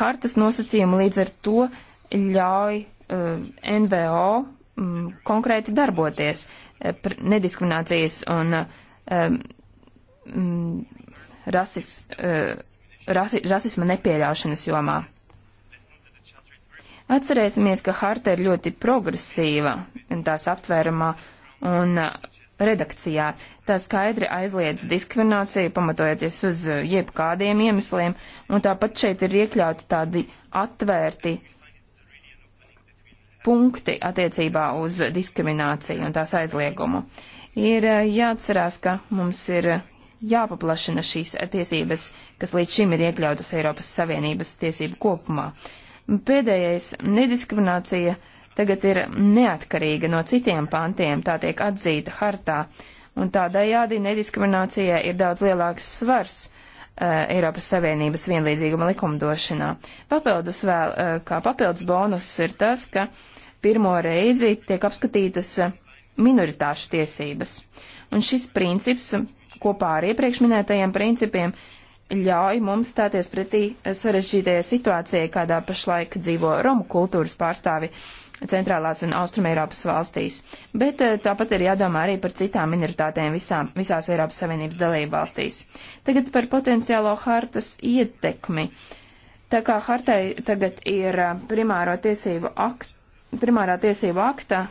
Hartas nosacījumi līdz ar to ļauj uh, eh, NVO um, mm, konkrēti darboties uh, nediskriminācijas un uh, um, rasis. Uh, rasi, rasisma nepieļaušanas jomā. Atcerēsimies, ka harta ir ļoti progresīva tās aptvērumā un uh, redakcijā. Tā skaidri aizliedz diskrimināciju, pamatojoties uz uh, jebkādiem iemesliem, un tāpat šeit ir iekļauti tādi atvērti punkti attiecībā uz diskrimināciju un tās aizliegumu. Ir uh, jāatcerās, ka mums ir jāpaplašina šīs tiesības, kas līdz šim ir iekļautas Eiropas Savienības tiesību kopumā. Pēdējais - nediskriminācija tagad ir neatkarīga no citiem pantiem, tā tiek atzīta hartā, un tādējādi nediskriminācijai ir daudz lielāks svars. Uh, Eiropas Savienības vienlīdzīguma likumdošanā. Papildus vēl, uh, kā papildus bonus ir tas, ka pirmo reizi tiek apskatītas minoritāšu tiesības. Un šis princips kopā ar iepriekš minētajiem principiem ļauj mums stāties pretī sarežģītajai situācijai, kādā pašlaik dzīvo Romu kultūras pārstāvi centrālās un austruma Eiropas valstīs. Bet eh, tāpat ir jādomā arī par citām minoritātēm visām, visās Eiropas Savienības dalību valstīs. Tagad par potenciālo hartas ietekmi. Tā kā hartai tagad ir eh, primāro tiesību akt, primārā tiesību akta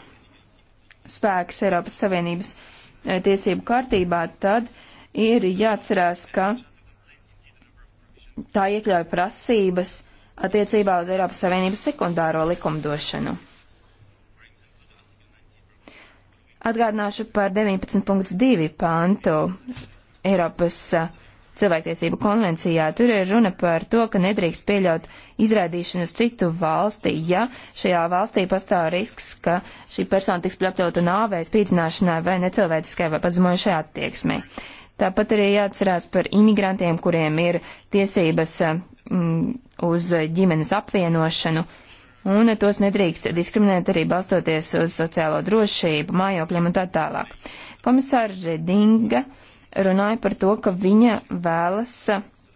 spēks Eiropas Savienības valstīs, Eh, tiesību kārtībā, tad ir jāatcerās, ka tā iekļauj prasības attiecībā uz Eiropas Savienības sekundāro likumdošanu. Atgādināšu par 19.2 pāntu Eiropas uh, cilvēktiesību konvencijā. Tur ir runa par to, ka nedrīkst pieļaut izraidīšanu uz citu valsti, ja šajā valstī pastāv risks, ka šī persona tiks pļapļauta nāvē, spīdzināšanai vai necilvēciskai vai pazemojušai attieksmei. Tāpat arī jāatcerās par imigrantiem, kuriem ir tiesības mm, uz ģimenes apvienošanu, un tos nedrīkst diskriminēt arī balstoties uz sociālo drošību, mājokļiem un tā tālāk. Komisāra Redinga uh, runāja par to, ka viņa vēlas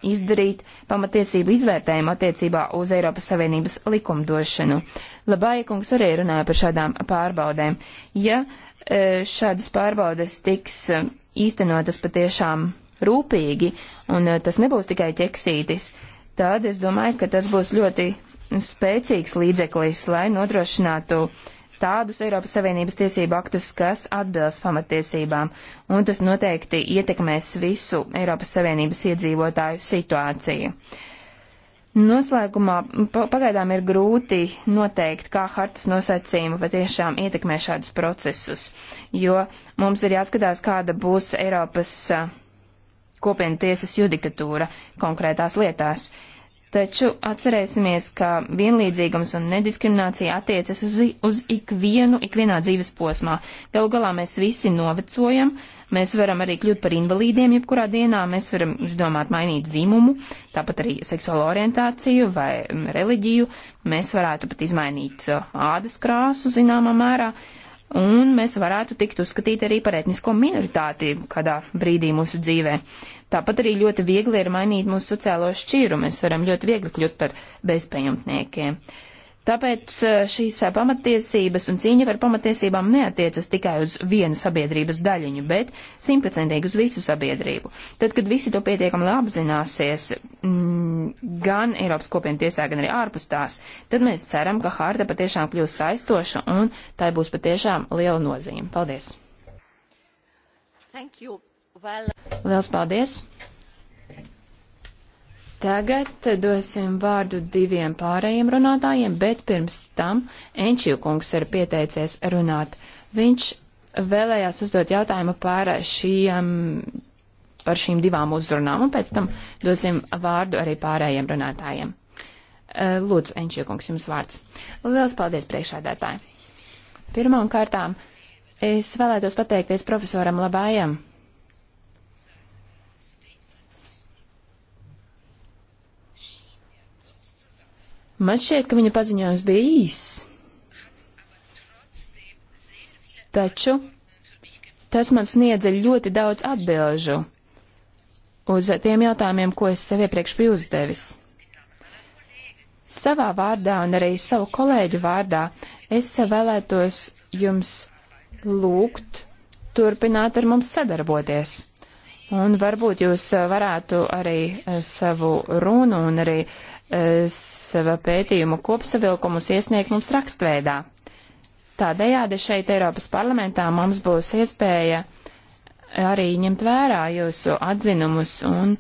izdarīt pamatiesību izvērtējumu attiecībā uz Eiropas Savienības likumdošanu. Labājikungs arī runāja par šādām pārbaudēm. Ja e, šādas pārbaudes tiks e, īstenotas patiešām rūpīgi, un e, tas nebūs tikai ķeksītis, tad es domāju, ka tas būs ļoti spēcīgs līdzeklis, lai nodrošinātu uh, tādus Eiropas Savienības tiesību aktus, kas atbilst pamatiesībām, un tas noteikti ietekmēs visu Eiropas Savienības iedzīvotāju situāciju. Noslēgumā pagaidām ir grūti noteikt, kā hartas nosacījumi patiešām ietekmē šādus procesus, jo mums ir jāskatās, kāda būs Eiropas kopienu tiesas judikatūra konkrētās lietās. Uh, Taču atcerēsimies, ka vienlīdzīgums un nediskriminācija attiecas uz, uz ikvienu, ikvienā dzīves posmā. Galu galā mēs visi novecojam, mēs varam arī kļūt par invalīdiem jebkurā dienā, mēs varam, izdomāt, mainīt dzimumu, tāpat arī seksuālo orientāciju vai mm, reliģiju, mēs varētu pat izmainīt uh, ādas krāsu zināmā mērā, un mēs varētu tikt uzskatīti arī par etnisko minoritāti kādā brīdī mūsu dzīvē. Tāpat arī ļoti viegli ir mainīt mūsu sociālo šķīru, mēs varam ļoti viegli kļūt par bezpajumtniekiem. Uh, Tāpēc eh, šīs eh, pamatiesības un cīņa par pamatiesībām neatiecas tikai uz vienu sabiedrības daļiņu, bet simtprocentīgi uz visu sabiedrību. Tad, kad visi to pietiekami apzināsies, mm, gan Eiropas kopienu tiesā, gan arī ārpus tās, tad mēs ceram, ka harta patiešām kļūs saistoša un tai būs patiešām liela nozīme. Paldies! Well... Liels paldies! Tagad dosim vārdu diviem pārējiem runātājiem, bet pirms tam Enčīkungs ir pieteicies runāt. Viņš vēlējās uzdot jautājumu par, šiem, par šīm divām uzrunām, un pēc tam dosim vārdu arī pārējiem runātājiem. Eh, lūdzu, Enčīkungs, jums vārds. Lielas paldies priekšādātāji. Pirmām kārtām es vēlētos pateikties profesoram Labājam Man šķiet, ka viņa paziņojums bija īss. Taču tas man sniedza ļoti daudz atbilžu uz tiem jautājumiem, ko es sev iepriekš biju uzdevis. Savā vārdā un arī savu kolēģu vārdā es vēlētos jums lūgt turpināt ar mums sadarboties. Un varbūt jūs varētu arī savu runu un arī uh, sava pētījuma kopsavilkumus iesniegt mums rakstveidā. Tādējādi šeit Eiropas parlamentā mums būs iespēja arī ņemt vērā jūsu atzinumus un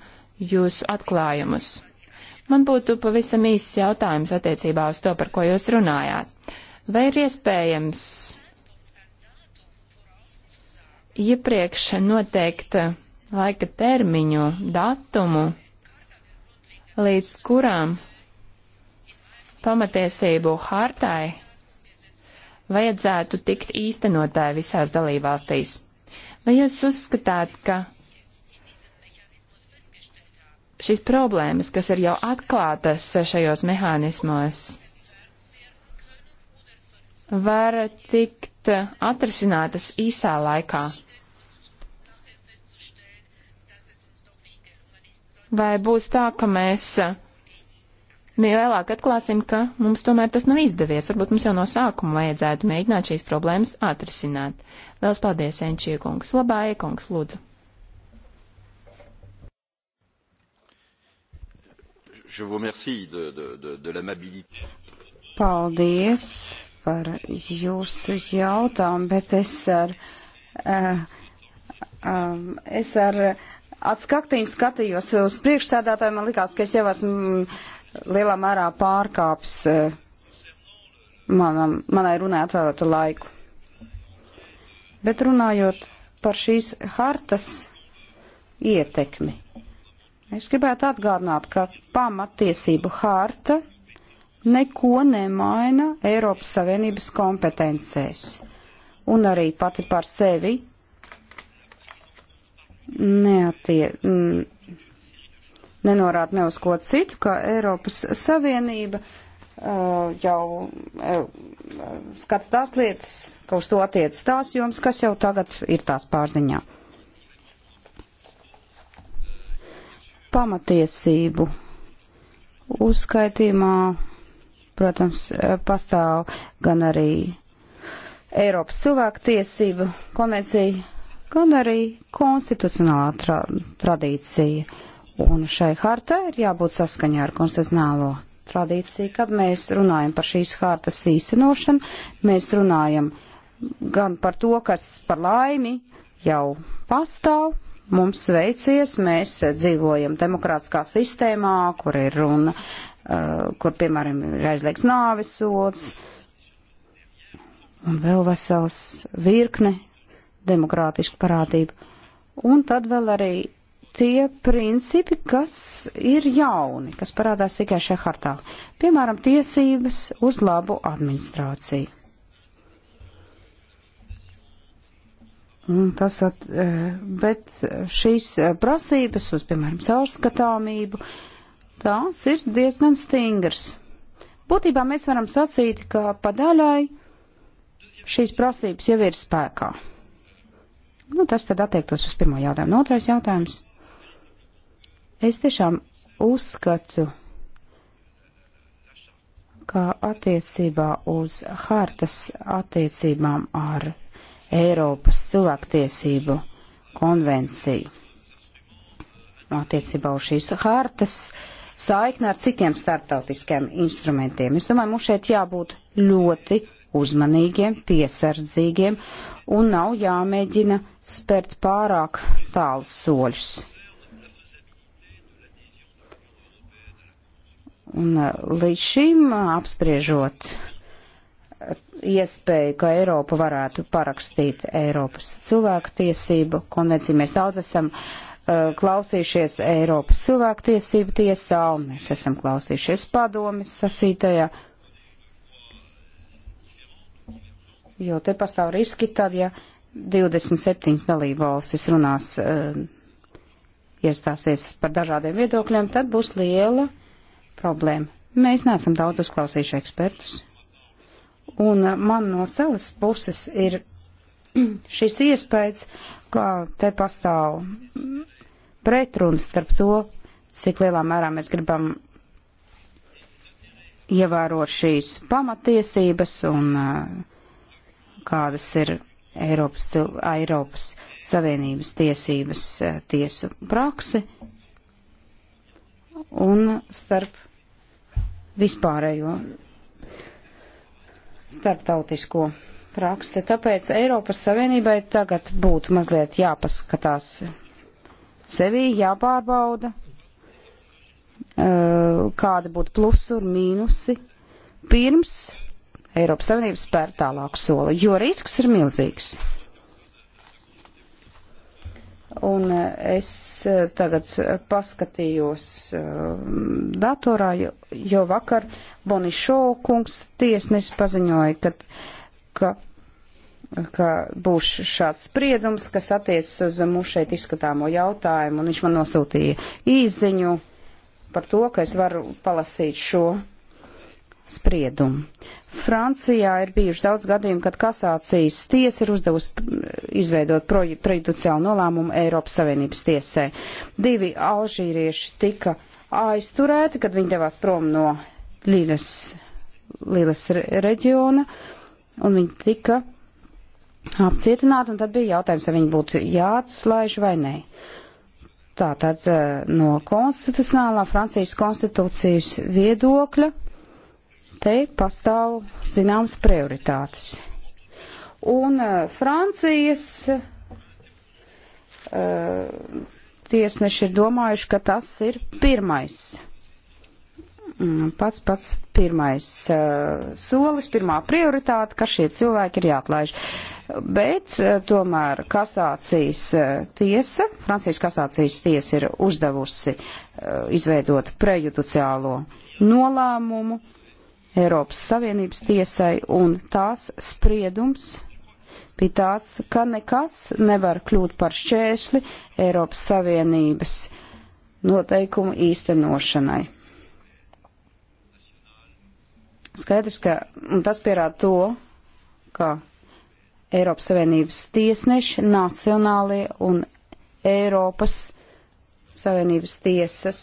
jūsu atklājumus. Man būtu pavisam īsts jautājums attiecībā uz to, par ko jūs runājāt. Vai ir iespējams iepriekš noteikt laika termiņu, datumu līdz kurām pamatiesību hartai vajadzētu tikt īstenotāji visās dalībvalstīs. Vai jūs uzskatāt, ka šīs problēmas, kas ir jau atklātas šajos mehānismos, var tikt atrisinātas īsā laikā? Vai būs tā, ka mēs eh, vēlāk atklāsim, ka mums tomēr tas nav izdevies? Varbūt mums jau no sākuma vajadzētu mēģināt šīs problēmas atrisināt. Lielas paldies, Enčija kungs. Labā, Ekungs, lūdzu. Je vous remercie de, de, de, de l'amabilité. Paldies par jūsu jautājumu, bet es ar, uh, um, es ar atskaktīņu skatījos uz priekšsēdētāju, man likās, ka es jau esmu mm, lielā mērā pārkāpis eh, manam, manai runai atvēlētu laiku. Bet runājot par šīs hartas ietekmi, es gribētu atgādināt, ka pamattiesību harta neko nemaina Eiropas Savienības kompetencēs. Un arī pati par sevi neatie, mm, nenorāda ne uz ko citu, ka Eiropas Savienība uh, jau uh, skata tās lietas, ka uz to attiecas tās jomas, kas jau tagad ir tās pārziņā. Pamatiesību uzskaitījumā, protams, uh, pastāv gan arī Eiropas cilvēku tiesību konvencija gan arī konstitucionālā tra tradīcija. Un šai hartai ir jābūt saskaņā ar konstitucionālo tradīciju. Kad mēs runājam par šīs hartas īstenošanu, mēs runājam gan par to, kas par laimi jau pastāv, mums veicies, mēs dzīvojam demokrātiskā sistēmā, kur ir runa, uh, kur, piemēram, ir aizliegts nāvisots un vēl vesels virkne demokrātisku parādību. Un tad vēl arī tie principi, kas ir jauni, kas parādās tikai šajā hartā. Piemēram, tiesības uz labu administrāciju. Un tas, at, eh, bet šīs prasības uz, piemēram, caurskatāmību, tās ir diezgan stingras. Būtībā mēs varam sacīt, ka padaļai šīs prasības jau ir spēkā. Nu, tas tad attiektos uz pirmo jautājumu. No nu, otrais jautājums. Es tiešām uzskatu, ka attiecībā uz hartas attiecībām ar Eiropas cilvēktiesību konvenciju, attiecībā uz šīs hartas saikne ar citiem starptautiskiem instrumentiem. Es domāju, mums šeit jābūt ļoti uzmanīgiem, piesardzīgiem un nav jāmēģina spērt pārāk tālus soļus. Un eh, līdz šim eh, apspriežot eh, iespēju, ka Eiropa varētu parakstīt Eiropas cilvēku tiesību konvenciju, mēs daudz esam uh, klausījušies Eiropas cilvēku tiesību tiesā, un mēs esam klausījušies padomis sasītajā. Uh, jo te pastāv riski tad, ja 27 dalībvalstis runās, uh, iestāsies par dažādiem viedokļiem, tad būs liela problēma. Mēs neesam daudz uzklausījuši ekspertus. Un eh, man no savas puses ir [clears throat] šis iespējas, ka te pastāv pretruns starp to, cik lielā mērā mēs gribam ievērot šīs pamatiesības un uh, kādas ir Eiropas, Eiropas Savienības tiesības tiesu praksi un starp vispārējo starptautisko praksi. Tāpēc Eiropas Savienībai tagad būtu mazliet jāpaskatās sevī, jāpārbauda, kāda būtu plusi un mīnusi pirms Eiropas Savienības spēr tālāku soli, jo risks ir milzīgs. Un eh, es eh, tagad paskatījos eh, datorā, jo, jo vakar Bonišo kungs tiesnesis paziņoja, ka, ka, ka būs šāds spriedums, kas attiecas uz mūsu šeit izskatāmo jautājumu, un viņš man nosūtīja īziņu par to, ka es varu palasīt šo spriedumu. Francijā ir bijuši daudz gadījumu, kad kasācijas tiesa ir uzdevusi izveidot prejudiciālu nolēmumu Eiropas Savienības tiesē. Divi alžīrieši tika aizturēti, kad viņi devās prom no Līles, Līles reģiona, un viņi tika apcietināti, un tad bija jautājums, vai viņi būtu jāatslaiž vai nē. Tātad eh, no konstitucionālā Francijas konstitūcijas viedokļa te pastāv zināmas prioritātes. Un uh, Francijas uh, tiesneši ir domājuši, ka tas ir pirmais mm, pats pats pirmais uh, solis, pirmā prioritāte, ka šie cilvēki ir jāatlaiž. Bet uh, tomēr kasācijas uh, tiesa, Francijas kasācijas tiesa ir uzdevusi uh, izveidot prejudiciālo nolēmumu, Eiropas Savienības tiesai, un tās spriedums bija tāds, ka nekas nevar kļūt par šķērsli Eiropas Savienības noteikumu īstenošanai. Skaidrs, ka tas pierāda to, ka Eiropas Savienības tiesneši, nacionālie un Eiropas Savienības tiesas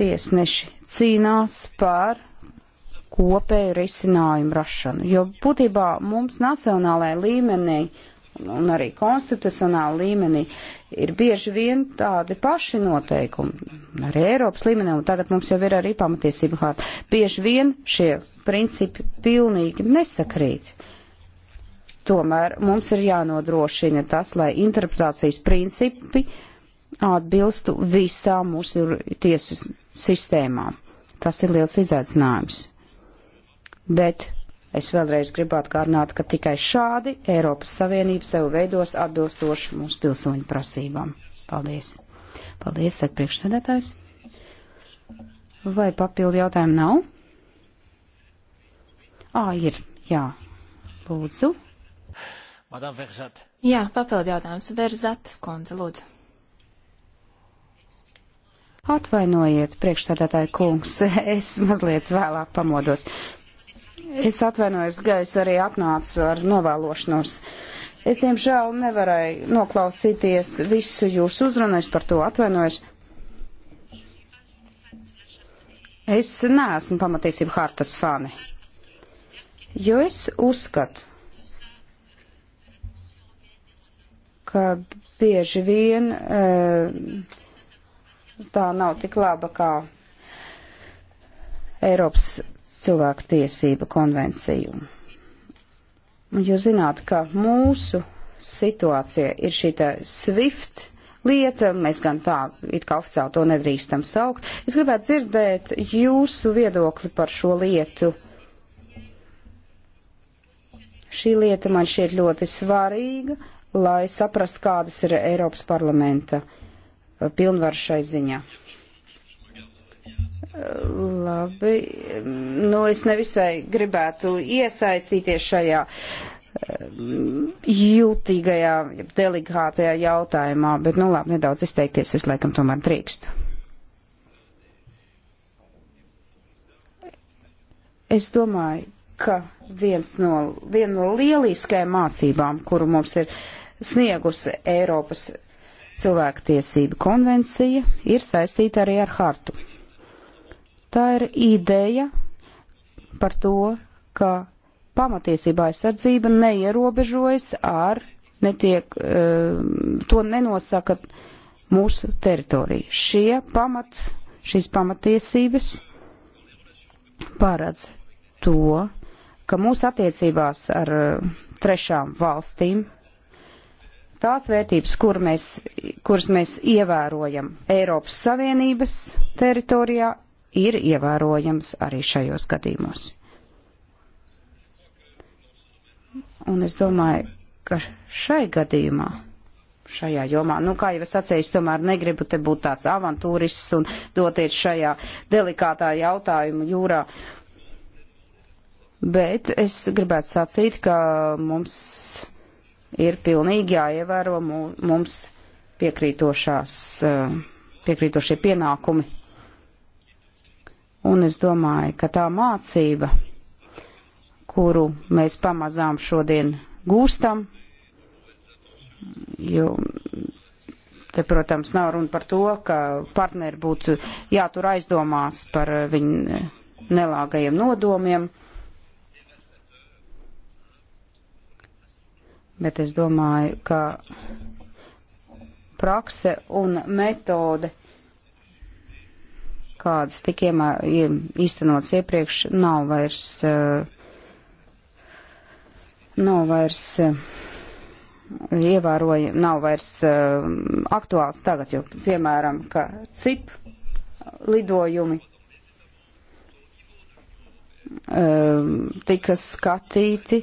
tiesneši cīnās par kopēju risinājumu rašanu. Jo būtībā mums nacionālajā līmenī un arī konstitucionāla līmenī ir bieži vien tādi paši noteikumi, arī Eiropas līmenī, un tagad mums jau ir arī pamatiesība hārta. Bieži vien šie principi pilnīgi nesakrīt. Tomēr mums ir jānodrošina tas, lai interpretācijas principi atbilstu visām mūsu tiesu sistēmām. Tas ir liels izaicinājums bet es vēlreiz gribu atgādināt, ka tikai šādi Eiropas Savienība sev veidos atbilstoši mūsu pilsoņu prasībām. Paldies! Paldies, saka priekšsēdētājs. Vai papildu jautājumu nav? Ā, ir, jā. Lūdzu. Madam Verzat. Jā, papildu jautājums. Verzatas kundze, lūdzu. Atvainojiet, priekšsēdētāja kungs, [laughs] es mazliet vēlāk pamodos. Es atvainojos, gaisa arī atnācu ar novēlošanos. Es, diemžēl, nevarēju noklausīties visu jūsu uzrunu, es par to atvainojos. Es neesmu pamatiesību hartas fani, jo es uzskatu, ka bieži vien eh, tā nav tik laba kā Eiropas cilvēku tiesību konvenciju. Jūs zināt, ka mūsu situācija ir šī SWIFT lieta, mēs gan tā it kā oficiāli to nedrīkstam saukt. Es gribētu dzirdēt jūsu viedokli par šo lietu. Šī lieta man šķiet ļoti svarīga, lai saprastu, kādas ir Eiropas parlamenta eh, pilnvaru šai ziņā. Labi, nu es nevisai gribētu iesaistīties šajā eh, jūtīgajā, delikātajā jautājumā, bet nu labi, nedaudz izteikties, es laikam tomēr drīkstu. Es domāju, ka viens no, viena no lieliskajām mācībām, kuru mums ir sniegusi Eiropas cilvēktiesība konvencija, ir saistīta arī ar hartu. Tā ir ideja par to, ka pamatiesība aizsardzība neierobežojas ar, netiek, eh, to nenosaka mūsu teritoriju. Šie pamat, šīs pamatiesības paredz to, ka mūsu attiecībās ar eh, trešām valstīm tās vērtības, kur mēs, kuras mēs ievērojam Eiropas Savienības teritorijā, ir ievērojams arī šajos gadījumos. Un es domāju, ka šai gadījumā, šajā jomā, nu kā jau es atceju, tomēr negribu te būt tāds avantūrists un doties šajā delikātā jautājuma jūrā. Bet es gribētu sacīt, ka mums ir pilnīgi jāievēro mums piekrītošās, eh, piekrītošie pienākumi Un es domāju, ka tā mācība, kuru mēs pamazām šodien gūstam, jo te, protams, nav runa par to, ka partneri būtu jātur aizdomās par viņu nelāgajiem nodomiem. Bet es domāju, ka prakse un metode kādas tika īstenotas iepriekš, nav vairs, eh, nav vairs eh, ievēroja, nav vairs eh, aktuāls tagad, jo, piemēram, ka cip lidojumi tika skatīti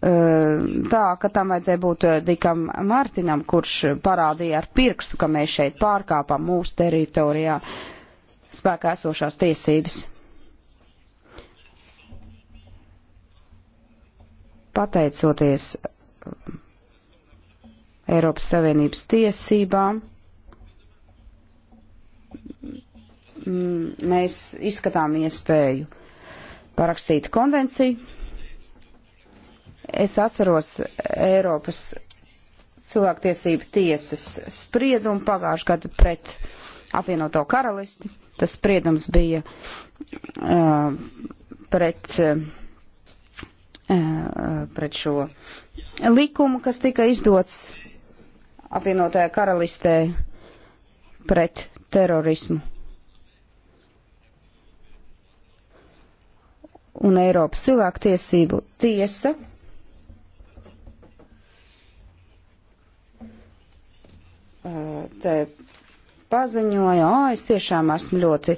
tā, ka tam vajadzēja būt Dikam Mārtinam, kurš parādīja ar pirkstu, ka mēs šeit pārkāpam mūsu teritorijā. Uh, spēkā esošās tiesības. Pateicoties um, Eiropas Savienības tiesībām, mm, mēs izskatām iespēju parakstīt konvenciju. Es atceros Eiropas cilvēktiesību tiesas spriedumu pagājušajā gadu pret apvienoto karalisti. Tas spriedums bija uh, pret, uh, pret šo likumu, kas tika izdots apvienotajā karalistē pret terorismu. Un Eiropas cilvēktiesību tiesa uh, te paziņoja, o, es tiešām esmu ļoti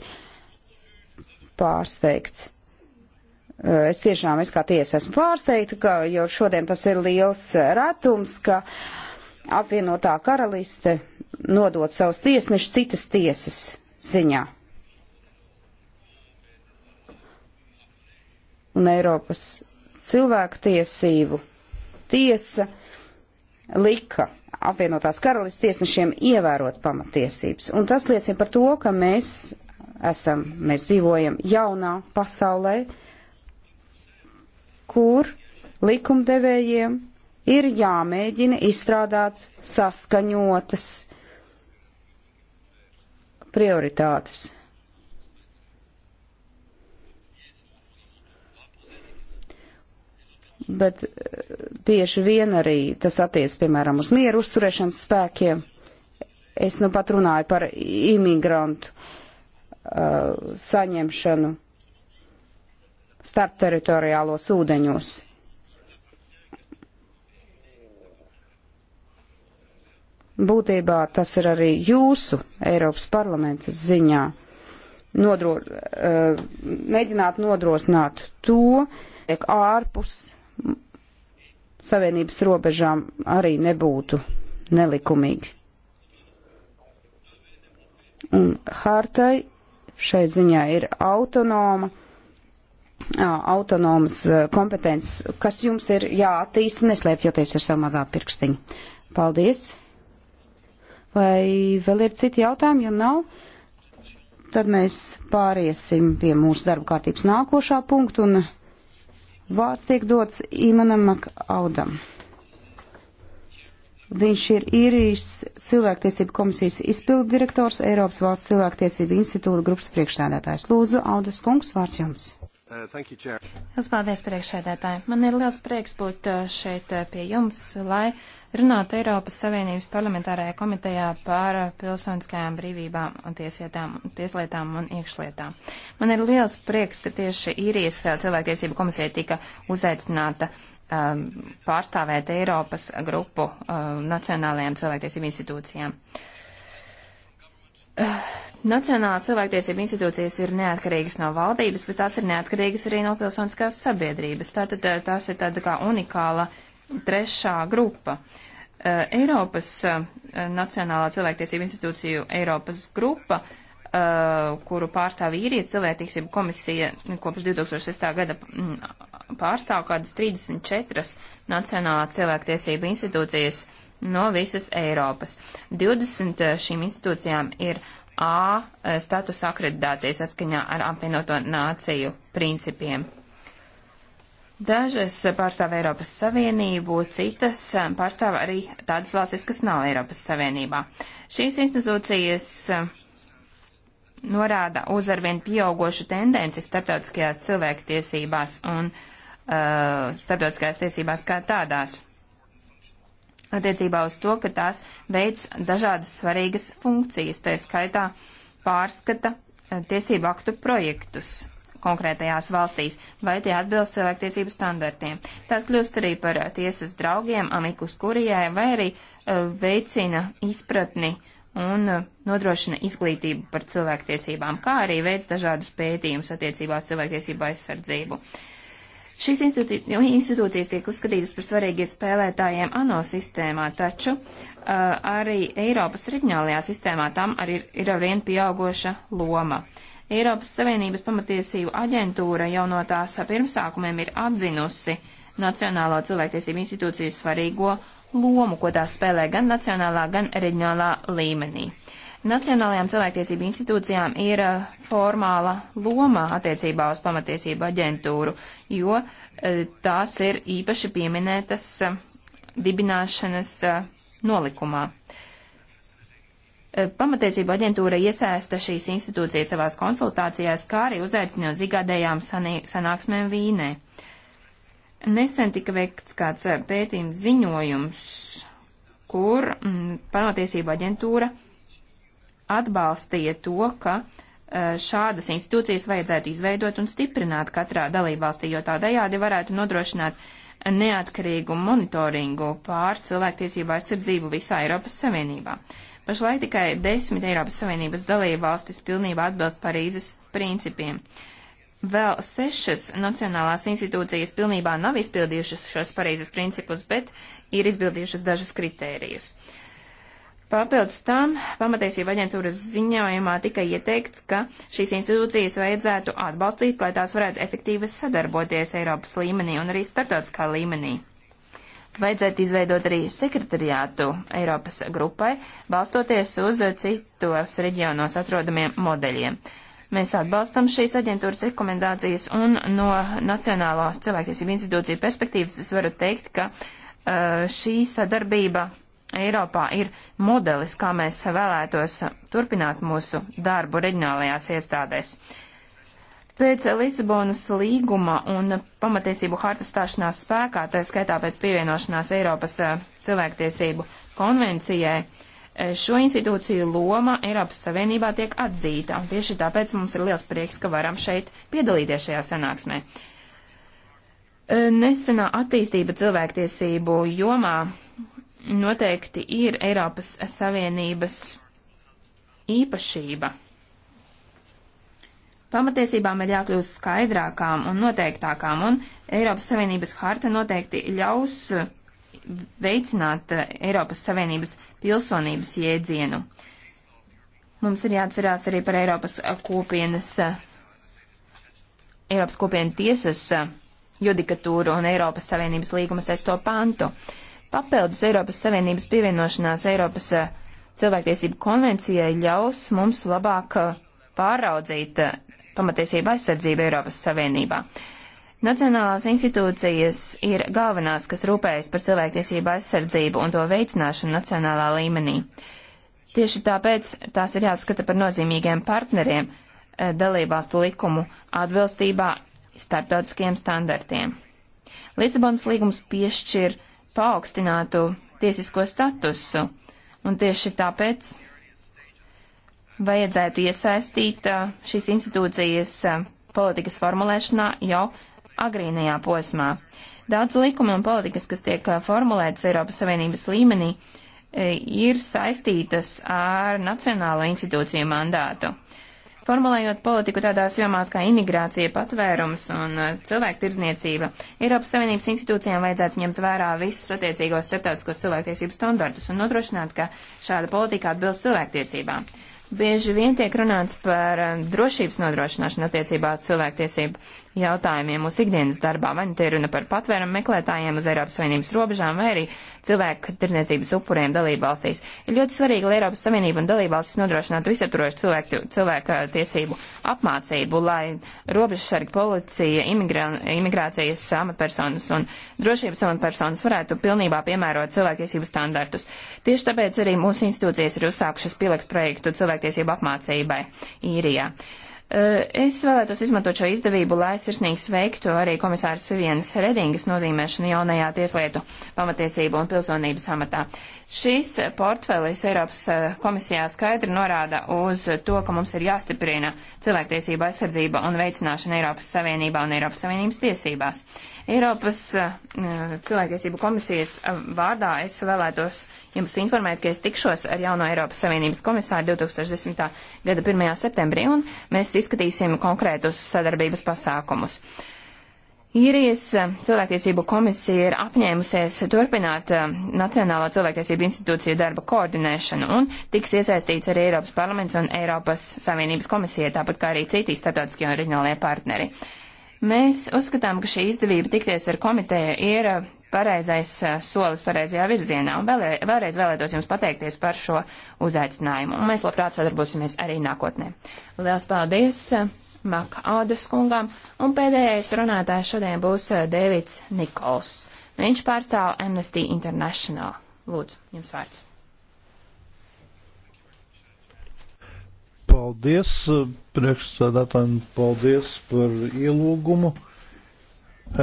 pārsteigts. Es tiešām, es kā tiesa esmu pārsteigta, ka jau šodien tas ir liels retums, ka apvienotā karaliste nodot savus tiesnešus citas tiesas ziņā. Un Eiropas cilvēku tiesību tiesa lika apvienotās karalists tiesnešiem ievērot pamatiesības. Un tas liecina par to, ka mēs esam, mēs dzīvojam jaunā pasaulē, kur likumdevējiem ir jāmēģina izstrādāt saskaņotas prioritātes. bet bieži eh, vien arī tas attiec, piemēram, uz mieru uzturēšanas spēkiem. Es nu pat runāju par imigrantu uh, saņemšanu starp teritoriālos ūdeņos. Būtībā tas ir arī jūsu Eiropas parlamenta ziņā nodro, uh, mēģināt nodrošināt to, ka ārpus Savienības robežām arī nebūtu nelikumīgi. Un hartai šai ziņā ir autonoma, autonomas kompetences, kas jums ir jāattīsta, neslēpjoties ar savu mazā pirkstiņu. Paldies! Vai vēl ir citi jautājumi? Ja nav, tad mēs pāriesim pie mūsu darba kārtības nākošā punkta un Vārds tiek dots Imanam Audam. Viņš ir īrijas cilvēktiesību komisijas izpildu direktors, Eiropas valsts cilvēktiesību institūta grupas priekšsēdētājs. Lūdzu, Audas kungs, vārds jums. Uh, Lielas paldies, priekšsēdētāji. Man ir liels prieks būt uh, šeit uh, pie jums, lai runātu Eiropas Savienības parlamentārajā komitejā par pilsoniskajām brīvībām un tiesietām, tieslietām un iekšlietām. Man ir liels prieks, ka tieši īrijas eh, cilvēktiesību komisija tika uzaicināta um, pārstāvēt Eiropas grupu um, nacionālajām cilvēktiesību institūcijām. Uh, Nacionālās cilvēktiesība institūcijas ir neatkarīgas no valdības, bet tās ir neatkarīgas arī no pilsoniskās sabiedrības. Tātad eh, tās ir tāda kā unikāla trešā grupa. Eh, Eiropas eh, Nacionālā cilvēktiesība institūciju Eiropas grupa, kuru pārstāv īrijas cilvēktiesība komisija kopš 2006. gada mm, pārstāv kādas 34 Nacionālās cilvēktiesība institūcijas no visas Eiropas. 20 šīm institūcijām ir A e, statusa akreditācija saskaņā ar apvienoto nāciju principiem. Dažas pārstāv Eiropas Savienību, citas e, pārstāv arī tādas valstis, kas nav Eiropas Savienībā. Šīs institūcijas e, norāda uz arvien pieaugošu tendenci starptautiskajās cilvēktiesībās un uh, starptautiskajās tiesībās kā tādās attiecībā uz to, ka tās veids dažādas svarīgas funkcijas, tā skaitā pārskata eh, tiesību aktu projektus konkrētajās valstīs, vai tie atbilst cilvēktiesību standartiem. Tās kļūst arī par eh, tiesas draugiem, amikus kurijai, vai arī uh, veicina izpratni un uh, nodrošina izglītību par cilvēktiesībām, kā arī veids dažādus pētījumus attiecībā uz cilvēktiesību aizsardzību. Uh, Šīs nu, institūcijas tiek uzskatītas par svarīgiem spēlētājiem ANO sistēmā, taču uh, arī Eiropas reģionālajā sistēmā tam arī ir, ir arvien pieaugoša loma. Eiropas Savienības pamatiesību aģentūra jau no tās pirmsākumiem ir atzinusi Nacionālo cilvēktiesību institūciju svarīgo lomu, ko tā spēlē gan nacionālā, gan reģionālā līmenī. Nacionālajām cilvēktiesību institūcijām ir eh, formāla loma attiecībā uz pamatiesību aģentūru, jo eh, tās ir īpaši pieminētas eh, dibināšanas nolikumā. Pamatiesība aģentūra iesaista šīs institūcijas savās konsultācijās, kā arī uzaicina uz igādējām sanāksmēm Vīnē. Nesen tika veikts kāds pētījums ziņojums, kur mm, pamatiesība aģentūra uh, atbalstīja to, ka e, šādas institūcijas vajadzētu izveidot un stiprināt katrā dalībvalstī, jo tādējādi varētu nodrošināt neatkarīgu monitoringu pār cilvēktiesību aizsardzību visā Eiropas Savienībā. Pašlaik tikai desmit Eiropas Savienības dalībvalstis pilnībā atbilst Parīzes principiem. Vēl sešas nacionālās institūcijas pilnībā nav izpildījušas šos Parīzes principus, bet ir izpildījušas dažus kritērijus. Uh, Papildus tam pamatiesība aģentūras ziņojumā tika ieteikts, ka šīs institūcijas vajadzētu atbalstīt, lai tās varētu efektīvi sadarboties Eiropas līmenī un arī starptautiskā līmenī. Vajadzētu izveidot arī sekretariātu Eiropas grupai, balstoties uz citos reģionos atrodamiem modeļiem. Mēs atbalstam šīs aģentūras rekomendācijas un no Nacionālās cilvēktiesību institūciju perspektīvas es varu teikt, ka uh, šī sadarbība Eiropā ir modelis, kā mēs vēlētos turpināt mūsu darbu reģionālajās iestādēs. Pēc Lisabonas līguma un pamatiesību hartas stāšanās spēkā, tā skaitā pēc pievienošanās Eiropas eh, cilvēktiesību konvencijai, eh, šo institūciju loma Eiropas Savienībā tiek atzīta, un tieši tāpēc mums ir liels prieks, ka varam šeit piedalīties šajā sanāksmē. Eh, nesenā attīstība cilvēktiesību jomā noteikti ir Eiropas Savienības īpašība. Pamatiesībām ir jākļūst skaidrākām un noteiktākām, un Eiropas Savienības harta noteikti ļaus veicināt Eiropas Savienības pilsonības jēdzienu. Mums ir jāatcerās arī par Eiropas kopienas, Eiropas kopienas tiesas judikatūru un Eiropas Savienības līguma sesto pantu. Uh, Papildus Eiropas Savienības pievienošanās Eiropas eh, cilvēktiesību konvencijai ļaus mums labāk eh, pāraudzīt eh, pamatiesību aizsardzību Eiropas Savienībā. Nacionālās institūcijas ir galvenās, kas rūpējas par cilvēktiesību aizsardzību un to veicināšanu nacionālā līmenī. Tieši tāpēc tās ir jāskata par nozīmīgiem partneriem dalībvalstu likumu atbilstībā starptautiskiem standartiem. Lisabonas līgums piešķir uh, paaugstinātu tiesisko statusu, un tieši tāpēc vajadzētu iesaistīt šīs institūcijas politikas formulēšanā jau agrīnajā posmā. Daudz likuma un politikas, kas tiek formulētas Eiropas Savienības līmenī, ir saistītas ar nacionālo institūciju mandātu. Formulējot politiku tādās jomās kā imigrācija, patvērums un uh, cilvēku tirzniecība, Eiropas Savienības institūcijām vajadzētu ņemt vērā visus attiecīgos starptautiskos cilvēktiesību standartus un nodrošināt, ka šāda politika atbilst cilvēktiesībām. Bieži vien tiek runāts par uh, drošības nodrošināšanu attiecībā uz cilvēktiesību jautājumiem mūsu ikdienas darbā. Vai nu te ir runa par patvērumu meklētājiem uz Eiropas Savienības robežām, vai arī cilvēku tirdzniecības upuriem dalībvalstīs. Ir ļoti svarīgi, lai Eiropas Savienība un dalībvalstis nodrošinātu visaptvarošu cilvēku, cilvēku tiesību apmācību, lai robežsargi policija, imigrā, imigrācijas amatpersonas un drošības amatpersonas varētu pilnībā piemērot cilvēktiesību standartus. Tieši tāpēc arī mūsu institūcijas ir uzsākušas pilaks projektu cilvēktiesību apmācībai īrijā. Uh, Eh, es vēlētos izmantot šo izdevību, lai sirsnīgi sveiktu arī komisāras Vivienas Redingas nozīmēšanu jaunajā tieslietu pamatiesību un pilsonības amatā. Šis portfelis Eiropas eh, komisijā skaidri norāda uz to, ka mums ir jāstiprina cilvēktiesība aizsardzība un veicināšana Eiropas Savienībā un Eiropas Savienības tiesībās. Eiropas eh, cilvēktiesību komisijas vārdā es vēlētos jums informēt, ka es tikšos ar jauno Eiropas Savienības komisāru 2010. gada 1. septembrī un mēs izskatīsim konkrētus sadarbības pasākumus. Īrijas eh, cilvēktiesību komisija ir apņēmusies turpināt eh, Nacionālo cilvēktiesību institūciju darba koordinēšanu un tiks iesaistīts arī Eiropas parlaments un Eiropas Savienības komisija, tāpat kā arī citi starptautiskie un reģionālie partneri. Mēs uzskatām, ka šī izdevība tikties ar komiteju ir eh, pareizais eh, solis pareizajā virzienā. Un vēl, vēlreiz vēlētos jums pateikties par šo uzaicinājumu. Un mēs labprāt sadarbosimies arī nākotnē. Lielas paldies! Eh, Maka Audas kungam, un pēdējais runātājs šodien būs eh, Dēvids Nikols. Viņš pārstāv Amnesty International. Lūdzu, jums vārds. Paldies priekšsēdētājiem, paldies par ielūgumu.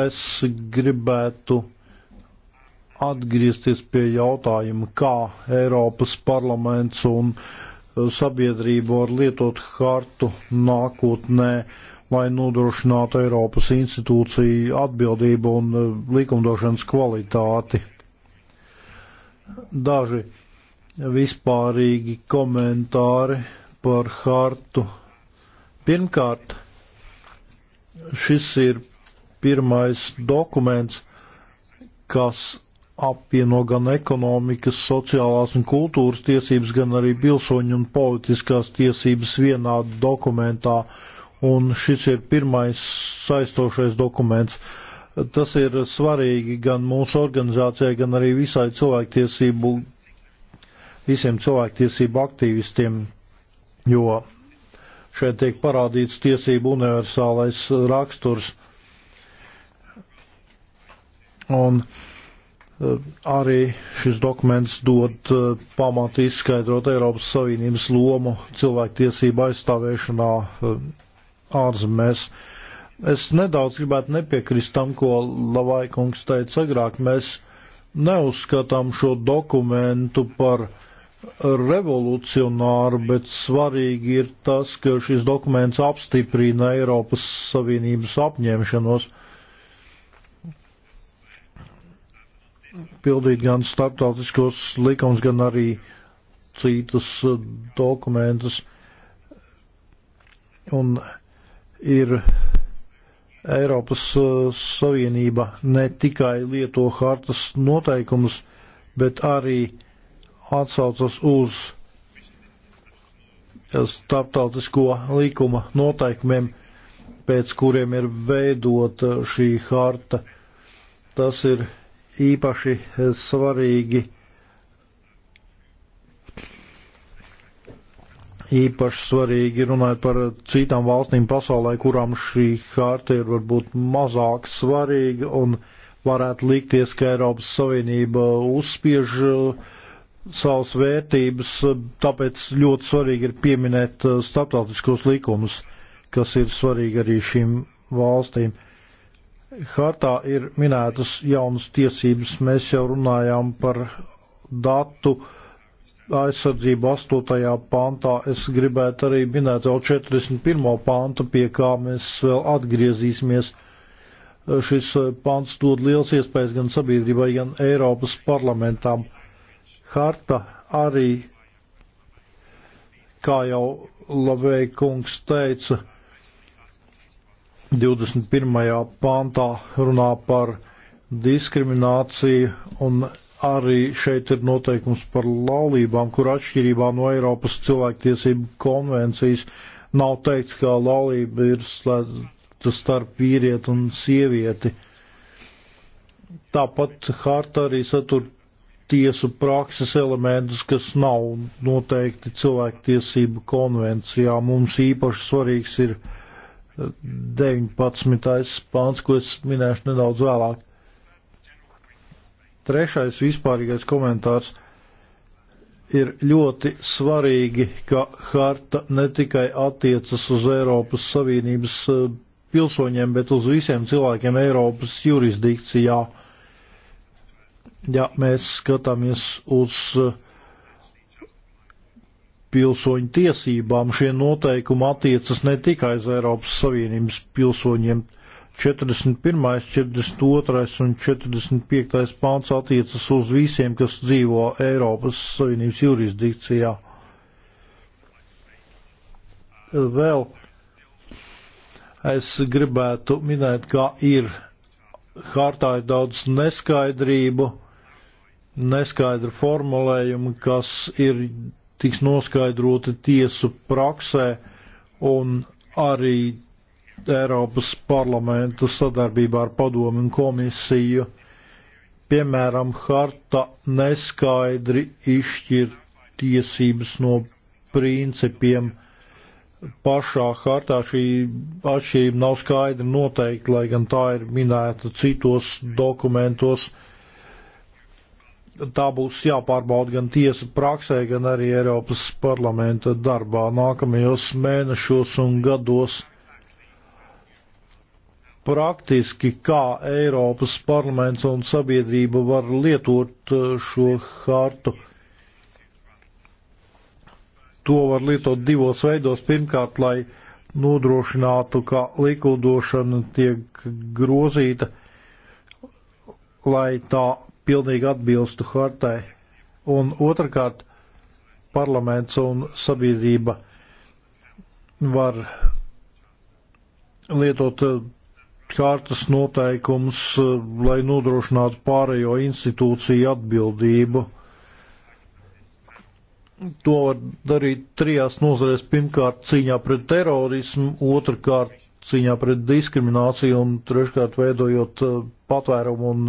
Es gribētu atgriezties pie jautājuma, kā Eiropas parlaments un uh, sabiedrība var lietot hartu nākotnē, lai nodrošinātu Eiropas institūciju atbildību un uh, likumdošanas kvalitāti. Daži vispārīgi komentāri par hartu. Pirmkārt, šis ir pirmais dokuments, kas apvieno gan ekonomikas, sociālās un kultūras tiesības, gan arī pilsoņu un politiskās tiesības vienā dokumentā. Un šis ir pirmais saistošais dokuments. Tas ir svarīgi gan mūsu organizācijai, gan arī visai cilvēktiesību, visiem cilvēktiesību aktīvistiem, jo šeit tiek parādīts tiesību universālais raksturs. Un, uh, Eh, arī šis dokuments dod eh, pamatu izskaidrot Eiropas Savienības lomu cilvēktiesību aizstāvēšanā eh, ārzemēs. Es nedaudz gribētu nepiekrist tam, ko Lavaikungs teica agrāk. Mēs neuzskatām šo dokumentu par revolucionāru, bet svarīgi ir tas, ka šis dokuments apstiprina Eiropas Savienības apņemšanos pildīt gan starptautiskos likums, gan arī citus uh, dokumentus. Un ir Eiropas uh, Savienība ne tikai lieto hartas noteikumus, bet arī atsaucas uz starptautisko likuma noteikumiem, pēc kuriem ir veidota šī harta. Tas ir īpaši eh, svarīgi. Īpaši svarīgi runājot par citām valstīm pasaulē, kurām šī harta ir varbūt mazāk svarīga un varētu likties, ka Eiropas Savienība uzspiež eh, savas vērtības, tāpēc ļoti svarīgi ir pieminēt eh, starptautiskos likumus, kas ir svarīgi arī šīm valstīm. Uh, Hartā ir minētas jaunas tiesības. Mēs jau runājām par datu aizsardzību 8. pantā. Es gribētu arī minēt vēl 41. pantu, pie kā mēs vēl atgriezīsimies. Šis pants dod liels iespējas gan sabiedrībai, gan Eiropas parlamentam. Harta arī, kā jau Lavei kungs teica, 21. pantā runā par diskrimināciju, un arī šeit ir noteikums par laulībām, kur atšķirībā no Eiropas cilvēktiesību konvencijas nav teikts, ka laulība ir slēgta starp vīrieti un sievieti. Tāpat harta arī satur tiesu prakses elementus, kas nav noteikti cilvēktiesību konvencijā. Mums īpaši svarīgs ir 19. pāns, ko es minēšu nedaudz vēlāk. Trešais vispārīgais komentārs ir ļoti svarīgi, ka harta ne tikai attiecas uz Eiropas Savienības e, pilsoņiem, bet uz visiem cilvēkiem Eiropas jurisdikcijā. Ja mēs skatāmies uz uh, pilsoņu tiesībām šie noteikumi attiecas ne tikai uz Eiropas Savienības pilsoņiem. 41., 42. un 45. pāns attiecas uz visiem, kas dzīvo Eiropas Savienības jurisdikcijā. Vēl es gribētu minēt, ka ir hartā ir daudz neskaidrību, neskaidru formulējumu, kas ir tiks noskaidroti tiesu praksē un arī Eiropas parlamenta sadarbībā ar padomu un komisiju. Piemēram, harta neskaidri izšķir tiesības no principiem. Pašā hartā šī atšķirība nav skaidri noteikta, lai gan tā ir minēta citos dokumentos tā būs jāpārbauda gan tiesa praksē, gan arī Eiropas parlamenta darbā nākamajos mēnešos un gados. Praktiski kā Eiropas parlaments un sabiedrība var lietot uh, šo hartu. To var lietot divos veidos. Pirmkārt, lai nodrošinātu, ka likumdošana tiek grozīta, lai tā pilnīgi atbilstu hartai. Un otrkārt, parlaments un sabiedrība var lietot eh, kārtas noteikums, eh, lai nodrošinātu pārējo institūciju atbildību. To var darīt trijās nozarēs. Pirmkārt, cīņā pret terorismu, otrkārt, cīņā pret diskrimināciju un treškārt veidojot eh, patvērumu un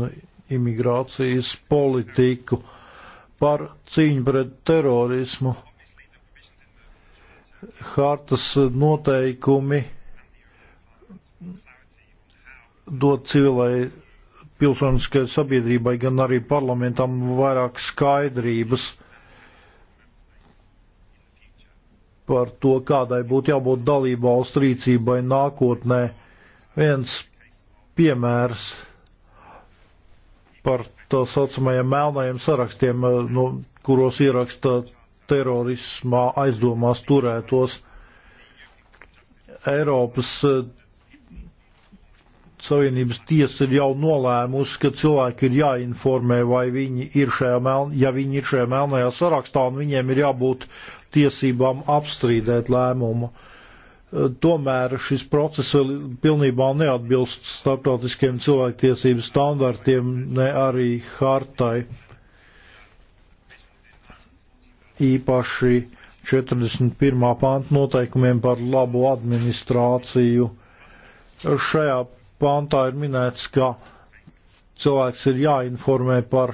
imigrācijas politiku, par cīņu pret terorismu. Hartas noteikumi dot civilai pilsoniskai sabiedrībai, gan arī parlamentam vairāk skaidrības par to, kādai būtu jābūt dalību valsts rīcībai nākotnē. Viens piemērs par tā saucamajiem melnajiem sarakstiem, eh, no nu, kuros ieraksta terorismā aizdomās turētos Eiropas eh, Savienības tiesa ir jau nolēmusi, ka cilvēki ir jāinformē, vai viņi ir šajā, meln, ja viņi ir šajā melnajā sarakstā, un viņiem ir jābūt tiesībām apstrīdēt lēmumu. Uh, Eh, tomēr šis process vēl pilnībā neatbilst starptautiskiem cilvēktiesību standartiem, ne arī hartai. Īpaši 41. pānta noteikumiem par labu administrāciju. Šajā pāntā ir minēts, ka cilvēks ir jāinformē par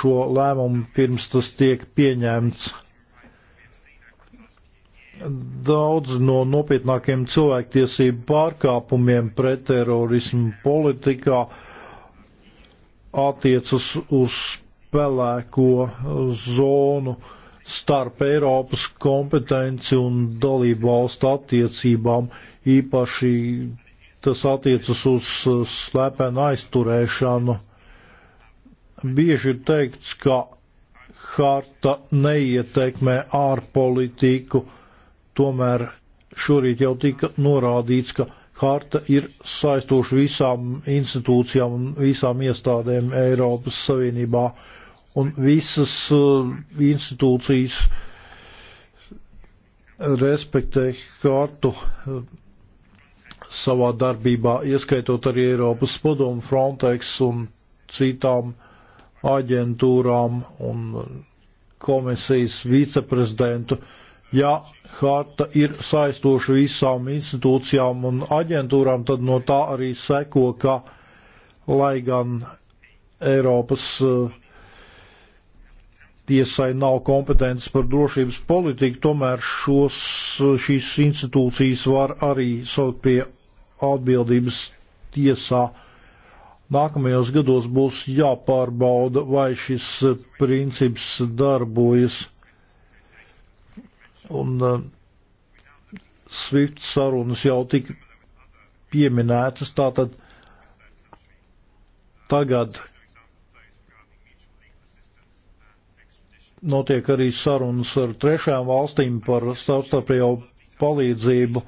šo lēmumu pirms tas tiek pieņemts Daudz no nopietnākiem cilvēktiesību pārkāpumiem pret terorismu politikā attiecas uz spēlēko zonu starp Eiropas kompetenci un dalību valstu attiecībām, īpaši tas attiecas uz slepenu aizturēšanu. Bieži ir teikts, ka harta neietekmē ārpolitiku, Tomēr šorīt jau tika norādīts, ka harta ir saistoša visām institūcijām un visām iestādēm Eiropas Savienībā. Un visas uh, institūcijas respektē hartu uh, savā darbībā, ieskaitot arī Eiropas padomu Frontex un citām aģentūrām un uh, komisijas viceprezidentu. Uh, Ja harta ir saistoša visām institūcijām un aģentūrām, tad no tā arī seko, ka, lai gan Eiropas eh, tiesai nav kompetences par drošības politiku, tomēr šos, šīs institūcijas var arī saukt pie atbildības tiesā. Nākamajos gados būs jāpārbauda, vai šis princips darbojas Un uh, SWIFT sarunas jau tika pieminētas, tātad tagad notiek arī sarunas ar trešām valstīm par savstarpējo palīdzību.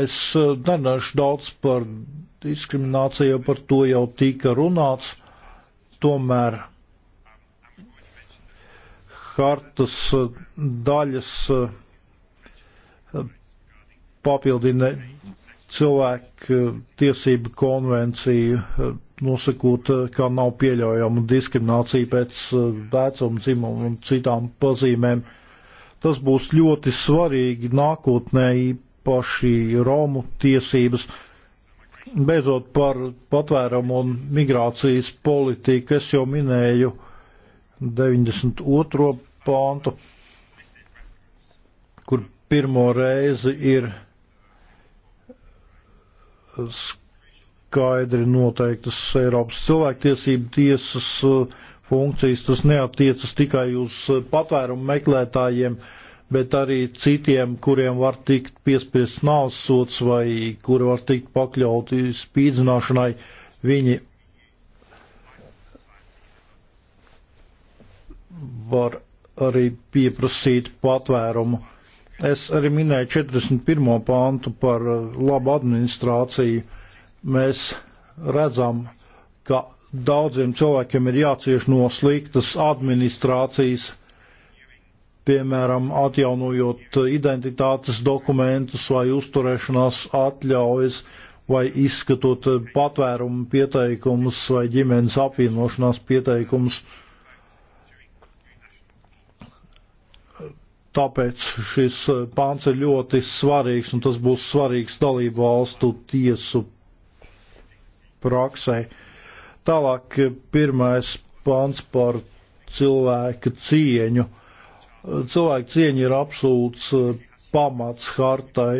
Es uh, nenašu daudz par diskrimināciju, par to jau tika runāts. Tomēr hartas daļas papildina cilvēku tiesību konvenciju, nosakot, ka nav pieļaujama diskriminācija pēc vecuma, dzimuma un citām pazīmēm. Tas būs ļoti svarīgi nākotnē, īpaši Romu tiesības. Beidzot par patvērumu un migrācijas politiku es jau minēju uh, 92. pāntu, kur pirmo reizi ir skaidri noteiktas Eiropas cilvēktiesību tiesas uh, funkcijas. Tas neatiecas tikai uz uh, patvērumu meklētājiem, bet arī citiem, kuriem var tikt piespriezt nāvsots vai kuri var tikt pakļauti spīdzināšanai. Viņi var arī pieprasīt patvērumu. Es arī minēju 41. pāntu par uh, labu administrāciju. Mēs redzam, ka daudziem cilvēkiem ir jācieš no sliktas administrācijas, piemēram, atjaunojot identitātes dokumentus vai uzturēšanās atļaujas, vai izskatot uh, patvērumu pieteikumus vai ģimenes apvienošanās pieteikumus. Tāpēc šis pāns ir ļoti svarīgs, un tas būs svarīgs dalību valstu tiesu praksē. Tālāk pirmais pāns par cilvēka cieņu. Cilvēka cieņa ir absolūts pamats hartai,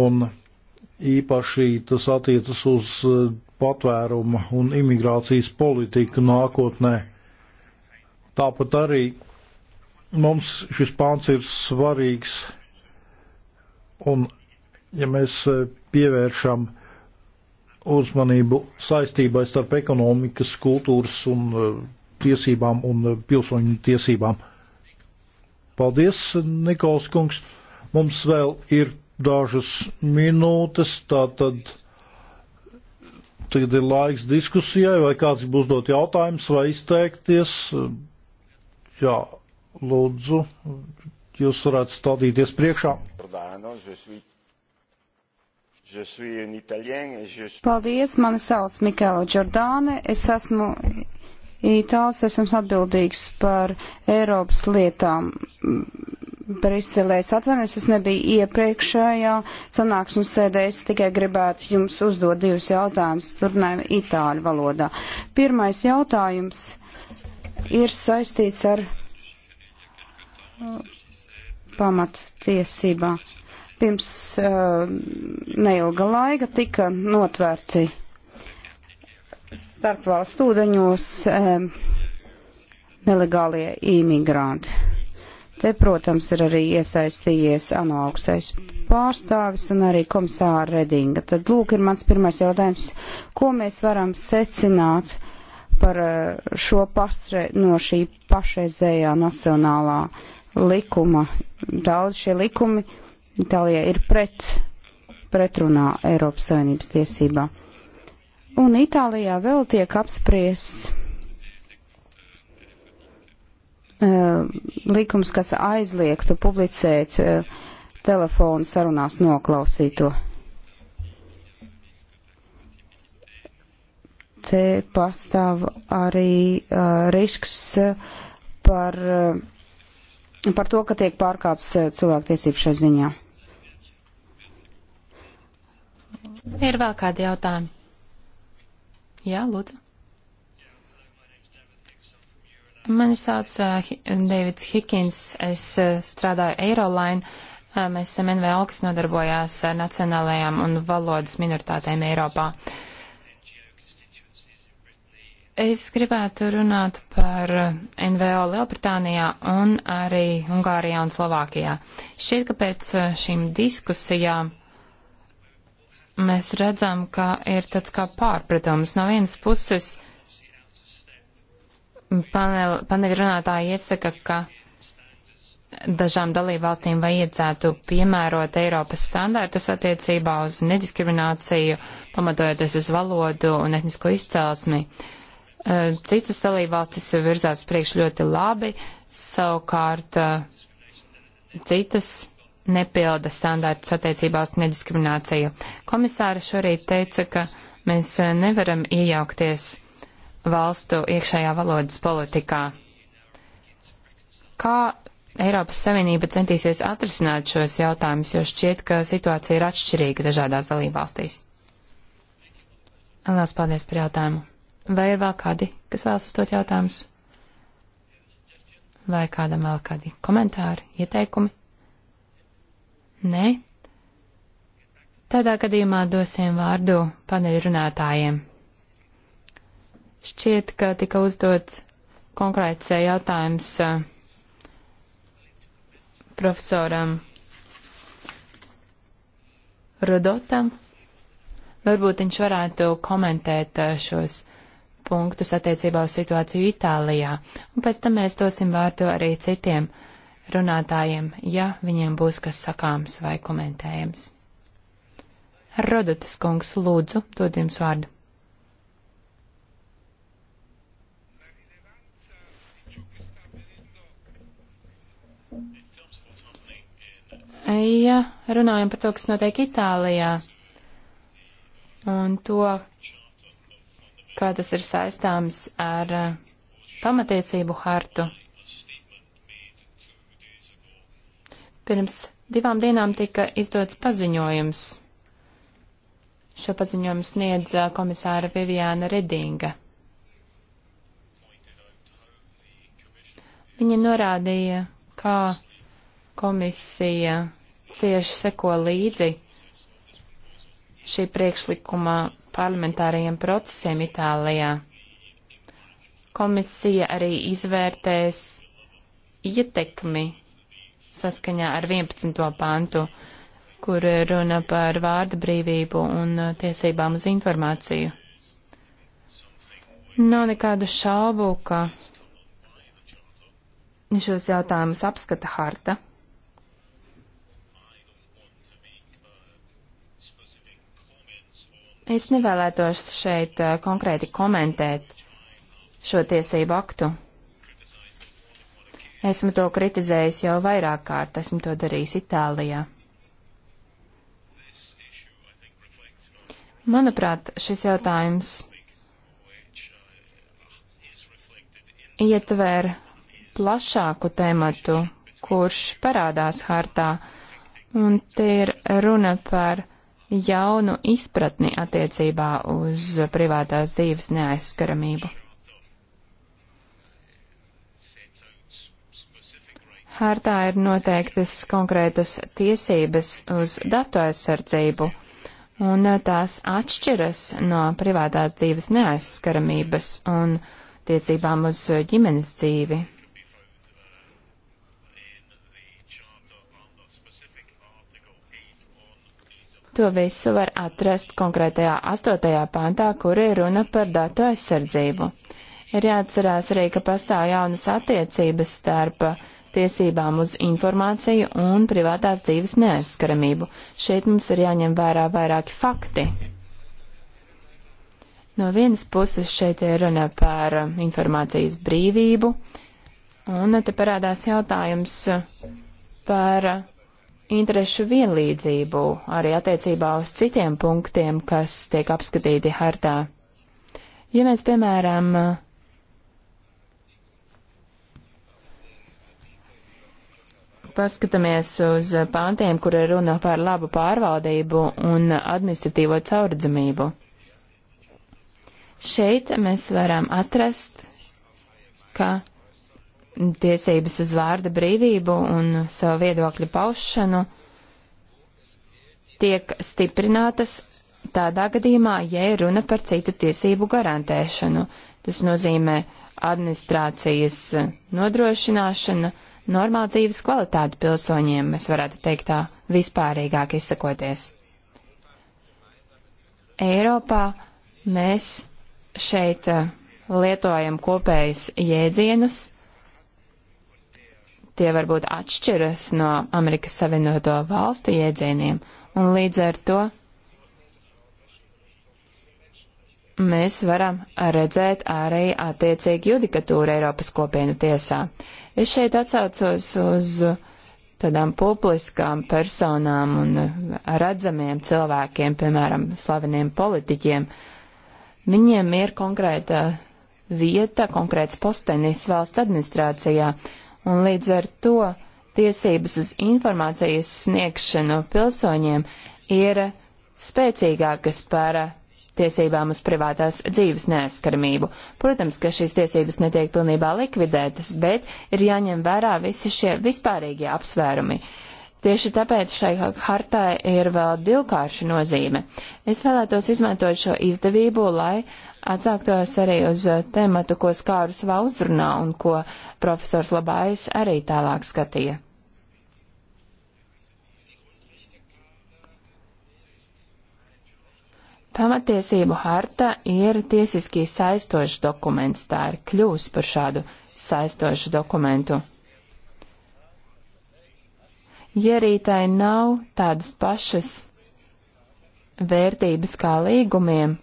un īpaši tas attiecas uz patvēruma un imigrācijas politiku nākotnē. Tāpat arī Mums šis pāns ir svarīgs, un ja mēs e, pievēršam uzmanību saistībai starp ekonomikas, kultūras un e, tiesībām un e, pilsoņu tiesībām. Paldies, Nikols kungs. Mums vēl ir dažas minūtes, tātad tagad ir laiks diskusijai, vai kāds būs dot jautājums vai izteikties. Jā, Lūdzu, jūs varat stādīties priekšā. Paldies, mani sauc Mikēla Džordāne, es esmu Itāls, esmu atbildīgs par Eiropas lietām Briselē. Es atvainojos, es nebiju iepriekšējā sanāksmes sēdē, es tikai gribētu jums uzdot divus jautājumus, turnēm itāļu valodā. Pirmais jautājums ir saistīts ar pamattiesībā. Pirms uh, neilga laika tika notvērti starpvalstu ūdeņos um, nelegālie imigranti. Te, protams, ir arī iesaistījies ANO augstais pārstāvis un arī komisāra Redinga. Tad lūk ir mans pirmais jautājums, ko mēs varam secināt par uh, šo pasre, no šī pašreizējā nacionālā uh, likuma. Daudz šie likumi Itālijā ir pret, pretrunā Eiropas Savienības tiesībā. Un Itālijā vēl tiek apspriests uh, likums, kas aizliegtu publicēt uh, telefonu sarunās noklausīto. Te pastāv arī uh, risks uh, par uh, par to, ka tiek pārkāpts eh, cilvēktiesību šai ziņā. Ir vēl kādi jautājumi? Jā, lūdzu. Mani sauc uh, Davids Hikins, es uh, strādāju Eiroline. Uh, mēs esam NVO, kas nodarbojās ar nacionālajām un valodas minoritātēm Eiropā. Uh, Es gribētu runāt par NVO Lielbritānijā un arī Ungārijā un Slovākijā. Šķiet, ka pēc eh, šīm diskusijām mēs redzam, ka ir tāds kā pārpratums. No vienas puses paneļ, paneļrunātāji iesaka, ka dažām dalībvalstīm vajadzētu piemērot Eiropas standārtus attiecībā uz nediskrimināciju, pamatojoties uz valodu un etnisko izcelsmi. Uh, Eh, citas dalībvalstis virzās priekš ļoti labi, savukārt eh, citas nepilda standārtus attiecībā uz nediskrimināciju. Komisāra šorīt teica, ka mēs eh, nevaram iejaukties valstu iekšējā valodas politikā. Kā Eiropas Savienība centīsies atrisināt šos jautājumus, jo šķiet, ka situācija ir atšķirīga dažādās dalībvalstīs? Lielas paldies par jautājumu! Vai ir vēl kādi, kas vēlas uzdot jautājumus? Vai kādam vēl kādi komentāri, ieteikumi? Nē? Tādā gadījumā dosim vārdu paneļrunātājiem. Šķiet, ka tika uzdots konkrēts eh, jautājums eh, profesoram Rodotam. Varbūt viņš varētu komentēt eh, šos jautājumus punktus attiecībā uz situāciju Itālijā, un pēc tam mēs dosim vārdu arī citiem runātājiem, ja viņiem būs kas sakāms vai komentējams. Rodotas kungs, lūdzu, dod jums vārdu. Ja runājam par to, kas notiek Itālijā, un to, kā tas ir saistāms ar eh, pamatiesību hartu. Pirms divām dienām tika izdots paziņojums. Šo paziņojumu sniedza eh, komisāra Viviāna Redinga. Viņa norādīja, kā komisija cieši seko līdzi šī priekšlikuma parlamentārajiem procesiem Itālijā. Komisija arī izvērtēs ietekmi saskaņā ar 11. pantu, kur runa par vārda brīvību un uh, tiesībām uz informāciju. Nav nekādu šaubu, ka šos jautājumus apskata harta. Es nevēlētos šeit eh, konkrēti komentēt šo tiesību aktu. Esmu to kritizējis jau vairāk kārt, esmu to darījis Itālijā. Manuprāt, šis jautājums ietver plašāku tematu, kurš parādās hartā, un te ir runa par jaunu izpratni attiecībā uz privātās dzīves neaizskaramību. Hārtā ir noteiktas konkrētas tiesības uz datu aizsardzību, un tās atšķiras no privātās dzīves neaizskaramības un tiesībām uz ģimenes dzīvi. To visu var atrast konkrētajā astotajā pantā, kur ir runa par datu aizsardzību. Ir jāatcerās arī, ka pastāv jaunas attiecības starp tiesībām uz informāciju un privātās dzīves neaizskaramību. Šeit mums ir jāņem vērā vairāki fakti. No vienas puses šeit ir runa par informācijas brīvību, un te parādās jautājums par interešu vienlīdzību arī attiecībā uz citiem punktiem, kas tiek apskatīti hartā. Ja mēs, piemēram, paskatāmies uz pāntiem, kur ir runa par labu pārvaldību un administratīvo caurdzamību, šeit mēs varam atrast, ka tiesības uz vārda brīvību un savu viedokļu paušanu tiek stiprinātas tādā gadījumā, ja ir runa par citu tiesību garantēšanu. Tas nozīmē administrācijas nodrošināšana, normāla dzīves kvalitāte pilsoņiem, mēs varētu teikt tā vispārīgāk izsakoties. Eiropā mēs šeit eh, lietojam kopējus jēdzienus tie varbūt atšķiras no Amerikas Savienoto valstu iedzieniem, un līdz ar to mēs varam redzēt arī attiecīgi judikatūru Eiropas kopienu tiesā. Es šeit atsaucos uz tādām publiskām personām un redzamiem cilvēkiem, piemēram, slaveniem politiķiem. Viņiem ir konkrēta vieta, konkrēts postenis valsts administrācijā, un līdz ar to tiesības uz informācijas sniegšanu pilsoņiem ir spēcīgākas par tiesībām uz privātās dzīves neaizskaramību. Protams, ka šīs tiesības netiek pilnībā likvidētas, bet ir jāņem vērā visi šie vispārīgie apsvērumi. Tieši tāpēc šai hartai ir vēl divkārša nozīme. Es vēlētos izmantot šo izdevību, lai atsauktos arī uz eh, tematu, ko skāru savā uzrunā un ko profesors Labājs arī tālāk skatīja. Pamatiesību harta ir tiesiski saistošs dokuments, tā ir kļūs par šādu saistošu dokumentu. Ierītai nav tādas pašas vērtības kā līgumiem,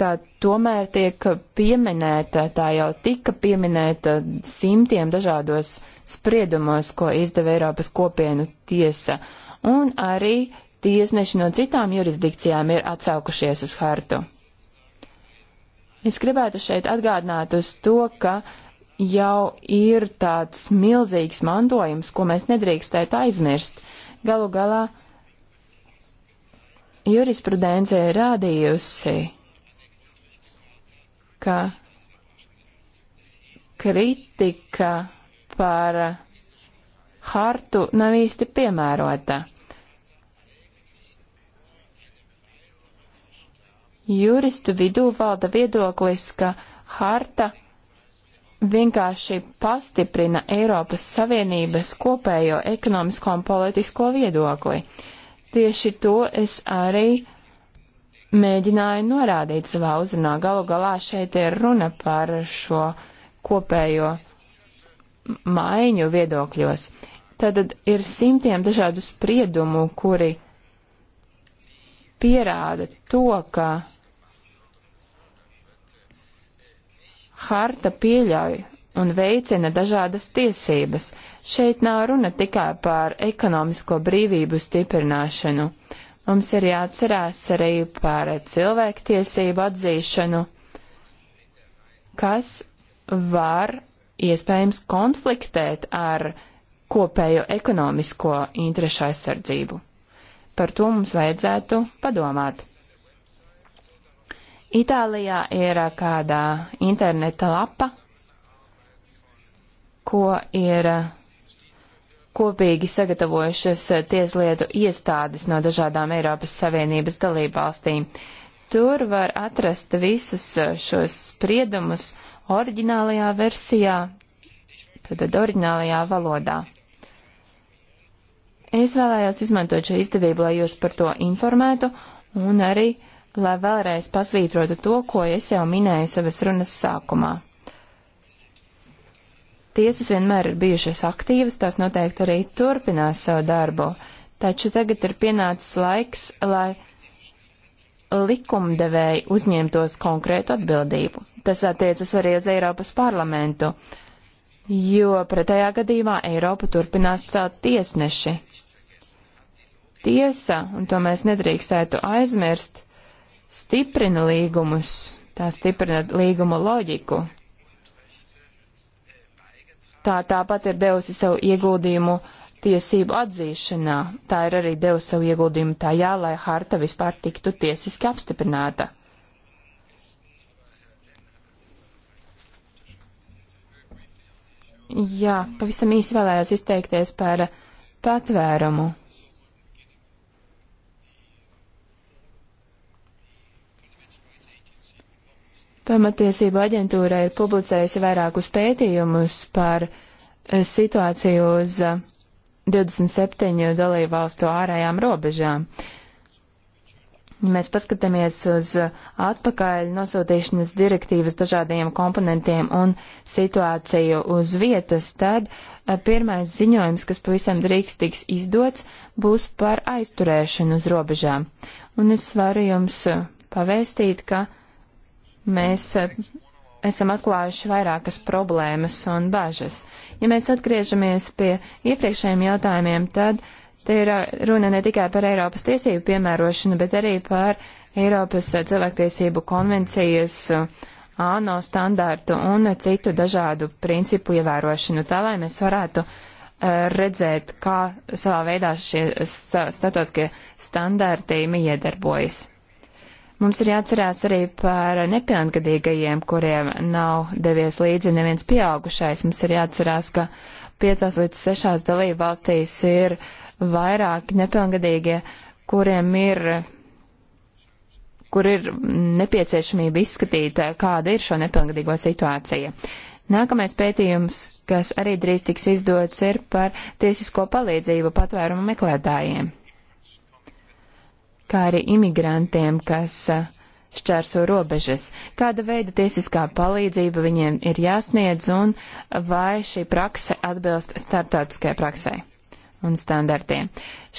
tā tomēr tiek pieminēta, tā jau tika pieminēta simtiem dažādos spriedumos, ko izdeva Eiropas kopienu tiesa, un arī tiesneši no citām jurisdikcijām ir atsaukušies uz hartu. Es gribētu šeit atgādināt uz to, ka jau ir tāds milzīgs mantojums, ko mēs nedrīkstētu aizmirst. Galu galā jurisprudence ir rādījusi ka kritika par hartu nav īsti piemērota. Juristu vidū valda viedoklis, ka harta vienkārši pastiprina Eiropas Savienības kopējo ekonomisko un politisko viedokli. Tieši to es arī mēģināja norādīt savā uzrunā. Galu galā šeit ir runa par šo kopējo maiņu viedokļos. Tātad ir simtiem dažādu spriedumu, kuri pierāda to, ka harta pieļauj un veicina dažādas tiesības. Šeit nav runa tikai par ekonomisko brīvību stiprināšanu. Uh, Mums ir jāatcerās arī par cilvēktiesību atzīšanu, kas var iespējams konfliktēt ar kopējo ekonomisko interešu aizsardzību. Par to mums vajadzētu padomāt. Itālijā ir kāda interneta lapa, ko ir kopīgi sagatavojušas eh, tieslietu iestādes no dažādām Eiropas Savienības dalībvalstīm. Tur var atrast visus eh, šos spriedumus oriģinālajā versijā, tātad oriģinālajā valodā. Es vēlējos izmantot šo izdevību, lai jūs par to informētu un arī, lai vēlreiz pasvītrotu to, ko es jau minēju savas runas sākumā. Tiesas vienmēr ir bijušas aktīvas, tās noteikti arī turpinās savu darbu, taču tagad ir pienācis laiks, lai likumdevēji uzņemtos konkrētu atbildību. Tas attiecas arī uz Eiropas parlamentu, jo pretējā gadījumā Eiropa turpinās celt tiesneši. Tiesa, un to mēs nedrīkstētu aizmirst, stiprina līgumus, tā stiprina līguma loģiku tā tāpat ir devusi savu ieguldījumu tiesību atzīšanā. Tā ir arī devusi savu ieguldījumu tajā, lai harta vispār tiktu tiesiski apstiprināta. Jā, pavisam īsi vēlējos izteikties par patvērumu. Pamatiesība aģentūra ir publicējusi vairākus pētījumus par eh, situāciju uz 27 eh, dalībvalstu ārējām robežām. Ja mēs paskatāmies uz eh, atpakaļ nosūtīšanas direktīvas dažādajiem komponentiem un situāciju uz vietas, tad pirmais ziņojums, kas pavisam drīkst tiks izdots, būs par aizturēšanu uz robežām. Un es varu jums pavēstīt, ka mēs eh, esam atklājuši vairākas problēmas un bažas. Ja mēs atgriežamies pie iepriekšējiem jautājumiem, tad te ir eh, runa ne tikai par Eiropas tiesību piemērošanu, bet arī par Eiropas eh, cilvēktiesību konvencijas, ANO standārtu un citu dažādu principu ievērošanu, tā lai mēs varētu redzēt, kā savā veidā šie statūtiskie standārti iedarbojas. Mums ir jāatcerās arī par nepilngadīgajiem, kuriem nav devies līdzi neviens pieaugušais. Mums ir jāatcerās, ka piecās līdz sešās dalību valstīs ir vairāki nepilngadīgie, kuriem ir kur ir nepieciešamība izskatīt, kāda ir šo nepilngadīgo situācija. Nākamais pētījums, kas arī drīz tiks izdots, ir par tiesisko palīdzību patvērumu meklētājiem kā arī imigrantiem, kas šķērso robežas, kāda veida tiesiskā palīdzība viņiem ir jāsniedz un vai šī prakse atbilst starptautiskai praksē un standartiem.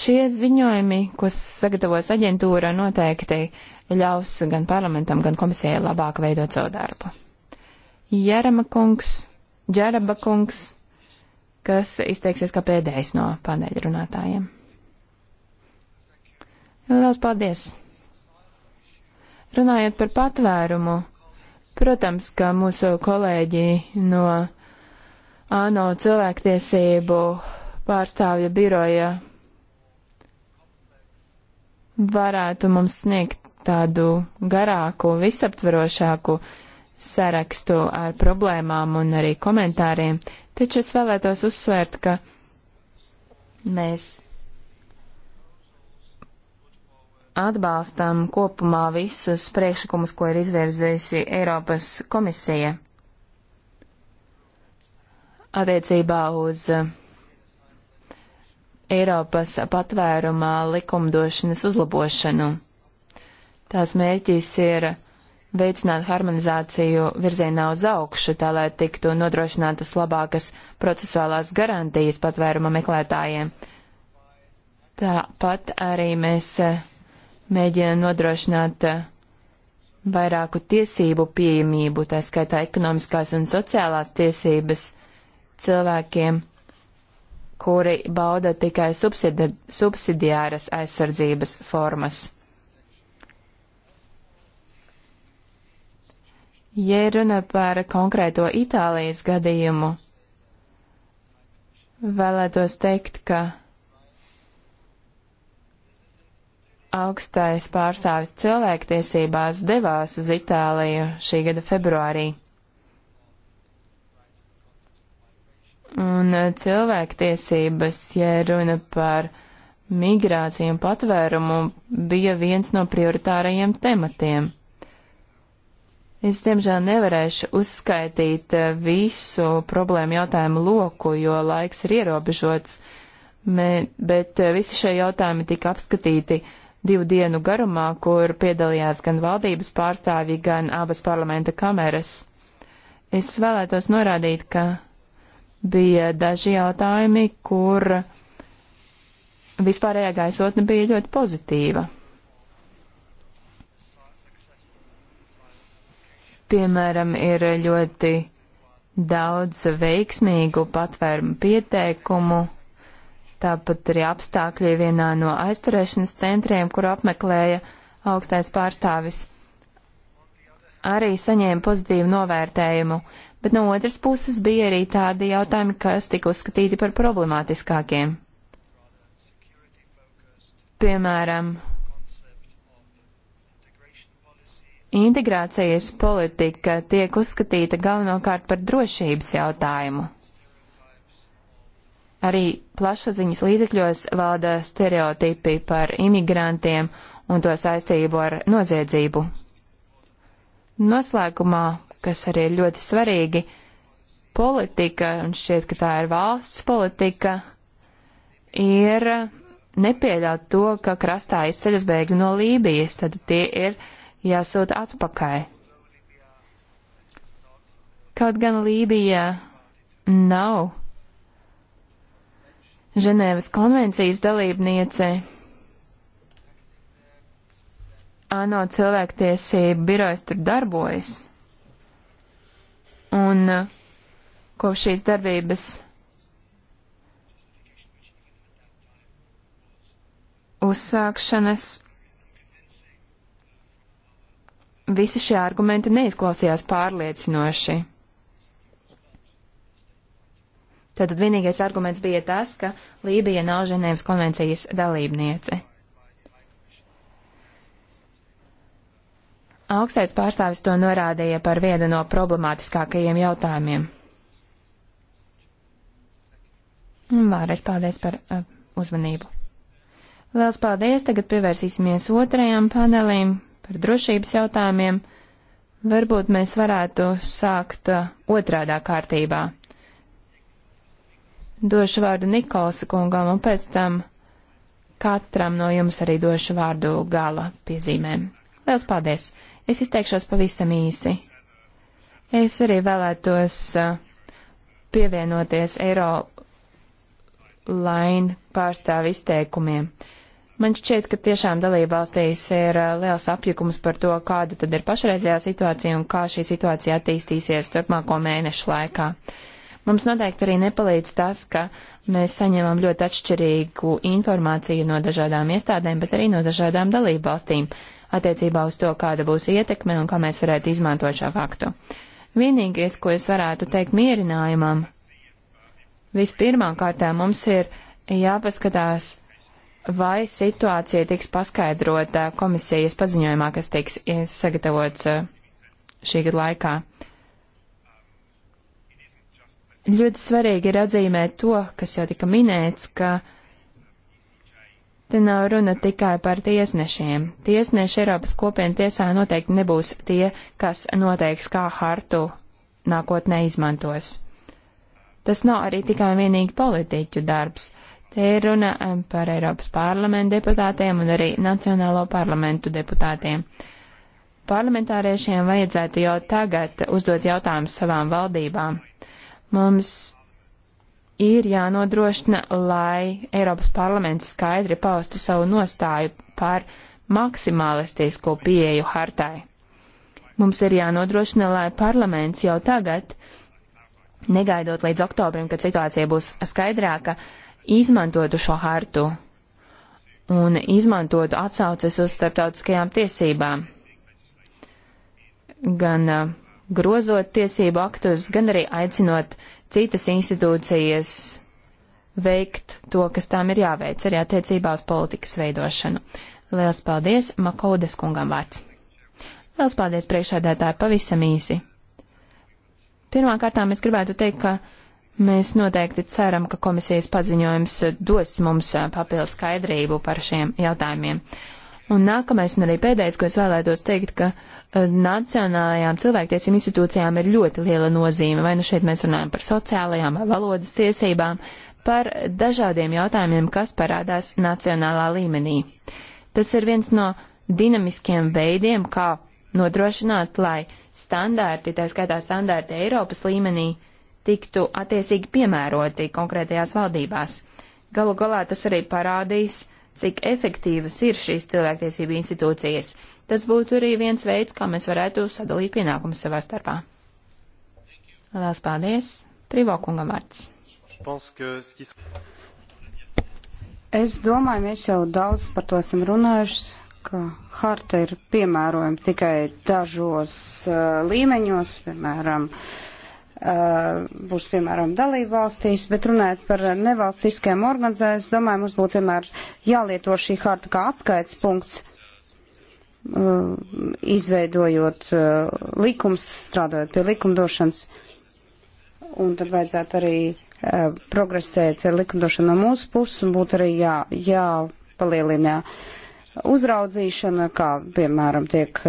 Šie ziņojumi, ko sagatavos aģentūra, noteikti ļaus gan parlamentam, gan komisijai labāk veidot savu darbu. Jerema kungs, Džeraba kungs, kas izteiksies kā pēdējais no paneļa runātājiem. Lielas paldies! Runājot par patvērumu, protams, ka mūsu kolēģi no ANO cilvēktiesību pārstāvja biroja varētu mums sniegt tādu garāku, visaptverošāku sarakstu ar problēmām un arī komentāriem, taču es vēlētos uzsvērt, ka mēs atbalstam kopumā visus priekšlikumus, ko ir izvirzījusi Eiropas komisija attiecībā uz uh, Eiropas patvērumā likumdošanas uzlabošanu. Tās mērķis ir veicināt harmonizāciju virzienā uz augšu, tā lai tiktu nodrošinātas labākas procesuālās garantijas patvēruma meklētājiem. Tāpat arī mēs uh, mēģina nodrošināt eh, vairāku tiesību pieejamību, tā skaitā ekonomiskās un sociālās tiesības cilvēkiem, kuri bauda tikai subsidi subsidiāras aizsardzības formas. Ja runa par konkrēto Itālijas gadījumu, vēlētos teikt, ka augstais pārstāvis cilvēktiesībās devās uz Itāliju šī gada februārī. Un eh, cilvēktiesības, ja runa par migrāciju un patvērumu, bija viens no prioritārajiem tematiem. Es, diemžēl, nevarēšu uzskaitīt eh, visu problēmu jautājumu loku, jo laiks ir ierobežots, bet eh, visi šie jautājumi tika apskatīti uh, divu dienu garumā, kur piedalījās gan valdības pārstāvji, gan abas parlamenta kameras. Es vēlētos norādīt, ka bija daži jautājumi, kur vispārējā gaisotne bija ļoti pozitīva. Piemēram, ir ļoti daudz veiksmīgu patvērumu pieteikumu tāpat arī apstākļi vienā no aizturēšanas centriem, kur apmeklēja augstais pārstāvis, arī saņēma pozitīvu novērtējumu, bet no otras puses bija arī tādi jautājumi, kas tika uzskatīti par problemātiskākiem. Piemēram, integrācijas politika tiek uzskatīta galvenokārt par drošības jautājumu. Arī plašsaziņas līdzekļos valda stereotipi par imigrantiem un to saistību ar noziedzību. Noslēgumā, kas arī ir ļoti svarīgi, politika, un šķiet, ka tā ir valsts politika, ir nepieļaut to, ka krastā izceļas bēgļi no Lībijas, tad tie ir jāsūta atpakaļ. Kaut gan Lībija nav Ženēvas konvencijas dalībniece ANO cilvēktiesību birojas tur darbojas. Un uh, kopš šīs darbības uzsākšanas visi šie argumenti neizklausījās pārliecinoši. Tātad vienīgais arguments bija tas, ka Lībija nav Ženēvas konvencijas dalībniece. Augstais pārstāvis to norādīja par vienu no problemātiskākajiem jautājumiem. Un vēlreiz paldies par uh, uzmanību. Liels paldies! Tagad pievērsīsimies otrajām panelīm par drošības jautājumiem. Varbūt mēs varētu sākt uh, otrādā kārtībā došu vārdu Nikolsa kungam un pēc tam katram no jums arī došu vārdu gala piezīmēm. Liels paldies! Es izteikšos pavisam īsi. Es arī vēlētos uh, pievienoties Eiro Lain pārstāvu izteikumiem. Man šķiet, ka tiešām dalībvalstīs ir uh, liels apjukums par to, kāda tad ir pašreizējā situācija un kā šī situācija attīstīsies turpmāko mēnešu laikā. Uh, Mums noteikti arī nepalīdz tas, ka mēs saņemam ļoti atšķirīgu informāciju no dažādām iestādēm, bet arī no dažādām dalību valstīm attiecībā uz to, kāda būs ietekme un kā mēs varētu izmantot šo faktu. Vienīgais, ko es varētu teikt mierinājumam, vispirmām kārtām mums ir jāpaskatās, vai situācija tiks paskaidrota komisijas paziņojumā, kas tiks eh, sagatavots eh, šī gada laikā. Uh, Ļoti svarīgi ir atzīmēt to, kas jau tika minēts, ka te nav runa tikai par tiesnešiem. Tiesneši Eiropas kopienu tiesā noteikti nebūs tie, kas noteiks, kā hartu nākotnē izmantos. Tas nav arī tikai un vienīgi politiķu darbs. Te ir runa par Eiropas parlamentu deputātiem un arī Nacionālo parlamentu deputātiem. Parlamentāriešiem vajadzētu jau tagad uzdot jautājumus savām valdībām. Mums ir jānodrošina, lai Eiropas parlaments skaidri paustu savu nostāju par maksimālistisko pieeju hartai. Mums ir jānodrošina, lai parlaments jau tagad, negaidot līdz oktobrim, kad situācija būs skaidrāka, izmantotu šo hartu un izmantotu atsauces uz starptautiskajām tiesībām. Gan uh, grozot tiesību aktus, gan arī aicinot citas institūcijas veikt to, kas tām ir jāveic arī attiecībā uz politikas veidošanu. Liels paldies, Makaudes kungam vārds. Liels paldies, priekšādētāji, pavisam īsi. Pirmkārt, es gribētu teikt, ka mēs noteikti ceram, ka komisijas paziņojums dos mums papildu skaidrību par šiem jautājumiem. Un nākamais un arī pēdējais, ko es vēlētos teikt, ka uh, nacionālajām cilvēktiesību institūcijām ir ļoti liela nozīme. Vai nu šeit mēs runājam par sociālajām vai valodas tiesībām, par dažādiem jautājumiem, kas parādās nacionālā līmenī. Tas ir viens no dinamiskiem veidiem, kā nodrošināt, lai standārti, tā skaitā standārti Eiropas līmenī, tiktu attiecīgi piemēroti konkrētajās valdībās. Galu galā tas arī parādīs, cik efektīvas ir šīs cilvēktiesību institūcijas, Tas būtu arī viens veids, kā mēs varētu sadalīt pienākumus savā starpā. Lielas paldies! Privokungam vārds. Es domāju, mēs jau daudz par to esam runājuši, ka harta ir piemērojama tikai dažos uh, līmeņos, piemēram, uh, būs piemēram dalību valstīs, bet runājot par nevalstiskajām organizācijām, es domāju, mums būtu vienmēr jālieto šī harta kā atskaits punkts, Uh, izveidojot uh, likums, strādājot pie likumdošanas, un tad vajadzētu arī uh, progresēt likumdošana no mūsu puses un būtu arī jā, jāpalielina uzraudzīšana, kā piemēram tiek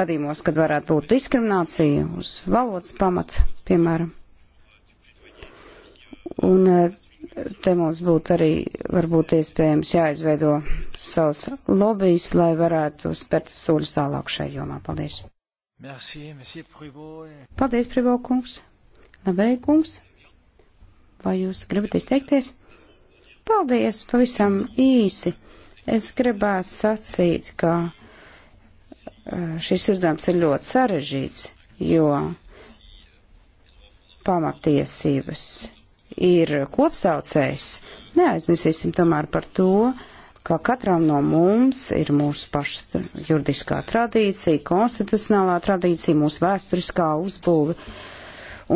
gadījumos, kad varētu būt diskriminācija uz valodas pamata, piemēram. Un te mums būtu arī varbūt iespējams jāizveido savs lobijs, lai varētu spērt soļus tālāk šai jomā. Paldies. Merci, Paldies, Privo kungs. Labēj kungs. Vai jūs gribat izteikties? Paldies, pavisam īsi. Es gribētu sacīt, ka šis uzdevums ir ļoti sarežģīts, jo pamatiesības ir kopsaucējs, neaizmirsīsim tomēr par to, ka katram no mums ir mūsu paša juridiskā tradīcija, konstitucionālā tradīcija, mūsu vēsturiskā uzbūve.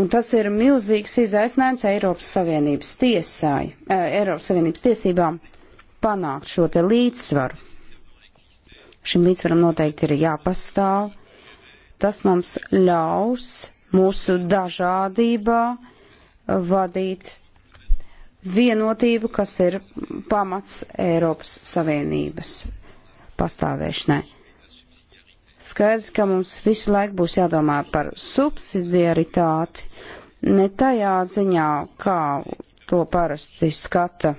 Un tas ir milzīgs izaicinājums Eiropas Savienības tiesai, eh, Eiropas Savienības tiesībām panākt šo te līdzsvaru. Šim līdzsvaram noteikti ir jāpastāv. Tas mums ļaus mūsu dažādībā uh, vadīt vienotību, kas ir pamats Eiropas Savienības pastāvēšanai. Skaidrs, ka mums visu laiku būs jādomā par subsidiaritāti, ne tajā ziņā, kā to parasti skata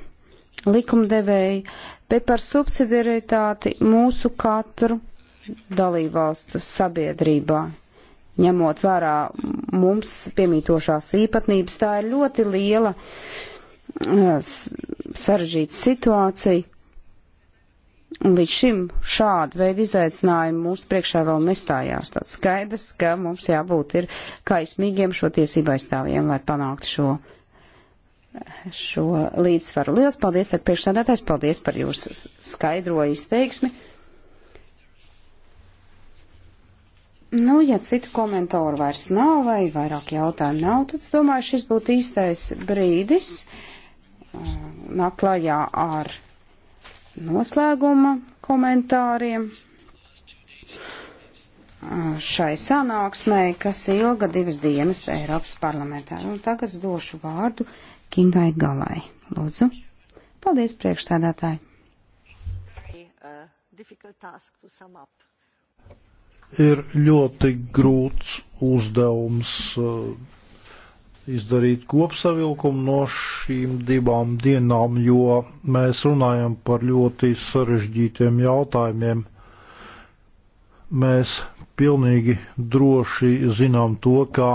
likumdevēji, bet par subsidiaritāti mūsu katru dalībvalstu sabiedrībā ņemot vērā mums piemītošās īpatnības. Tā ir ļoti liela eh, sarežģīta situācija. Un līdz šim šāda veida izaicinājumi mūsu priekšā vēl nestājās. Tāds skaidrs, ka mums jābūt ir kaismīgiem šo tiesību aizstāvjiem, lai panāktu šo, šo līdzsvaru. Liels paldies, ar priekšsēdētājs, paldies par jūsu skaidro izteiksmi. Nu, ja citu komentāru vairs nav vai vairāk jautājumu nav, tad es domāju, šis būtu īstais brīdis uh, nāk klajā ar noslēguma komentāriem uh, šai sanāksmei, kas ilga divas dienas Eiropas parlamentā. Un tagad es došu vārdu Kingai Galai. Lūdzu. Paldies, priekšstādātāji. Very, uh, ir ļoti grūts uzdevums eh, izdarīt kopsavilkumu no šīm divām dienām, jo mēs runājam par ļoti sarežģītiem jautājumiem. Mēs pilnīgi droši zinām to, ka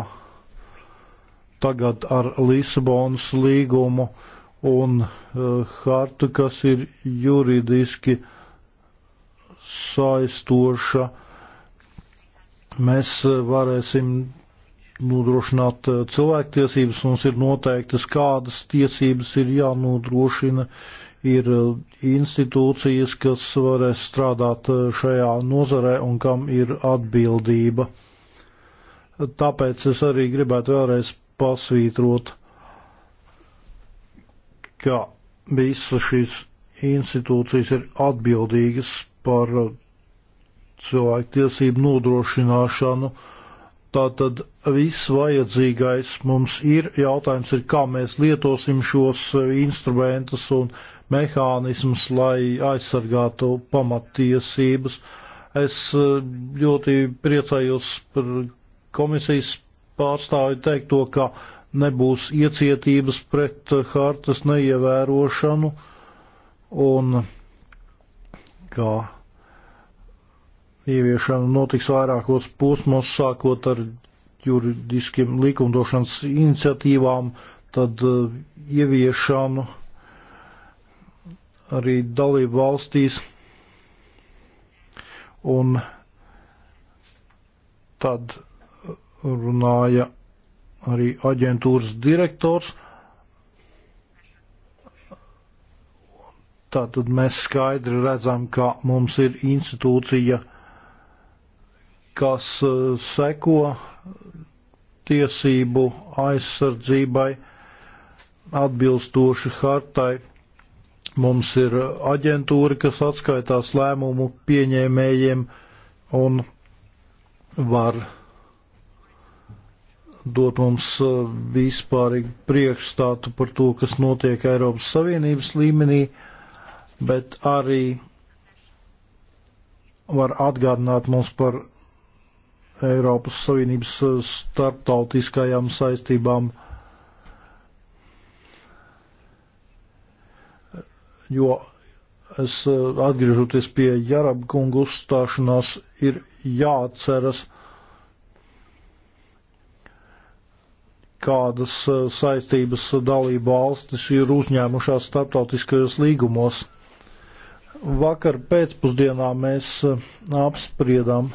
tagad ar Lisabonas līgumu un uh, hartu, kas ir juridiski saistoša, uh, mēs eh, varēsim nodrošināt eh, cilvēktiesības, mums ir noteiktas, kādas tiesības ir jānodrošina, ir eh, institūcijas, kas varēs strādāt šajā nozarē un kam ir atbildība. Tāpēc es arī gribētu vēlreiz pasvītrot, ka visas šīs institūcijas ir atbildīgas par cilvēktiesību nodrošināšanu. Tātad viss vajadzīgais mums ir. Jautājums ir, kā mēs lietosim šos instrumentus un mehānismus, lai aizsargātu pamattiesības. Es eh, ļoti priecājos par komisijas pārstāvi teikto, ka nebūs iecietības pret hartas neievērošanu un kā ieviešana notiks vairākos posmos, sākot ar juridiskiem likumdošanas iniciatīvām, tad eh, ieviešanu arī dalību valstīs. Un tad runāja arī aģentūras direktors. Tātad mēs skaidri redzam, ka mums ir institūcija, kas eh, seko tiesību aizsardzībai atbilstoši hartai. Mums ir aģentūra, kas atskaitās lēmumu pieņēmējiem un var dot mums eh, vispārīgu priekšstātu par to, kas notiek Eiropas Savienības līmenī, bet arī var atgādināt mums par Eiropas Savienības uh, starptautiskajām saistībām. Jo es uh, atgriežoties pie Jarab kungu uzstāšanās, ir jāatceras, kādas uh, saistības dalību valstis ir uzņēmušās starptautiskajos līgumos. Vakar pēcpusdienā mēs apspriedām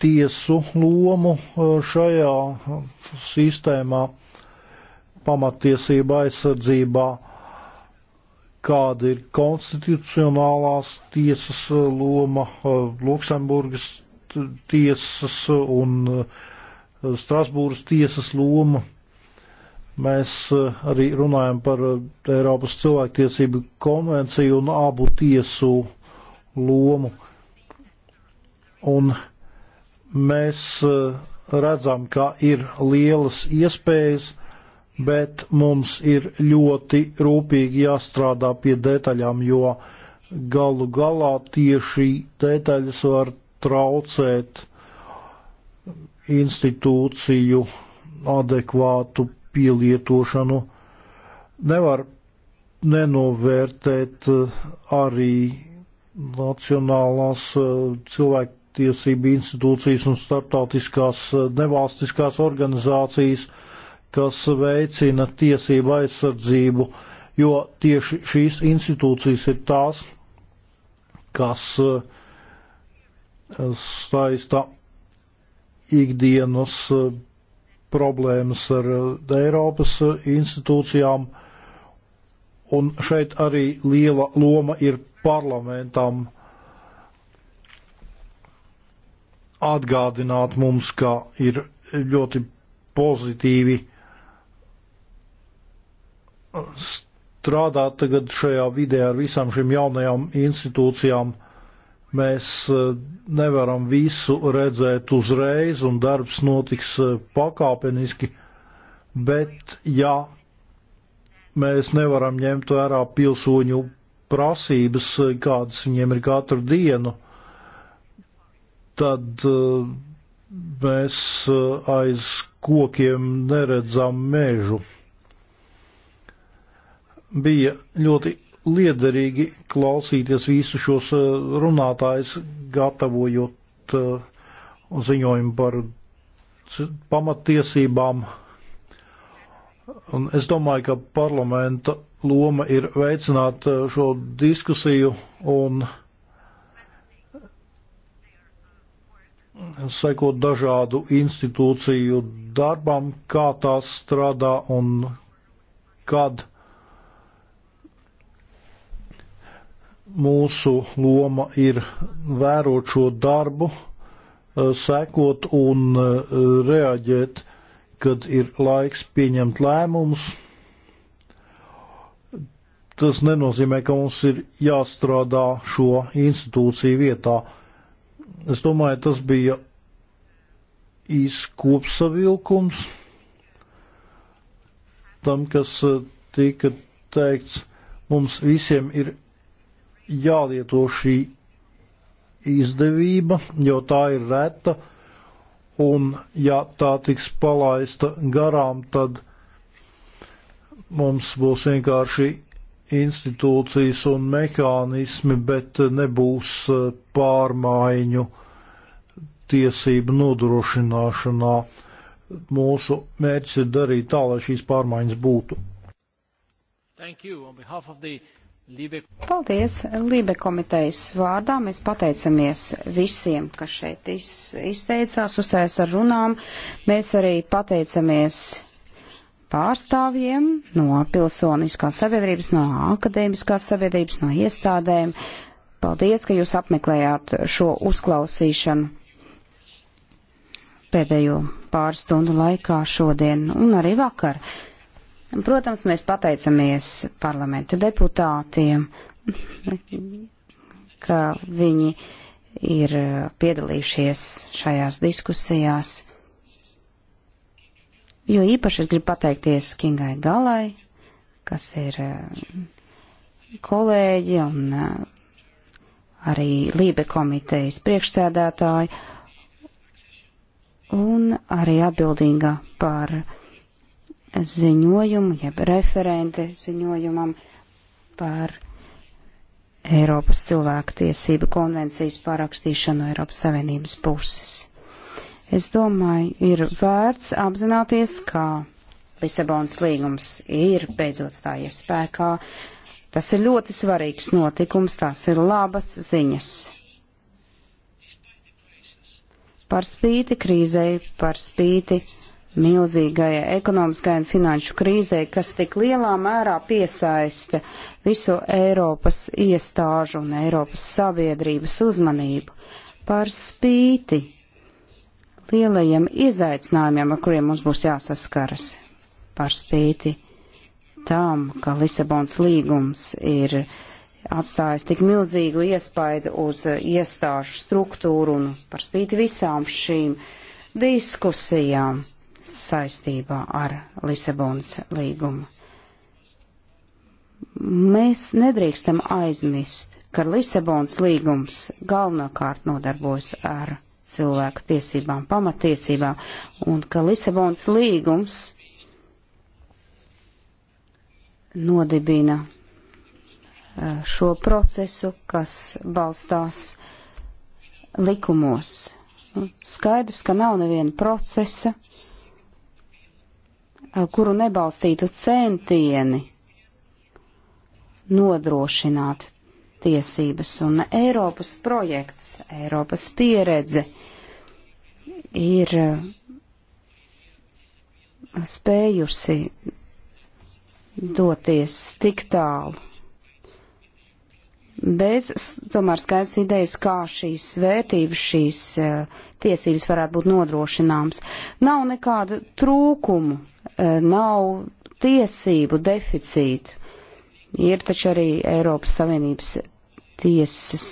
tiesu lomu e, šajā e, sistēmā, pamatiesība aizsardzībā, kāda ir konstitucionālās tiesas e, loma, Luksemburgas tiesas un Strasbūras tiesas loma. Mēs arī runājam par Eiropas cilvēktiesību konvenciju un abu tiesu lomu. Un uh, Mēs e, redzam, ka ir lielas iespējas, bet mums ir ļoti rūpīgi jāstrādā pie detaļām, jo galu galā tieši detaļas var traucēt institūciju adekvātu pielietošanu. Nevar nenovērtēt e, arī nacionālās e, cilvēku tiesību institūcijas un starptautiskās eh, nevalstiskās organizācijas, kas veicina tiesību aizsardzību, jo tieši šīs institūcijas ir tās, kas eh, saista ikdienas eh, problēmas ar Eiropas institūcijām, un šeit arī liela loma ir parlamentam atgādināt mums, ka ir ļoti pozitīvi strādāt tagad šajā vidē ar visām šīm jaunajām institūcijām. Mēs eh, nevaram visu redzēt uzreiz, un darbs notiks eh, pakāpeniski, bet ja mēs nevaram ņemt vērā pilsoņu prasības, eh, kādas viņiem ir katru dienu, tad eh, mēs eh, aiz kokiem neredzam mežu. Bija ļoti liederīgi klausīties visu šos eh, runātājus, gatavojot ziņojumu par pamatiesībām. Un es domāju, ka parlamenta loma ir veicināt šo diskusiju un uh, sekot dažādu institūciju darbam, kā tās strādā un kad mūsu loma ir vērot šo darbu, eh, sekot un eh, reaģēt, kad ir laiks pieņemt lēmumus. Tas nenozīmē, ka mums ir jāstrādā šo institūciju vietā. Uh, Es domāju, tas bija īs kopsavilkums tam, kas eh, tika teikts. Mums visiem ir jālieto šī izdevība, jo tā ir reta, un ja tā tiks palaista garām, tad mums būs vienkārši institūcijas un mehānismi, bet nebūs e, pārmaiņu tiesību nodrošināšanā. Mūsu mērķis ir darīt tā, lai šīs pārmaiņas būtu. Libe... Paldies Lībe komitejas vārdā. Mēs pateicamies visiem, kas šeit iz, izteicās, uzstājas ar runām. Mēs arī pateicamies pārstāvjiem no pilsoniskās sabiedrības, no akadēmiskās sabiedrības, no iestādēm. Paldies, ka jūs apmeklējāt šo uzklausīšanu pēdējo pāris stundu laikā šodien un arī vakar. Protams, mēs pateicamies parlamenta deputātiem, ka viņi ir piedalījušies šajās diskusijās jo īpaši es gribu pateikties Kingai Galai, kas ir eh, kolēģi un eh, arī Lībe komitejas priekšsēdētāji un arī atbildīga par ziņojumu, jeb referente ziņojumam par Eiropas cilvēku tiesību konvencijas pārakstīšanu no Eiropas Savienības puses. Es domāju, ir vērts apzināties, ka Lisabonas līgums ir beidzot stājies spēkā. Tas ir ļoti svarīgs notikums, tās ir labas ziņas. Par spīti krīzei, par spīti milzīgajai ekonomiskai un finanšu krīzei, kas tik lielā mērā piesaista visu Eiropas iestāžu un Eiropas sabiedrības uzmanību. Par spīti lielajiem izaicinājumiem, ar kuriem mums būs jāsaskaras par spīti tam, ka Lisabons līgums ir atstājis tik milzīgu iespaidu uz iestāžu struktūru un par spīti visām šīm diskusijām saistībā ar Lisabonas līgumu. Mēs nedrīkstam aizmirst, ka Lisabonas līgums galvenokārt nodarbojas ar cilvēku tiesībām, pamatiesībām, un ka Lisabons līgums nodibina šo procesu, kas balstās likumos. Nu, skaidrs, ka nav neviena procesa, kuru nebalstītu centieni nodrošināt tiesības un Eiropas projekts, Eiropas pieredze – ir eh, spējusi doties tik tālu. Bez tomēr skaidrs idejas, kā šīs vērtības, šīs eh, tiesības varētu būt nodrošināmas. Nav nekādu trūkumu, eh, nav tiesību deficītu. Ir taču arī Eiropas Savienības tiesas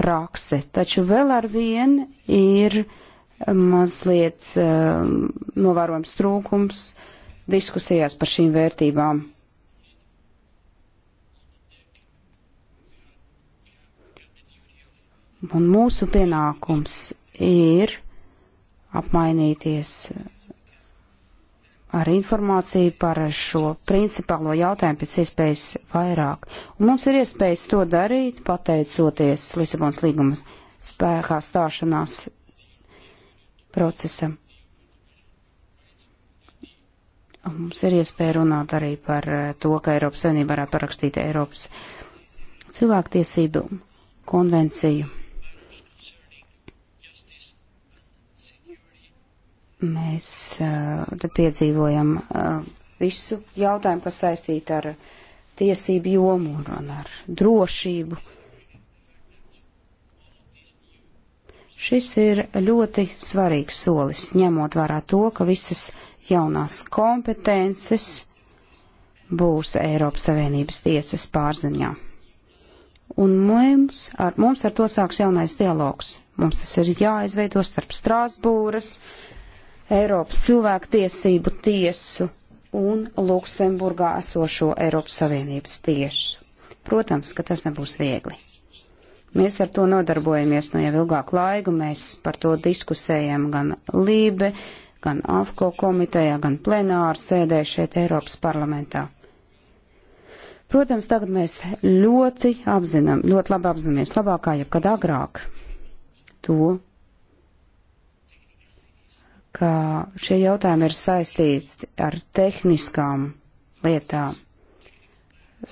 prakse, taču vēl ar vienu ir uh, mazliet um, novērojams trūkums diskusijās par šīm vērtībām. Un mūsu pienākums ir apmainīties ar informāciju par šo principālo jautājumu pēc iespējas vairāk. Un mums ir iespējas to darīt, pateicoties Lisabonas līguma spēkā stāšanās procesam. Un mums ir iespēja runāt arī par eh, to, ka Eiropas Savienība varētu parakstīt Eiropas cilvēktiesību konvenciju. Mēs uh, piedzīvojam uh, visu jautājumu, kas saistīta ar tiesību jomu un ar drošību. Uh, Šis ir ļoti svarīgs solis, ņemot vērā to, ka visas jaunās kompetences būs Eiropas Savienības tiesas pārziņā. Un mums ar, mums ar to sāks jaunais dialogs. Mums tas ir jāizveido starp Strāsbūras, Eiropas cilvēktiesību tiesu un Luksemburgā esošo Eiropas Savienības tiesu. Protams, ka tas nebūs viegli. Mēs ar to nodarbojamies no nu, jau ilgāku laiku, mēs par to diskusējam gan Lībe, gan AFKO komitejā, gan plenāru sēdē šeit Eiropas parlamentā. Protams, tagad mēs ļoti apzinam, ļoti labi apzināmies, labākā jebkad agrāk, to, ka šie jautājumi ir saistīti ar tehniskām lietām,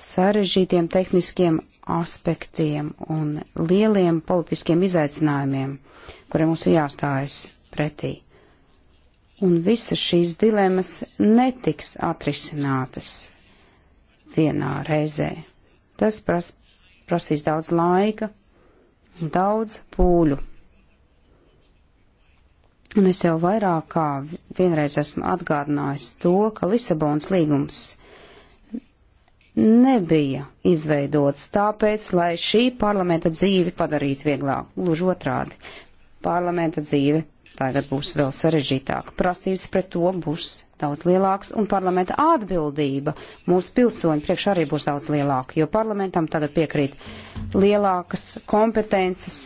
sarežģītiem tehniskiem aspektiem un lieliem politiskiem izaicinājumiem, kuriem mums ir jāstājas pretī. Un visas šīs dilemmas netiks atrisinātas vienā reizē. Tas pras, prasīs daudz laika un daudz pūļu. Un es jau vairāk kā vienreiz esmu atgādinājis to, ka Lisabonas līgums nebija izveidots tāpēc, lai šī parlamenta dzīve padarītu vieglāk. Gluži otrādi. Parlamenta dzīve tagad būs vēl sarežģītāka. Prasības pret to būs daudz lielāks, un parlamenta atbildība mūsu pilsoņu priekš arī būs daudz lielāka, jo parlamentam tagad piekrīt lielākas kompetences,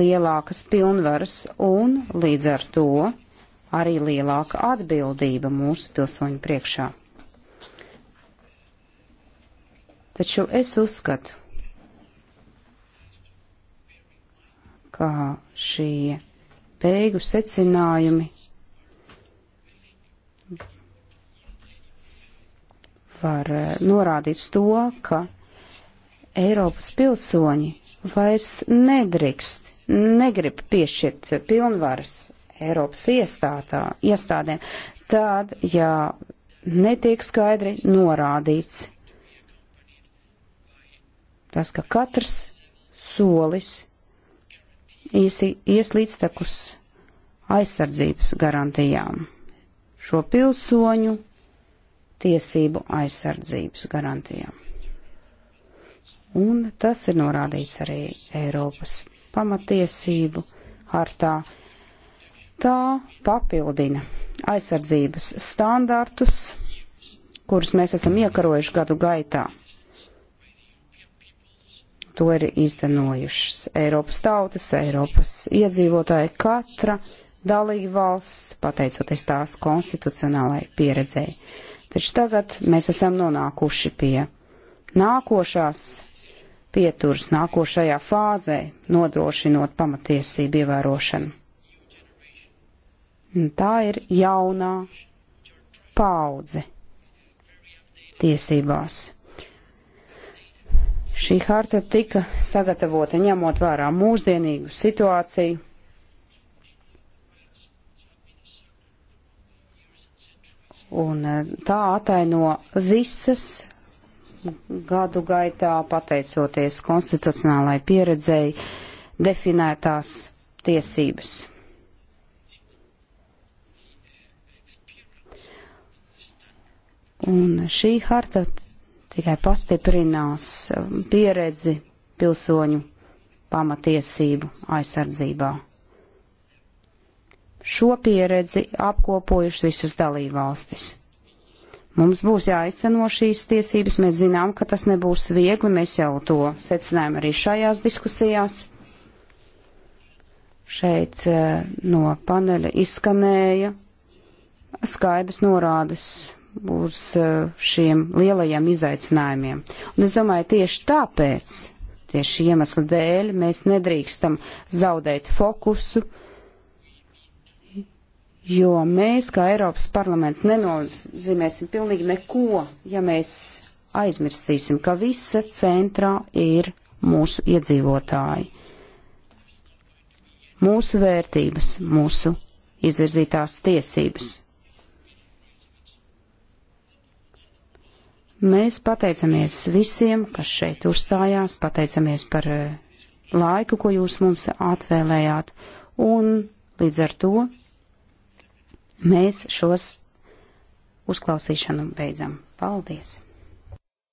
lielākas pilnvaras, un līdz ar to arī lielāka atbildība mūsu pilsoņu priekšā. Taču es uzskatu, ka šie beigu secinājumi var eh, norādīt to, ka Eiropas pilsoņi vairs nedrīkst, negrib piešķirt pilnvaras Eiropas iestātā, iestādēm, tad, ja netiek skaidri norādīts, tas, ka katrs solis ies, ies līdztekus aizsardzības garantijām, šo pilsoņu tiesību aizsardzības garantijām. Un tas ir norādīts arī Eiropas pamatiesību hartā. Tā papildina aizsardzības standartus, kurus mēs esam iekarojuši gadu gaitā. To ir izdenojušas Eiropas tautas, Eiropas iedzīvotāji, katra dalība valsts, pateicoties tās konstitucionālai pieredzēji. Taču tagad mēs esam nonākuši pie nākošās pieturas, nākošajā fāzē, nodrošinot pamatiesību ievērošanu. Un tā ir jaunā paudze tiesībās. Šī harta tika sagatavota ņemot vērā mūsdienīgu situāciju. Un e, tā ataino visas gadu gaitā, pateicoties konstitucionālai pieredzēji, definētās tiesības. Un šī harta tikai pastiprinās um, pieredzi pilsoņu pamatiesību aizsardzībā. Šo pieredzi apkopojušas visas dalībvalstis. Mums būs jāizceno šīs tiesības, mēs zinām, ka tas nebūs viegli, mēs jau to secinājām arī šajās diskusijās. Šeit eh, no paneļa izskanēja skaidrs norādes uz eh, šiem lielajiem izaicinājumiem. Un es domāju, tieši tāpēc, tieši iemesla dēļ, mēs nedrīkstam zaudēt fokusu, jo mēs, kā Eiropas parlaments, nenozīmēsim pilnīgi neko, ja mēs aizmirsīsim, ka visa centrā ir mūsu iedzīvotāji, mūsu vērtības, mūsu izvirzītās tiesības. Mēs pateicamies visiem, kas šeit uzstājās, pateicamies par eh, laiku, ko jūs mums atvēlējāt, un līdz ar to mēs šos uzklausīšanu beidzam. Paldies!